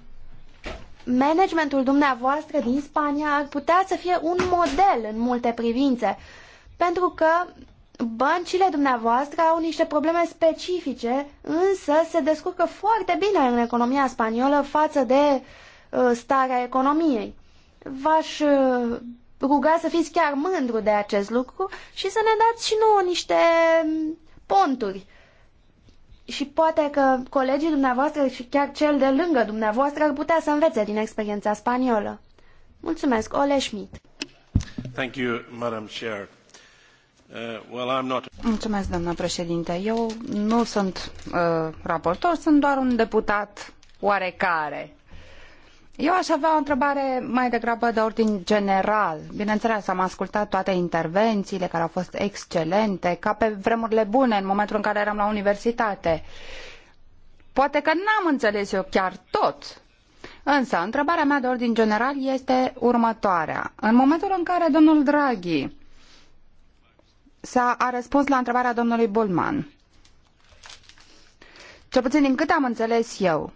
managementul dumneavoastră din Spania ar putea să fie un model în multe privințe. Pentru că băncile dumneavoastră au niște probleme specifice, însă se descurcă foarte bine în economia spaniolă față de uh, starea economiei v-aș uh, ruga să fiți chiar mândru de acest lucru și să ne dați și nouă niște um, ponturi. Și poate că colegii dumneavoastră și chiar cel de lângă dumneavoastră ar putea să învețe din experiența spaniolă. Mulțumesc, Ole Schmidt. Thank you, Madam Chair. Uh, well, I'm not... Mulțumesc, doamna președinte. Eu nu sunt uh, raportor, sunt doar un deputat oarecare eu aș avea o întrebare mai degrabă de ordin general. Bineînțeles, am ascultat toate intervențiile care au fost excelente, ca pe vremurile bune, în momentul în care eram la universitate. Poate că n-am înțeles eu chiar tot, Însă, întrebarea mea de ordin general este următoarea. În momentul în care domnul Draghi s-a a răspuns la întrebarea domnului Bulman, cel puțin din câte am înțeles eu,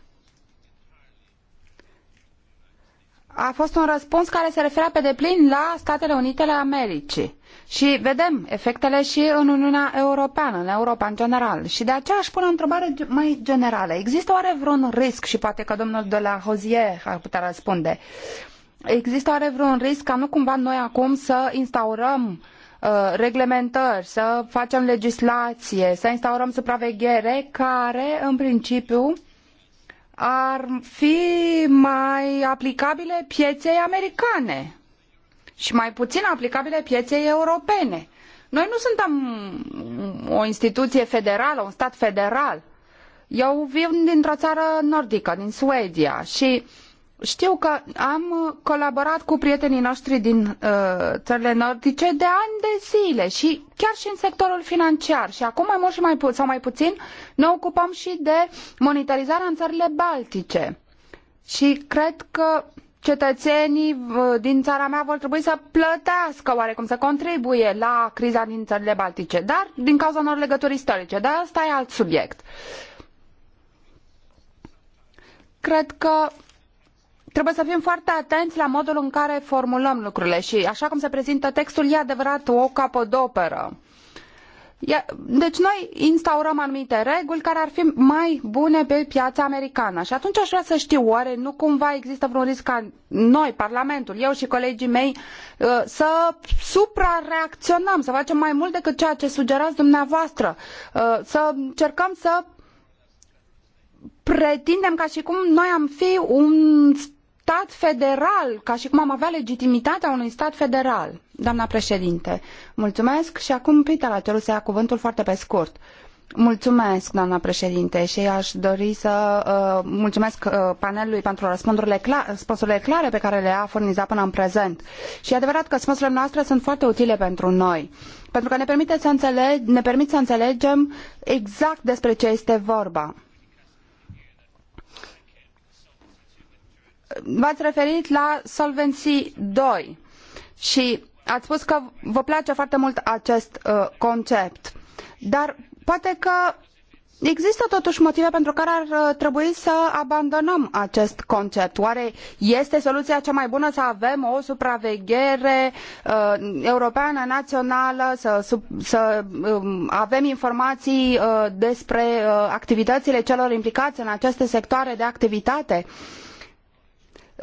a fost un răspuns care se referea pe deplin la Statele Unite ale Americii. Și vedem efectele și în Uniunea Europeană, în Europa în general. Și de aceea aș pune o întrebare mai generală. Există oare vreun risc, și poate că domnul de la Hozier ar putea răspunde, există oare vreun risc ca nu cumva noi acum să instaurăm uh, reglementări, să facem legislație, să instaurăm supraveghere care, în principiu, ar fi mai aplicabile pieței americane și mai puțin aplicabile pieței europene. Noi nu suntem o instituție federală, un stat federal. Eu vin dintr-o țară nordică, din Suedia, și uh, știu că am uh, colaborat cu prietenii noștri din uh, țările nordice de ani de zile și chiar și în sectorul financiar. Și acum mai mult și mai pu- sau mai puțin ne ocupăm și de monitorizarea în țările baltice. Și cred că cetățenii uh, din țara mea vor trebui să plătească oarecum, să contribuie la criza din țările baltice, dar din cauza unor legături istorice. Dar asta e alt subiect. Cred că trebuie să fim foarte atenți la modul în care formulăm lucrurile și așa cum se prezintă textul, e adevărat o capodoperă. Deci noi instaurăm anumite reguli care ar fi mai bune pe piața americană și atunci aș vrea să știu oare nu cumva există vreun risc ca noi, Parlamentul, eu și colegii mei uh, să suprareacționăm, să facem mai mult decât ceea ce sugerați dumneavoastră, uh, să încercăm să pretindem ca și cum noi am fi un stat federal, ca și cum am avea legitimitatea unui stat federal. Doamna președinte, mulțumesc și acum Peter la cerut să ia cuvântul foarte pe scurt. Mulțumesc, doamna președinte, și aș dori să uh, mulțumesc uh, panelului pentru răspunsurile, clare, răspunsurile clare pe care le-a furnizat până în prezent. Și e adevărat că răspunsurile noastre sunt foarte utile pentru noi, pentru că ne permit să, înțeleg, ne permit să înțelegem exact despre ce este vorba. v-ați referit la Solvency II și ați spus că vă place foarte mult acest uh, concept. Dar poate că Există totuși motive pentru care ar uh, trebui să abandonăm acest concept. Oare este soluția cea mai bună să avem o supraveghere uh, europeană, națională, să, sub, să um, avem informații uh, despre uh, activitățile celor implicați în aceste sectoare de activitate? Uh,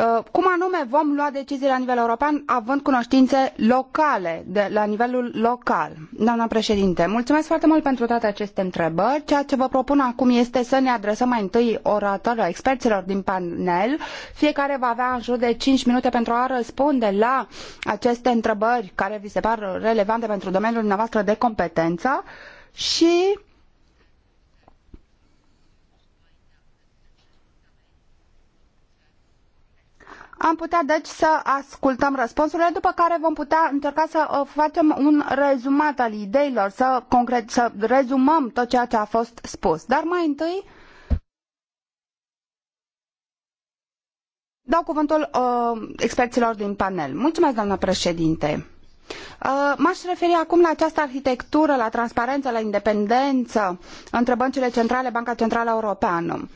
Uh, cum anume vom lua decizii la nivel european având cunoștințe locale, de, la nivelul local? Doamna președinte, mulțumesc foarte mult pentru toate aceste întrebări. Ceea ce vă propun acum este să ne adresăm mai întâi oratorilor, experților din panel. Fiecare va avea în jur de cinci minute pentru a răspunde la aceste întrebări care vi se par relevante pentru domeniul dumneavoastră de competență și Am putea deci să ascultăm răspunsurile, după care vom putea încerca să uh, facem un rezumat al ideilor, să, concret, să rezumăm tot ceea ce a fost spus. Dar mai întâi dau cuvântul uh, experților din panel. Mulțumesc, doamnă președinte. Uh, m-aș referi acum la această arhitectură, la transparență, la independență între băncile centrale, Banca Centrală Europeană.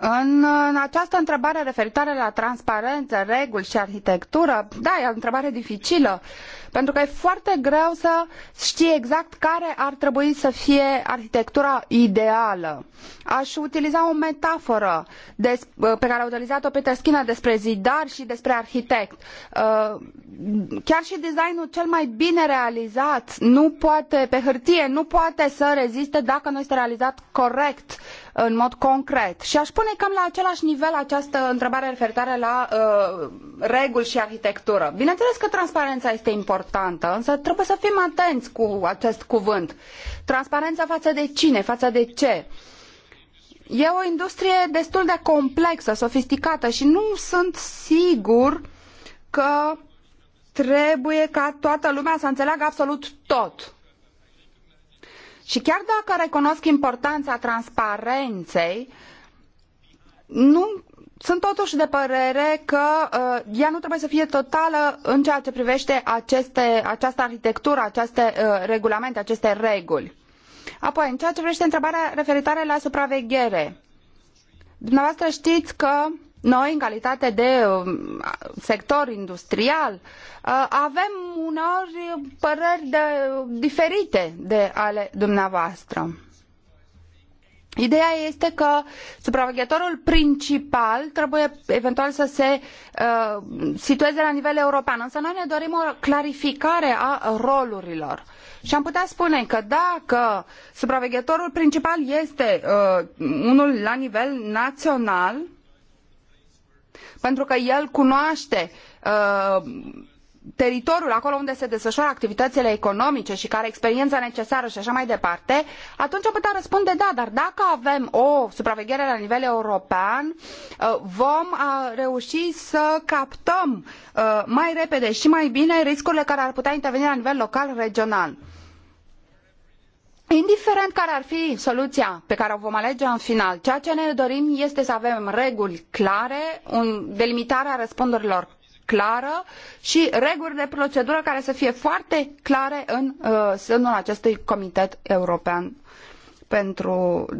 În, în această întrebare referitoare la transparență, reguli și arhitectură, da, e o întrebare dificilă, pentru că e foarte greu să știi exact care ar trebui să fie arhitectura ideală. Aș utiliza o metaforă de, pe care a utilizat-o Peter Skinner despre zidar și despre arhitect. Uh, chiar și designul cel mai bine realizat nu poate, pe hârtie, nu poate să reziste dacă nu este realizat corect în mod concret. Și aș pune cam la același nivel această întrebare referitoare la uh, reguli și arhitectură. Bineînțeles că transparența este importantă, însă trebuie să fim atenți cu acest cuvânt. Transparența față de cine, față de ce? E o industrie destul de complexă, sofisticată și nu sunt sigur că trebuie ca toată lumea să înțeleagă absolut tot și chiar dacă recunosc importanța transparenței, nu sunt totuși de părere că uh, ea nu trebuie să fie totală în ceea ce privește această arhitectură, aceste uh, regulamente, aceste reguli. Apoi, în ceea ce privește întrebarea referitoare la supraveghere, dumneavoastră știți că uh, noi, în calitate de um, sector industrial, uh, avem uneori păreri de, diferite de ale dumneavoastră. Ideea este că supraveghetorul principal trebuie eventual să se uh, situeze la nivel european, însă noi ne dorim o clarificare a rolurilor. Și am putea spune că dacă supraveghetorul principal este uh, unul la nivel național, uh, pentru că el cunoaște uh, teritoriul acolo unde se desfășoară activitățile economice și care are experiența necesară și așa mai departe, atunci ar putea răspunde da, dar dacă avem o supraveghere la nivel european, uh, vom uh, reuși să captăm mai repede și mai bine riscurile care ar putea interveni la nivel local, regional. Indiferent care ar fi soluția pe care o vom alege în final, ceea ce ne dorim este să avem reguli clare, un, a răspunderilor clară și reguli de procedură care să fie foarte clare în uh, sânul acestui Comitet European pentru,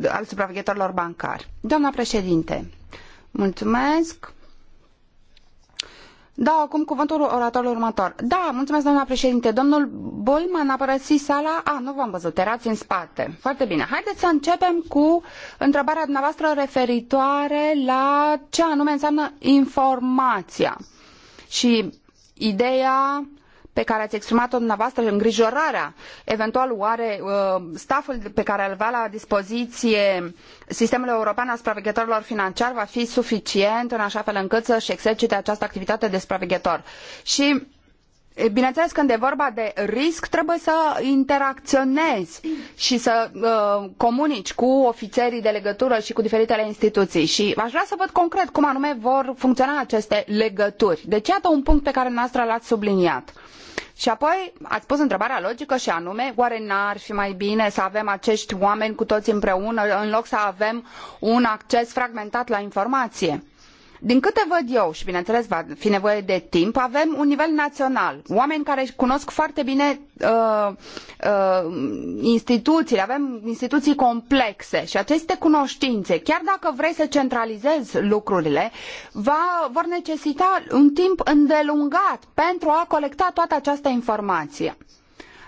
al supraveghetorilor bancari. Doamna președinte, mulțumesc. Da, acum cuvântul oratorului următor. Da, mulțumesc, doamna președinte. Domnul Bolman a părăsit sala. A, nu v-am văzut, erați în spate. Foarte bine. Haideți să începem cu întrebarea dumneavoastră referitoare la ce anume înseamnă informația. Și ideea pe care ați exprimat-o dumneavoastră, îngrijorarea, eventual oare uh, stafful pe care îl va la dispoziție sistemul european al supraveghetorilor financiari va fi suficient în așa fel încât să-și exercite această activitate de supraveghetor. Și Bineînțeles, când e vorba de risc, trebuie să interacționezi și să uh, comunici cu ofițerii de legătură și cu diferitele instituții. Și aș vrea să văd concret cum anume vor funcționa aceste legături. Deci, iată un punct pe care noastră l-ați subliniat. Uh, și apoi ați pus întrebarea logică și anume, oare n-ar fi mai bine să avem acești oameni cu toți împreună în loc să avem un acces fragmentat la informație? Din câte văd eu, și bineînțeles va fi nevoie de timp, avem un nivel național, oameni care cunosc foarte bine uh, uh, instituțiile, avem instituții complexe și aceste cunoștințe, chiar dacă vrei să centralizezi lucrurile, va, vor necesita un timp îndelungat pentru a colecta toată această informație.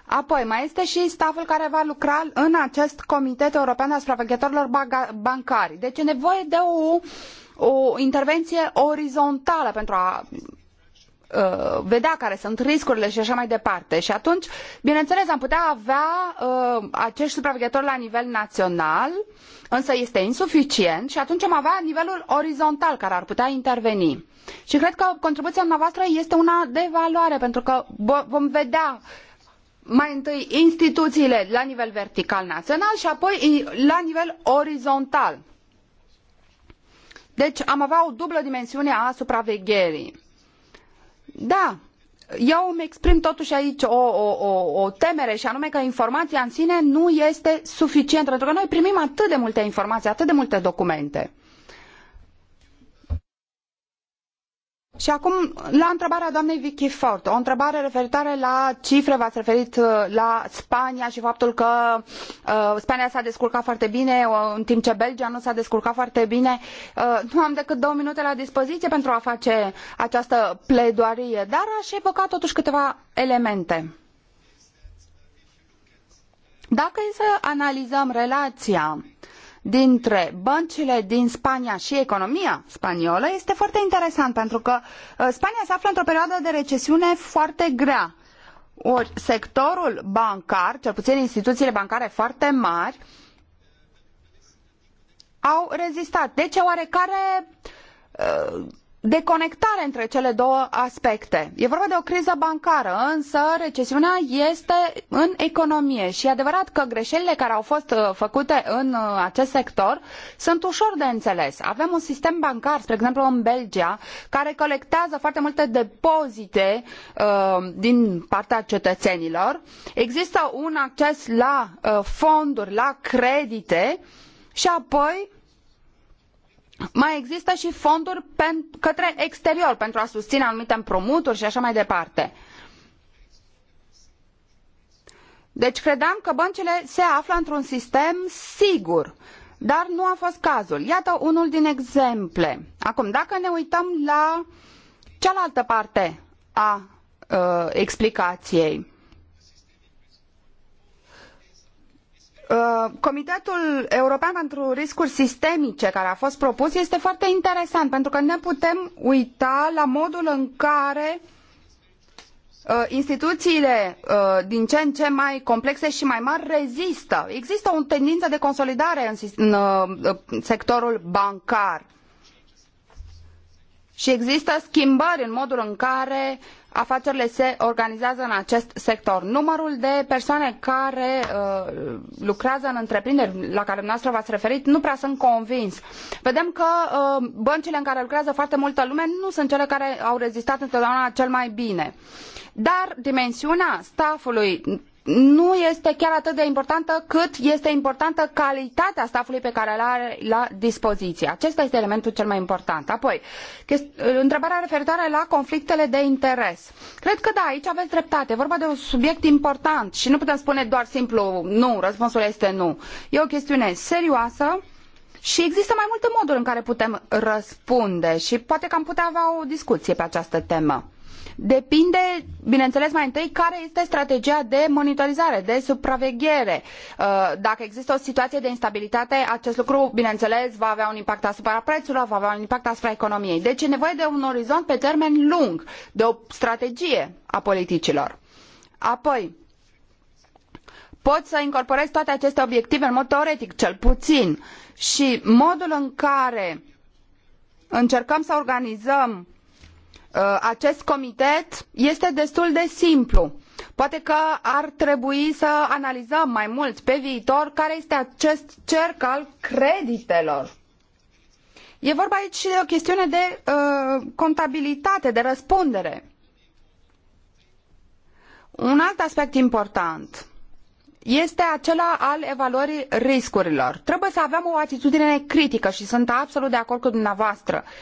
Apoi, mai este și staful care va lucra în acest Comitet European al Supraveghetorilor Bancari. Deci e nevoie de o o intervenție orizontală pentru a uh, vedea care sunt riscurile și așa mai departe. Și atunci, bineînțeles, am putea avea uh, acești supraveghetori la nivel național, însă este insuficient și atunci am avea nivelul orizontal care ar putea interveni. Și cred că contribuția noastră este una de valoare, pentru că vom vedea mai întâi instituțiile la nivel vertical național și apoi la nivel orizontal deci am avea o dublă dimensiune a supravegherii. Da, eu îmi exprim totuși aici o, o, o, o temere și anume că informația în sine nu este suficientă, pentru că noi primim atât de multe informații, atât de multe documente. Și acum la întrebarea doamnei Vicky Ford, o întrebare referitoare la cifre, v-ați referit uh, la Spania și faptul că uh, Spania s-a descurcat foarte bine, în timp ce Belgia nu s-a descurcat foarte bine. Uh, nu am decât două minute la dispoziție pentru a face această pledoarie, dar aș evoca totuși câteva elemente. Dacă e să analizăm relația dintre băncile din Spania și economia spaniolă este foarte interesant pentru că uh, Spania se află într-o perioadă de recesiune foarte grea. Ori sectorul bancar, cel puțin instituțiile bancare foarte mari, au rezistat. Deci oarecare uh, deconectare între cele două aspecte. E vorba de o criză bancară, însă recesiunea este în economie și e adevărat că greșelile care au fost uh, făcute în uh, acest sector sunt ușor de înțeles. Avem un sistem bancar, spre exemplu în Belgia, care colectează foarte multe depozite uh, din partea cetățenilor. Există un acces la uh, fonduri, la credite și apoi mai există i fonduri către exterior pentru a susine anumite împrumuturi i aa mai departe. Deci credeam că băncile se află într-un sistem sigur, dar nu a fost cazul. Iată unul din exemple. Acum, dacă ne uităm la cealaltă parte a uh, explicației, Uh, Comitetul European pentru Riscuri Sistemice care a fost propus este foarte interesant pentru că ne putem uita la modul în care uh, instituțiile uh, din ce în ce mai complexe și mai mari rezistă. Există o tendință de consolidare în sectorul bancar și există schimbări în modul în care uh, afacerile se organizează în acest sector. Numărul de persoane care uh, lucrează în întreprinderi la care dumneavoastră v-ați referit, nu prea sunt convins. Vedem că uh, băncile în care lucrează foarte multă lume nu sunt cele care au rezistat întotdeauna cel mai bine. Dar dimensiunea staffului nu este chiar atât de importantă cât este importantă calitatea staffului pe care îl are la dispoziție. Acesta este elementul cel mai important. Apoi, întrebarea referitoare la conflictele de interes. Cred că da, aici aveți dreptate. vorba de un subiect important și nu putem spune doar simplu nu, răspunsul este nu. E o chestiune serioasă și există mai multe moduri în care putem răspunde și poate că am putea avea o discuție pe această temă depinde, bineînțeles, mai întâi care este strategia de monitorizare, de supraveghere. Uh, dacă există o situație de instabilitate, acest lucru, bineînțeles, va avea un impact asupra prețurilor, va avea un impact asupra economiei. Deci e nevoie de un orizont pe termen lung, de o strategie a politicilor. Apoi, pot să incorporez toate aceste obiective în mod teoretic, cel puțin. Și modul în care încercăm să organizăm Uh, acest comitet este destul de simplu. Poate că ar trebui să analizăm mai mult pe viitor care este acest cerc al creditelor. E vorba aici și de o chestiune de uh, contabilitate, de răspundere. Un alt aspect important este acela al evaluării riscurilor. Trebuie să avem o atitudine critică și sunt absolut de acord cu dumneavoastră. Uh,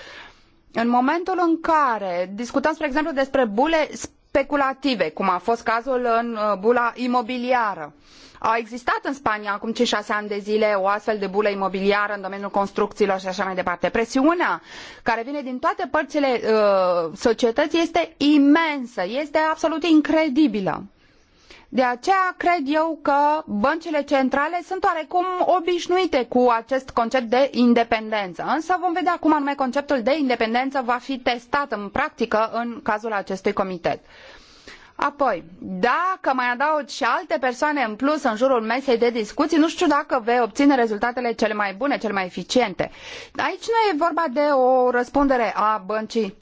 în momentul în care discutăm, spre exemplu, despre bule speculative, cum a fost cazul în uh, bula imobiliară, a existat în Spania acum cinci șase ani de zile o astfel de bulă imobiliară în domeniul construcțiilor și așa mai departe. Presiunea care vine din toate părțile uh, societății este imensă, este absolut incredibilă. De aceea cred eu că băncile centrale sunt oarecum obișnuite cu acest concept de independență. Însă vom vedea cum anume conceptul de independență va fi testat în practică în cazul acestui comitet. Apoi, dacă mai adaug și alte persoane în plus în jurul mesei de discuții, nu știu dacă vei obține rezultatele cele mai bune, cele mai eficiente. Aici nu e vorba de o răspundere a băncii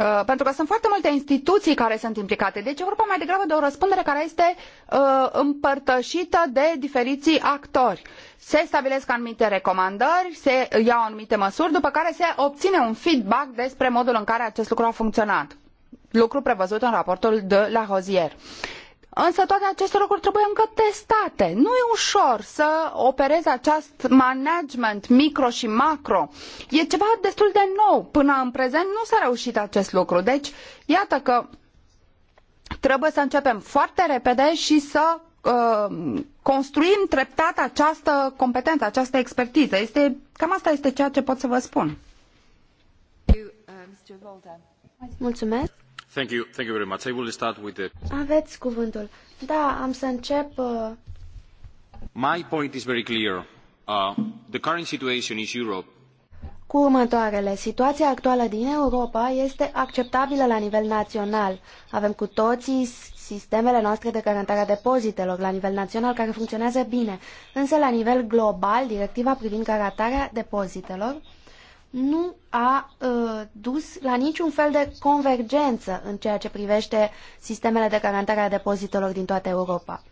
Uh, pentru că sunt foarte multe instituții care sunt implicate. Deci e vorba mai degrabă de o răspundere care este uh, împărtășită de diferiții actori. Se stabilesc anumite recomandări, se iau anumite măsuri, după care se obține un feedback despre modul în care acest lucru a funcționat. Lucru prevăzut în raportul de la Rozier. Însă toate aceste lucruri trebuie încă testate. Nu e ușor să operezi acest management micro și macro. E ceva destul de nou. Până în prezent nu s-a reușit acest lucru. Deci, iată că trebuie să începem foarte repede și să uh, construim treptat această competență, această expertiză. Este, cam asta este ceea ce pot să vă spun. Mulțumesc. Thank you, thank you very much. I will start with the... Aveți cuvântul. Da, am să încep. Uh, My point is very clear. Uh, the current situation is Europe cu următoarele. Situația actuală din Europa este acceptabilă la nivel național. Avem cu toții sistemele noastre de garantare a depozitelor la nivel național care funcționează bine, însă la nivel global, directiva privind garantarea depozitelor nu a uh, dus la niciun fel de convergență în ceea ce privește sistemele de garantare a depozitelor din toată Europa.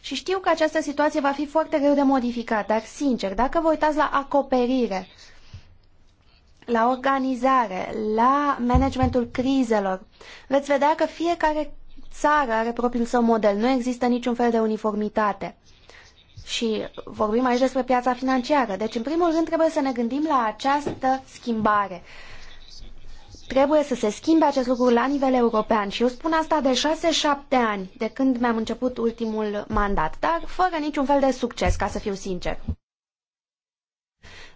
Și știu că această situație va fi foarte greu de modificat, dar sincer, dacă vă uitați la acoperire, la organizare, la managementul crizelor, veți vedea că fiecare țară are propriul său model. Nu există niciun fel de uniformitate. Și vorbim aici despre piața financiară. Deci, în primul rând, trebuie să ne gândim la această schimbare. Trebuie să se schimbe acest lucru la nivel european și eu spun asta de 6-7 ani, de când mi-am început ultimul mandat, dar fără niciun fel de succes, ca să fiu sincer.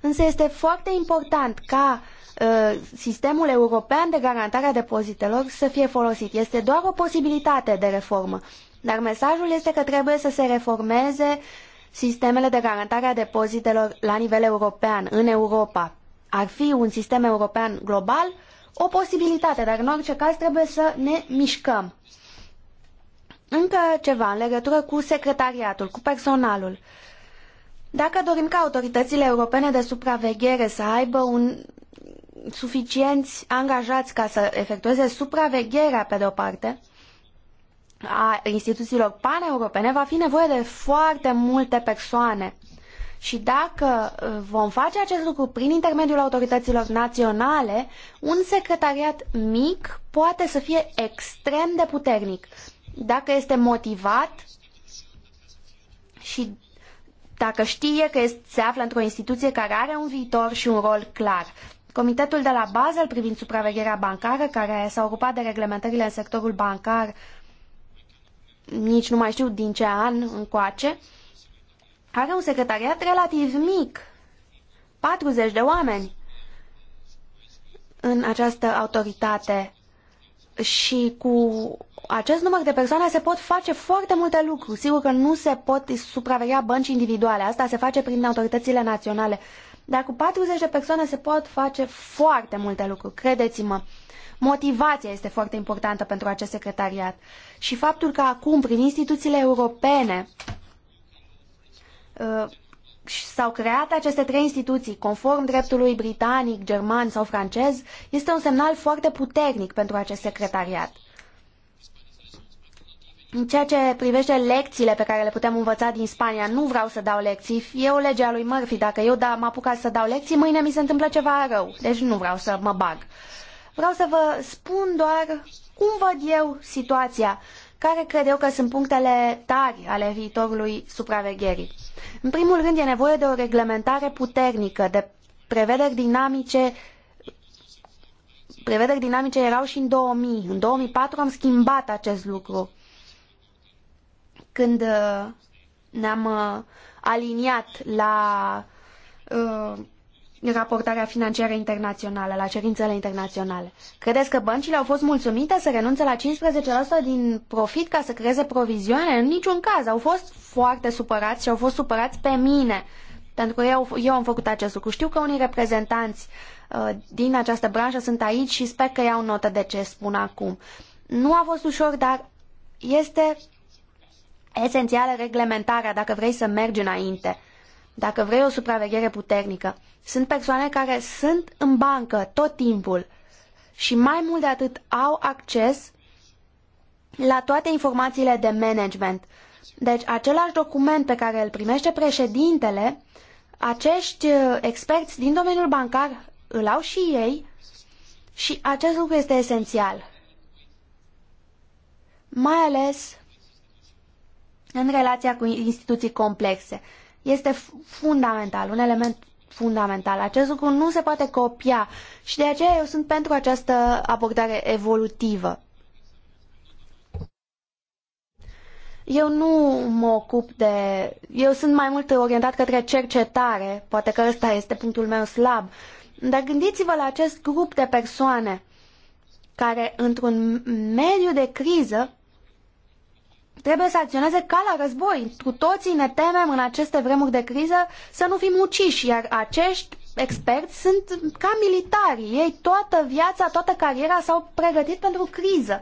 Însă este foarte important ca uh, sistemul european de garantare a depozitelor să fie folosit. Este doar o posibilitate de reformă. Dar mesajul este că trebuie să se reformeze sistemele de garantare a depozitelor la nivel european, în Europa. Ar fi un sistem european global o posibilitate, dar în orice caz trebuie să ne mișcăm. Încă ceva în legătură cu secretariatul, cu personalul. Dacă dorim ca autoritățile europene de supraveghere să aibă un suficienți angajați ca să efectueze supravegherea pe de o parte, a instituțiilor paneuropene va fi nevoie de foarte multe persoane. Și dacă uh, vom face acest lucru prin intermediul autorităților naționale, un secretariat mic poate să fie extrem de puternic. Dacă este motivat și dacă știe că se află într-o instituție care are un viitor și un rol clar. Comitetul de la Basel privind supravegherea bancară, care s-a ocupat de reglementările în sectorul bancar nici nu mai știu din ce an încoace, are un secretariat relativ mic, 40 de oameni în această autoritate și cu acest număr de persoane se pot face foarte multe lucruri. Sigur că nu se pot supraveghea bănci individuale, asta se face prin autoritățile naționale. Dar cu 40 de persoane se pot face foarte multe lucruri, credeți-mă. Motivația este foarte importantă pentru acest secretariat. Și faptul că acum, prin instituțiile europene, uh, s-au creat aceste trei instituții, conform dreptului britanic, german sau francez, este un semnal foarte puternic pentru acest secretariat. În ceea ce privește lecțiile pe care le putem învăța din Spania, nu vreau să dau lecții. E o lege a lui Murphy. Dacă eu da, mă apuc să dau lecții, mâine mi se întâmplă ceva rău. Deci nu vreau să mă bag. Vreau să vă spun doar cum văd eu situația, care cred eu că sunt punctele tari ale viitorului supravegherii. În primul rând, e nevoie de o reglementare puternică, de prevederi dinamice prevederi dinamice erau și în 2000. În 2004 am schimbat acest lucru. Când uh, ne-am uh, aliniat la uh, raportarea financiară internațională, la cerințele internaționale. Credeți că băncile au fost mulțumite să renunțe la 15% din profit ca să creeze provizioane? În niciun caz. Au fost foarte supărați și au fost supărați pe mine. Pentru că eu, eu am făcut acest lucru. Știu că unii reprezentanți uh, din această branșă sunt aici și sper că iau notă de ce spun acum. Nu a fost ușor, dar este esențială reglementarea dacă vrei să mergi înainte dacă vrei o supraveghere puternică. Sunt persoane care sunt în bancă tot timpul și mai mult de atât au acces la toate informațiile de management. Deci același document pe care îl primește președintele, acești uh, experți din domeniul bancar îl au și ei și acest lucru este esențial. Mai ales în relația cu instituții complexe este fundamental, un element fundamental. Acest lucru nu se poate copia și de aceea eu sunt pentru această abordare evolutivă. Eu nu mă ocup de... Eu sunt mai mult orientat către cercetare, poate că ăsta este punctul meu slab, dar gândiți-vă la acest grup de persoane care, într-un mediu de criză, trebuie să acționeze ca la război. Cu toții ne temem în aceste vremuri de criză să nu fim uciși, iar acești experți sunt ca militari. Ei toată viața, toată cariera s-au pregătit pentru criză.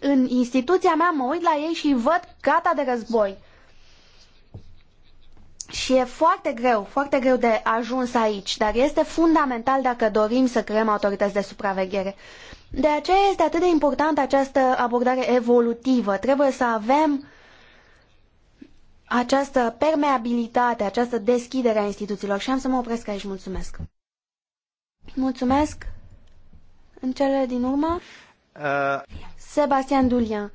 În instituția mea mă uit la ei și văd gata de război. Și e foarte greu, foarte greu de ajuns aici, dar este fundamental dacă dorim să creăm autorități de supraveghere. De aceea este atât de importantă această abordare evolutivă. Trebuie să avem această permeabilitate, această deschidere a instituțiilor și am să mă opresc aici. Mulțumesc! Mulțumesc! În cele din urmă? Uh... Sebastian Dulian.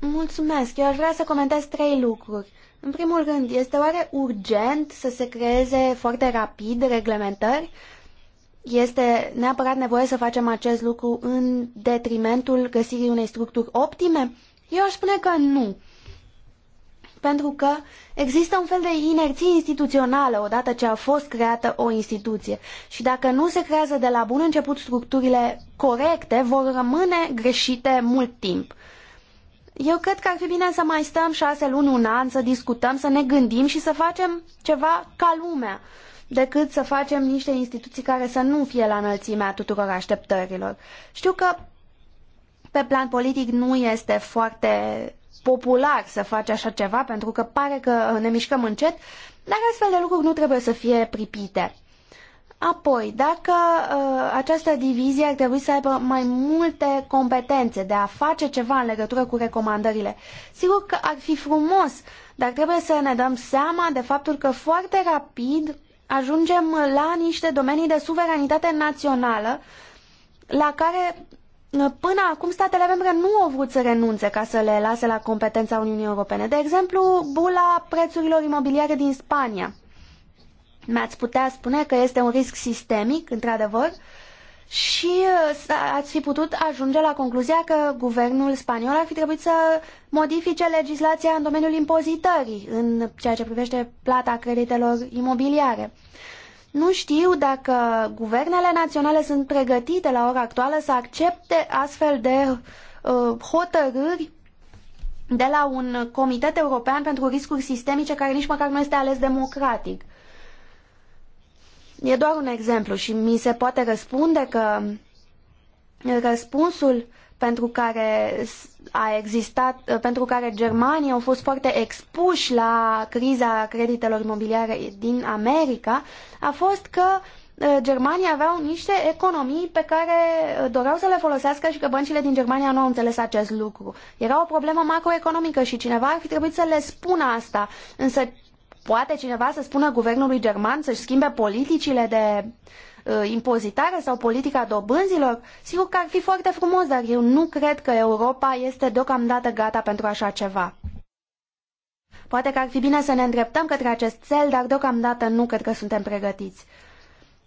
Mulțumesc! Eu aș vrea să comentez trei lucruri. În primul rând, este oare urgent să se creeze foarte rapid reglementări? este neapărat nevoie să facem acest lucru în detrimentul găsirii unei structuri optime? Eu aș spune că nu. Pentru că există un fel de inerție instituțională odată ce a fost creată o instituție. Și dacă nu se creează de la bun început structurile corecte, vor rămâne greșite mult timp. Eu cred că ar fi bine să mai stăm șase luni, un an, să discutăm, să ne gândim și să facem ceva ca lumea. Uh, decât să facem niște instituții care să nu fie la înălțimea tuturor așteptărilor. Știu că pe plan politic nu este foarte popular să faci așa ceva pentru că pare că ne mișcăm încet, dar astfel de lucruri nu trebuie să fie pripite. Apoi, dacă uh, această divizie ar trebui să aibă mai multe competențe de a face ceva în legătură cu recomandările, sigur că ar fi frumos, dar trebuie să ne dăm seama de faptul că foarte rapid ajungem la niște domenii de suveranitate națională la care până acum statele membre nu au vrut să renunțe ca să le lase la competența Uniunii Europene. De exemplu, bula prețurilor imobiliare din Spania. Mi-ați putea spune că este un risc sistemic, într-adevăr, uh, și uh, ați fi putut ajunge la concluzia că guvernul spaniol ar fi trebuit să modifice legislația în domeniul impozitării în ceea ce privește plata creditelor imobiliare. Nu știu dacă guvernele naționale sunt pregătite la ora actuală să accepte astfel de uh, hotărâri de la un comitet european pentru riscuri sistemice care nici măcar nu este ales democratic. Uh, E doar un exemplu și mi se poate răspunde că răspunsul pentru care a existat, pentru care germanii au fost foarte expuși la criza creditelor imobiliare din America, a fost că uh, Germania aveau niște economii pe care uh, doreau să le folosească și că băncile din Germania nu au înțeles acest lucru. Era o problemă macroeconomică și cineva ar fi trebuit să le spună asta, însă Poate cineva să spună guvernului german să-și schimbe politicile de uh, impozitare sau politica dobânzilor? Sigur că ar fi foarte frumos, dar eu nu cred că Europa este deocamdată gata pentru așa ceva. Poate că ar fi bine să ne îndreptăm către acest cel, dar deocamdată nu cred că suntem pregătiți.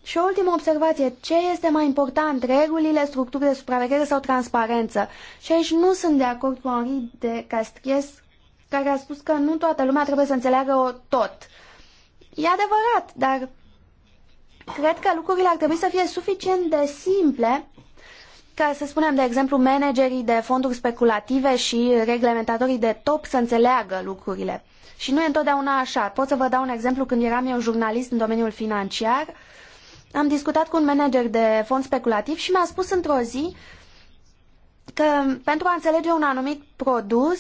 Și o ultimă observație. Ce este mai important? Regulile, structuri de supraveghere sau transparență? Și aici nu sunt de acord cu Henri de Castries care a spus că nu toată lumea trebuie să înțeleagă o tot. E adevărat, dar cred că lucrurile ar trebui să fie suficient de simple ca să spunem, de exemplu, managerii de fonduri speculative și reglementatorii de top să înțeleagă lucrurile. Și nu e întotdeauna așa. Pot să vă dau un exemplu când eram eu jurnalist în domeniul financiar. Am discutat cu un manager de fond speculativ și mi-a spus într-o zi că pentru a înțelege un anumit produs,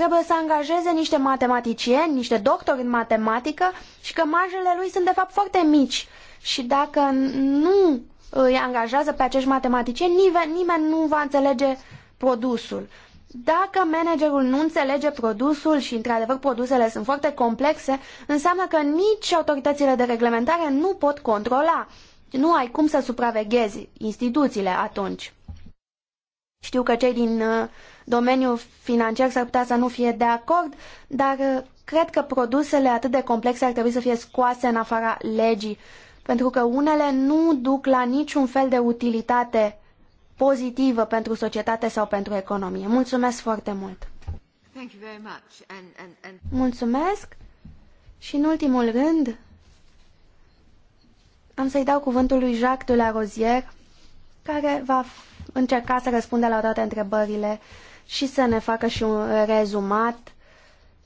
trebuie să angajeze niște matematicieni, niște doctori în matematică și că marjele lui sunt de fapt foarte mici. Și dacă nu îi angajează pe acești matematicieni, nimeni, nimeni nu va înțelege produsul. Dacă managerul nu înțelege produsul și, într-adevăr, produsele sunt foarte complexe, înseamnă că nici autoritățile de reglementare nu pot controla. Nu ai cum să supraveghezi instituțiile atunci. Știu că cei din uh, domeniul financiar s-ar putea să nu fie de acord, dar uh, cred că produsele atât de complexe ar trebui să fie scoase în afara legii, pentru că unele nu duc la niciun fel de utilitate pozitivă pentru societate sau pentru economie. Mulțumesc foarte mult! Mulțumesc! Și în ultimul rând, am să-i dau cuvântul lui Jacques de la Rozier, care va încerca să răspundă la toate întrebările și să ne facă și un rezumat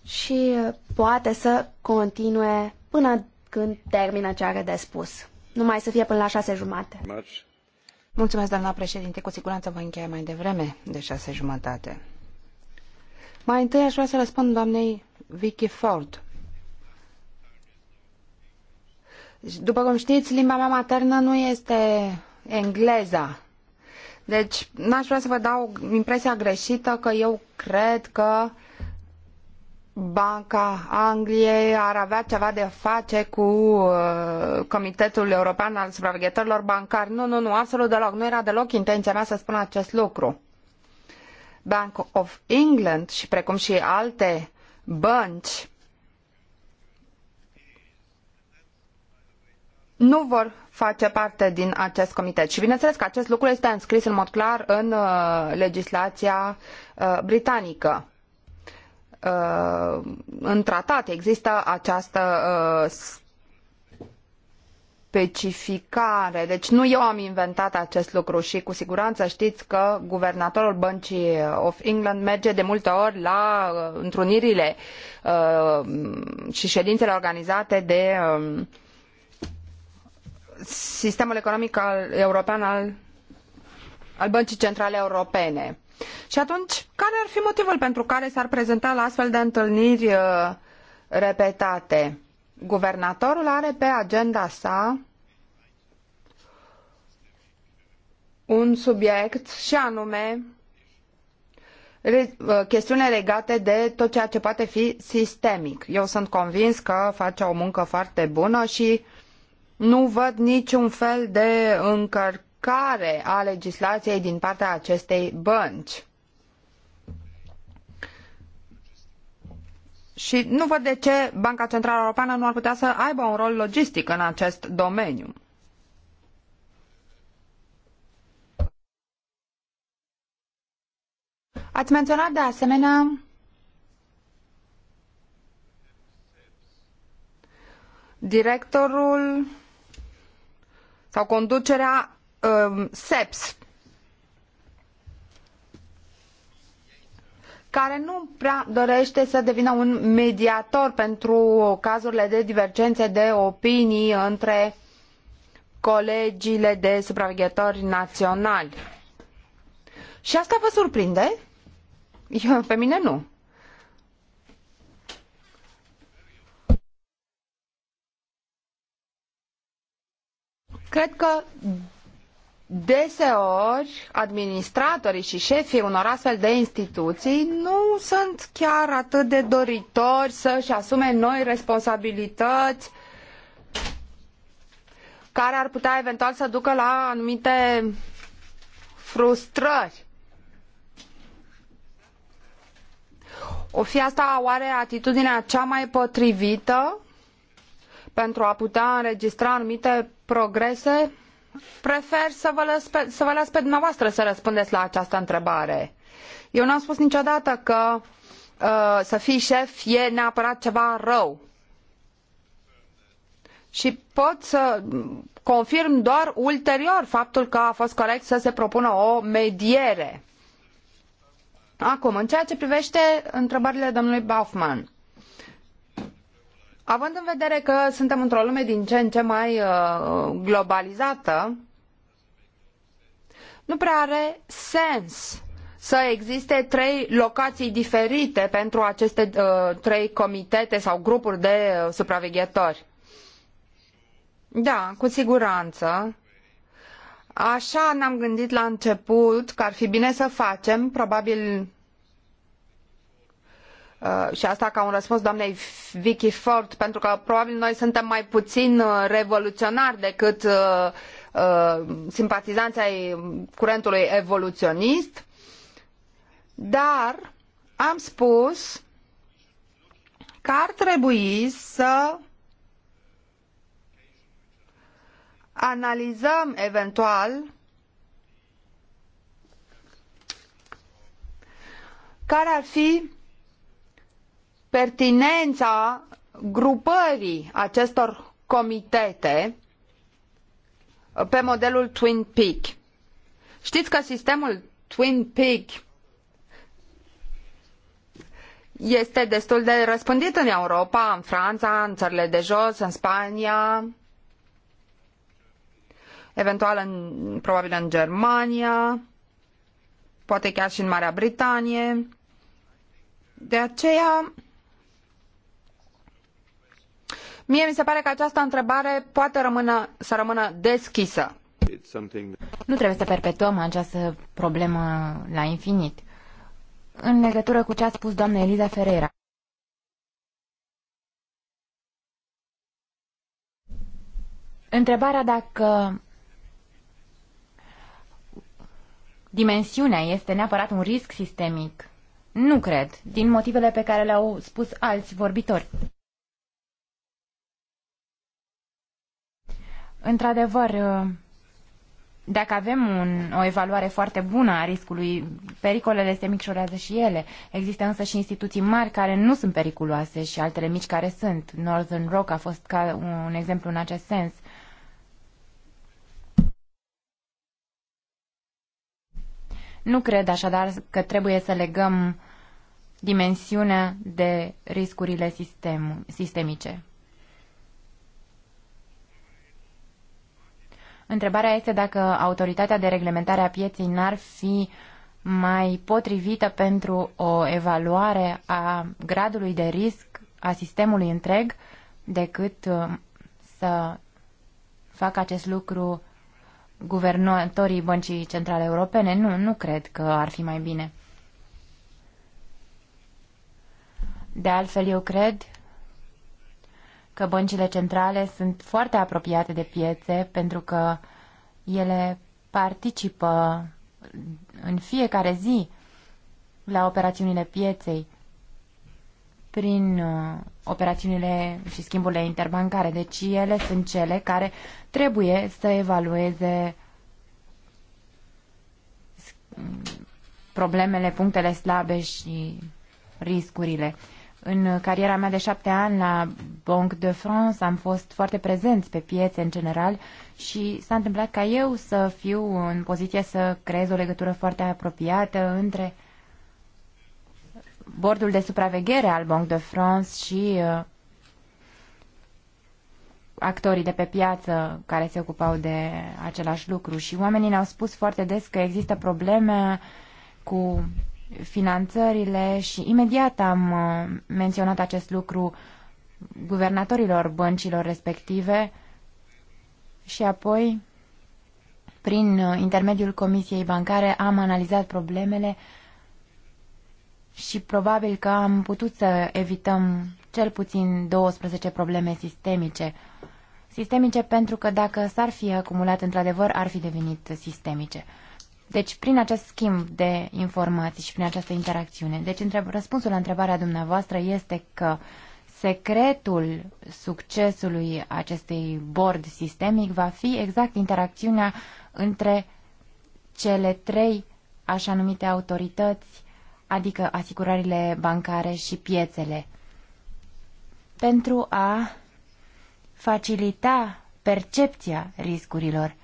și poate să continue până când termină ce are de spus. Numai să fie până la șase jumate. Mulțumesc, doamna președinte. Cu siguranță voi încheia mai devreme de șase jumătate. Mai întâi aș vrea să răspund doamnei Vicky Ford. După cum știți, limba mea maternă nu este engleza. Deci, n-aș vrea să vă dau impresia greșită că eu cred că Banca Angliei ar avea ceva de face cu uh, Comitetul European al Supraveghetorilor Bancari. Nu, nu, nu, absolut deloc. Nu era deloc intenția mea să spun acest lucru. Bank of England și precum și alte bănci nu vor face parte din acest comitet. Și bineînțeles că acest lucru este înscris în mod clar în uh, legislația uh, britanică. Uh, în tratat există această specificare. Deci nu eu am inventat acest lucru și cu siguranță știți că guvernatorul Băncii of England merge de multe ori la întrunirile și ședințele organizate de um, sistemul economic al, european al, al Băncii Centrale Europene. Și atunci, care ar fi motivul pentru care s-ar prezenta la astfel de întâlniri uh, repetate? Guvernatorul are pe agenda sa un subiect și anume uh, chestiune legate de tot ceea ce poate fi sistemic. Eu sunt convins că face o muncă foarte bună și nu văd niciun fel de încărcare a legislației din partea acestei bănci. Și nu văd de ce Banca Centrală Europeană nu ar putea să aibă un rol logistic în acest domeniu. Ați menționat de asemenea directorul sau conducerea SEPS, um, care nu prea dorește să devină un mediator pentru cazurile de divergențe de opinii între colegiile de supraveghetori naționali. Și asta vă surprinde? Eu, pe mine nu. Cred că deseori administratorii și șefii unor astfel de instituții nu sunt chiar atât de doritori să-și asume noi responsabilități care ar putea eventual să ducă la anumite frustrări. O fi asta oare atitudinea cea mai potrivită pentru a putea înregistra anumite progrese, prefer să vă, las pe, să vă las pe dumneavoastră să răspundeți la această întrebare. Eu n-am spus niciodată că uh, să fii șef e neapărat ceva rău. Și pot să confirm doar ulterior faptul că a fost corect să se propună o mediere. Acum, în ceea ce privește întrebările domnului Baufman, Având în vedere că suntem într-o lume din ce în ce mai uh, globalizată, nu prea are sens să existe trei locații diferite pentru aceste uh, trei comitete sau grupuri de uh, supraveghetori. Da, cu siguranță. Așa ne-am gândit la început că ar fi bine să facem, probabil Uh, și asta ca un răspuns doamnei Vicky Ford, pentru că probabil noi suntem mai puțin uh, revoluționari decât uh, simpatizanții ai curentului evoluționist, dar am spus că ar trebui să analizăm eventual care ar fi pertinența grupării acestor comitete pe modelul Twin Peak. Știți că sistemul Twin Peak este destul de răspândit în Europa, în Franța, în țările de jos, în Spania, eventual în, probabil în Germania, poate chiar și în Marea Britanie. De aceea, Mie mi se pare că această întrebare poate rămână, să rămână deschisă. Nu trebuie să perpetuăm această problemă la infinit. În legătură cu ce a spus doamna Eliza Ferreira. Întrebarea dacă dimensiunea este neapărat un risc sistemic. Nu cred, din motivele pe care le-au spus alți vorbitori. Într-adevăr, dacă avem un, o evaluare foarte bună a riscului, pericolele se micșorează și ele. Există însă și instituții mari care nu sunt periculoase și altele mici care sunt. Northern Rock a fost ca un exemplu în acest sens. Nu cred așadar că trebuie să legăm dimensiunea de riscurile sistem, sistemice. Întrebarea este dacă autoritatea de reglementare a pieței n-ar fi mai potrivită pentru o evaluare a gradului de risc a sistemului întreg decât uh, să facă acest lucru guvernatorii Băncii Centrale Europene. Nu, nu cred că ar fi mai bine. De altfel, eu cred că băncile centrale sunt foarte apropiate de piețe pentru că ele participă în fiecare zi la operațiunile pieței prin uh, operațiunile și schimburile interbancare. Deci ele sunt cele care trebuie să evalueze problemele, punctele slabe și riscurile. În cariera mea de șapte ani la Banque de France am fost foarte prezenți pe piețe în general și s-a întâmplat ca eu să fiu în poziție să creez o legătură foarte apropiată între bordul de supraveghere al Banque de France și uh, actorii de pe piață care se ocupau de același lucru și oamenii ne-au spus foarte des că există probleme cu finanțările și imediat am uh, menționat acest lucru guvernatorilor băncilor respective și apoi, prin uh, intermediul Comisiei Bancare, am analizat problemele și probabil că am putut să evităm cel puțin 12 probleme sistemice. Sistemice pentru că dacă s-ar fi acumulat într-adevăr, ar fi devenit sistemice. Deci, prin acest schimb de informații și prin această interacțiune. Deci, întreb, răspunsul la întrebarea dumneavoastră este că secretul succesului acestei board sistemic va fi exact interacțiunea între cele trei așa numite autorități, adică asigurările bancare și piețele, pentru a facilita percepția riscurilor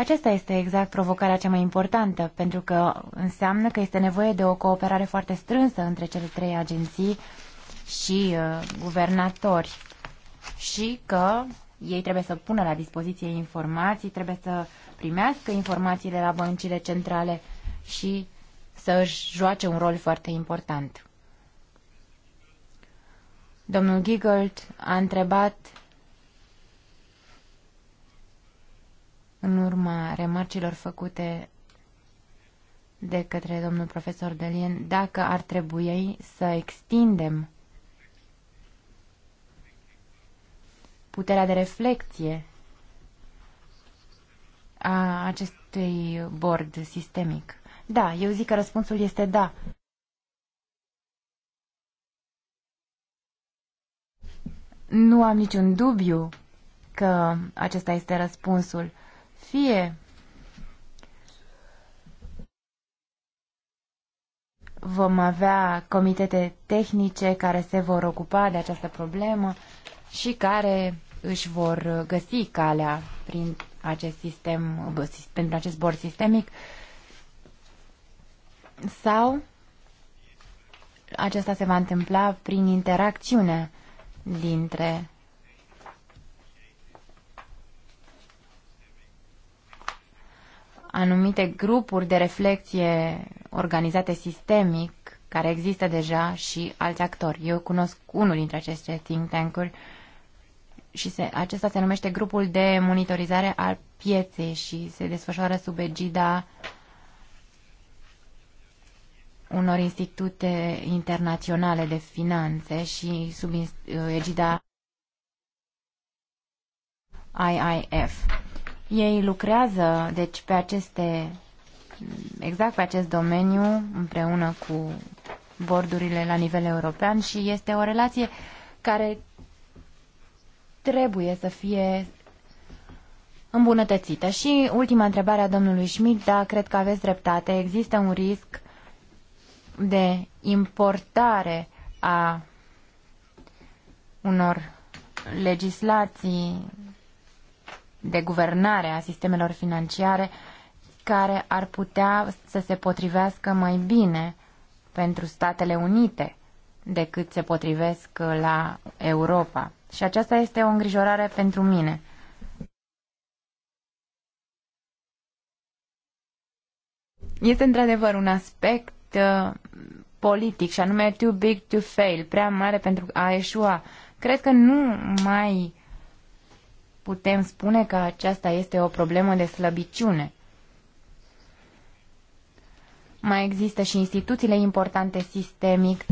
acesta este exact provocarea cea mai importantă, pentru că înseamnă că este nevoie de o cooperare foarte strânsă între cele trei agenții și uh, guvernatori și că ei trebuie să pună la dispoziție informații, trebuie să primească informațiile la băncile centrale și să își joace un rol foarte important. Domnul Giggold a întrebat în urma remarcilor făcute de către domnul profesor Delien, dacă ar trebui să extindem puterea de reflexie a acestui bord sistemic. Da, eu zic că răspunsul este da. Nu am niciun dubiu că acesta este răspunsul fie vom avea comitete tehnice care se vor ocupa de această problemă și care își vor găsi calea prin acest sistem, pentru acest bord sistemic sau aceasta se va întâmpla prin interacțiune dintre anumite grupuri de reflexie organizate sistemic care există deja și alți actori. Eu cunosc unul dintre aceste think tank-uri și se, acesta se numește grupul de monitorizare al pieței și se desfășoară sub egida unor institute internaționale de finanțe și sub uh, egida IIF. Ei lucrează, deci, pe aceste, exact pe acest domeniu, împreună cu bordurile la nivel european și este o relație care trebuie să fie îmbunătățită. Și ultima întrebare a domnului Schmidt, da, cred că aveți dreptate. Există un risc de importare a unor legislații de guvernare a sistemelor financiare care ar putea să se potrivească mai bine pentru Statele Unite decât se potrivesc la Europa. Și aceasta este o îngrijorare pentru mine. Este într-adevăr un aspect uh, politic și anume too big to fail, prea mare pentru a eșua. Cred că nu mai putem spune că aceasta este o problemă de slăbiciune. Mai există și instituțiile importante sistemic.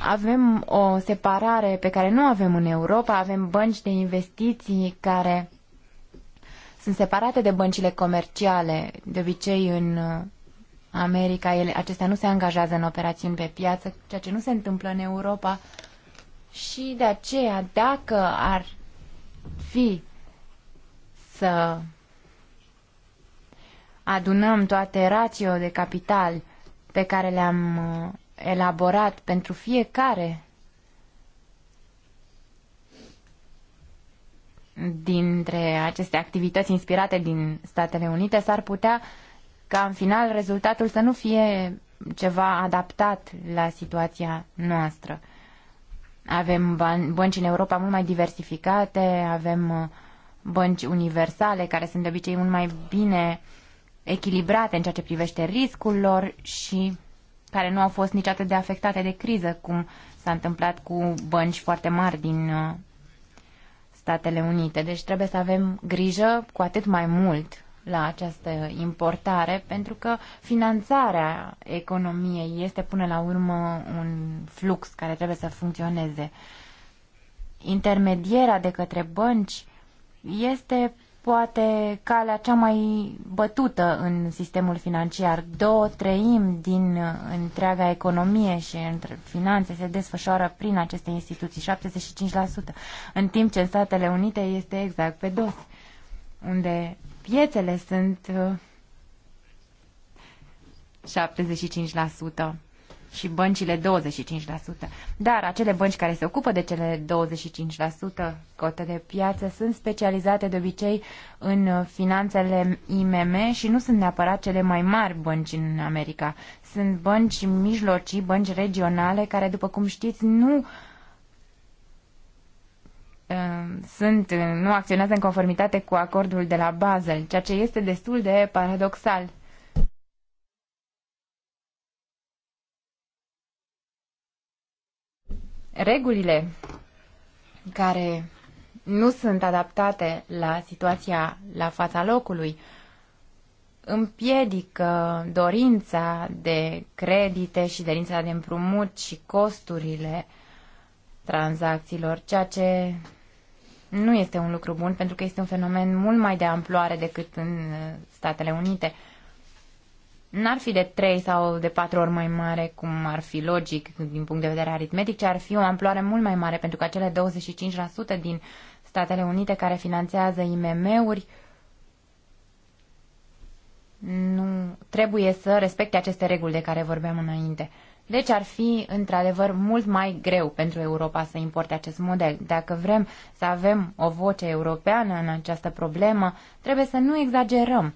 Avem o separare pe care nu avem în Europa, avem bănci de investiții care sunt separate de băncile comerciale. De obicei în America ele, acestea nu se angajează în operațiuni pe piață, ceea ce nu se întâmplă în Europa. Și de aceea, dacă ar fi să adunăm toate ratio de capital pe care le-am uh, elaborat pentru fiecare dintre aceste activități inspirate din Statele Unite, s-ar putea ca în final rezultatul să nu fie ceva adaptat la situația noastră. Avem bănci în Europa mult mai diversificate, avem uh, bănci universale care sunt de obicei mult mai bine echilibrate în ceea ce privește riscul lor și care nu au fost nici atât de afectate de criză cum s-a întâmplat cu bănci foarte mari din uh, Statele Unite. Deci trebuie să avem grijă cu atât mai mult la această importare, pentru că finanțarea economiei este până la urmă un flux care trebuie să funcționeze. Intermedierea de către bănci este poate calea cea mai bătută în sistemul financiar. Două treimi din întreaga economie și între finanțe se desfășoară prin aceste instituții, 75%, în timp ce în Statele Unite este exact pe dos, unde piețele sunt 75% uh, și băncile 25%. Dar acele bănci care se ocupă de cele 25% cote de piață sunt specializate de obicei în uh, finanțele IMM și nu sunt neapărat cele mai mari bănci în America. Sunt bănci mijlocii, bănci regionale care, după cum știți, nu uh, Um, sunt, nu acționează în conformitate cu acordul de la Basel, ceea ce este destul de paradoxal. Regulile care nu sunt adaptate la situația la fața locului împiedică dorința de credite și dorința de împrumut și costurile tranzacțiilor, ceea ce nu este un lucru bun pentru că este un fenomen mult mai de amploare decât în uh, Statele Unite. N-ar fi de 3 sau de 4 ori mai mare, cum ar fi logic din punct de vedere aritmetic, ci ar fi o amploare mult mai mare, pentru că acele 25% din Statele Unite care finanțează IMM-uri nu trebuie să respecte aceste reguli de care vorbeam înainte. Deci ar fi, într-adevăr, mult mai greu pentru Europa să importe acest model. Dacă vrem să avem o voce europeană în această problemă, trebuie să nu exagerăm.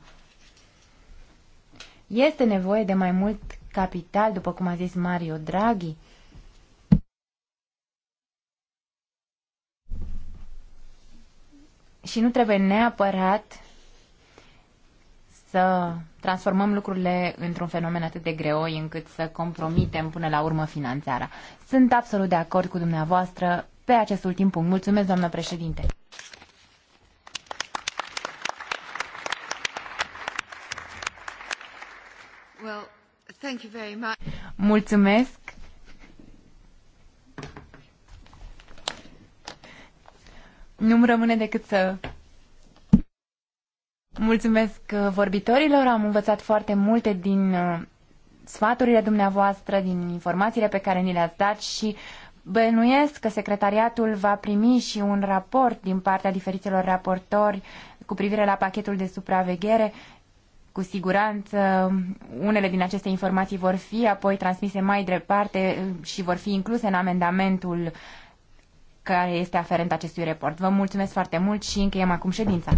Este nevoie de mai mult capital, după cum a zis Mario Draghi. Și nu trebuie neapărat să transformăm lucrurile într-un fenomen atât de greoi încât să compromitem până la urmă finanțarea. Sunt absolut de acord cu dumneavoastră pe acest ultim punct. Mulțumesc, doamnă președinte. Well, thank you very much. Mulțumesc. Nu-mi rămâne decât să Mulțumesc uh, vorbitorilor, am învățat foarte multe din uh, sfaturile dumneavoastră, din informațiile pe care ni le-ați dat și bănuiesc că secretariatul va primi și un raport din partea diferiților raportori cu privire la pachetul de supraveghere. Cu siguranță unele din aceste informații vor fi apoi transmise mai departe uh, și vor fi incluse în amendamentul care este aferent acestui report. Vă mulțumesc foarte mult și încheiem acum ședința.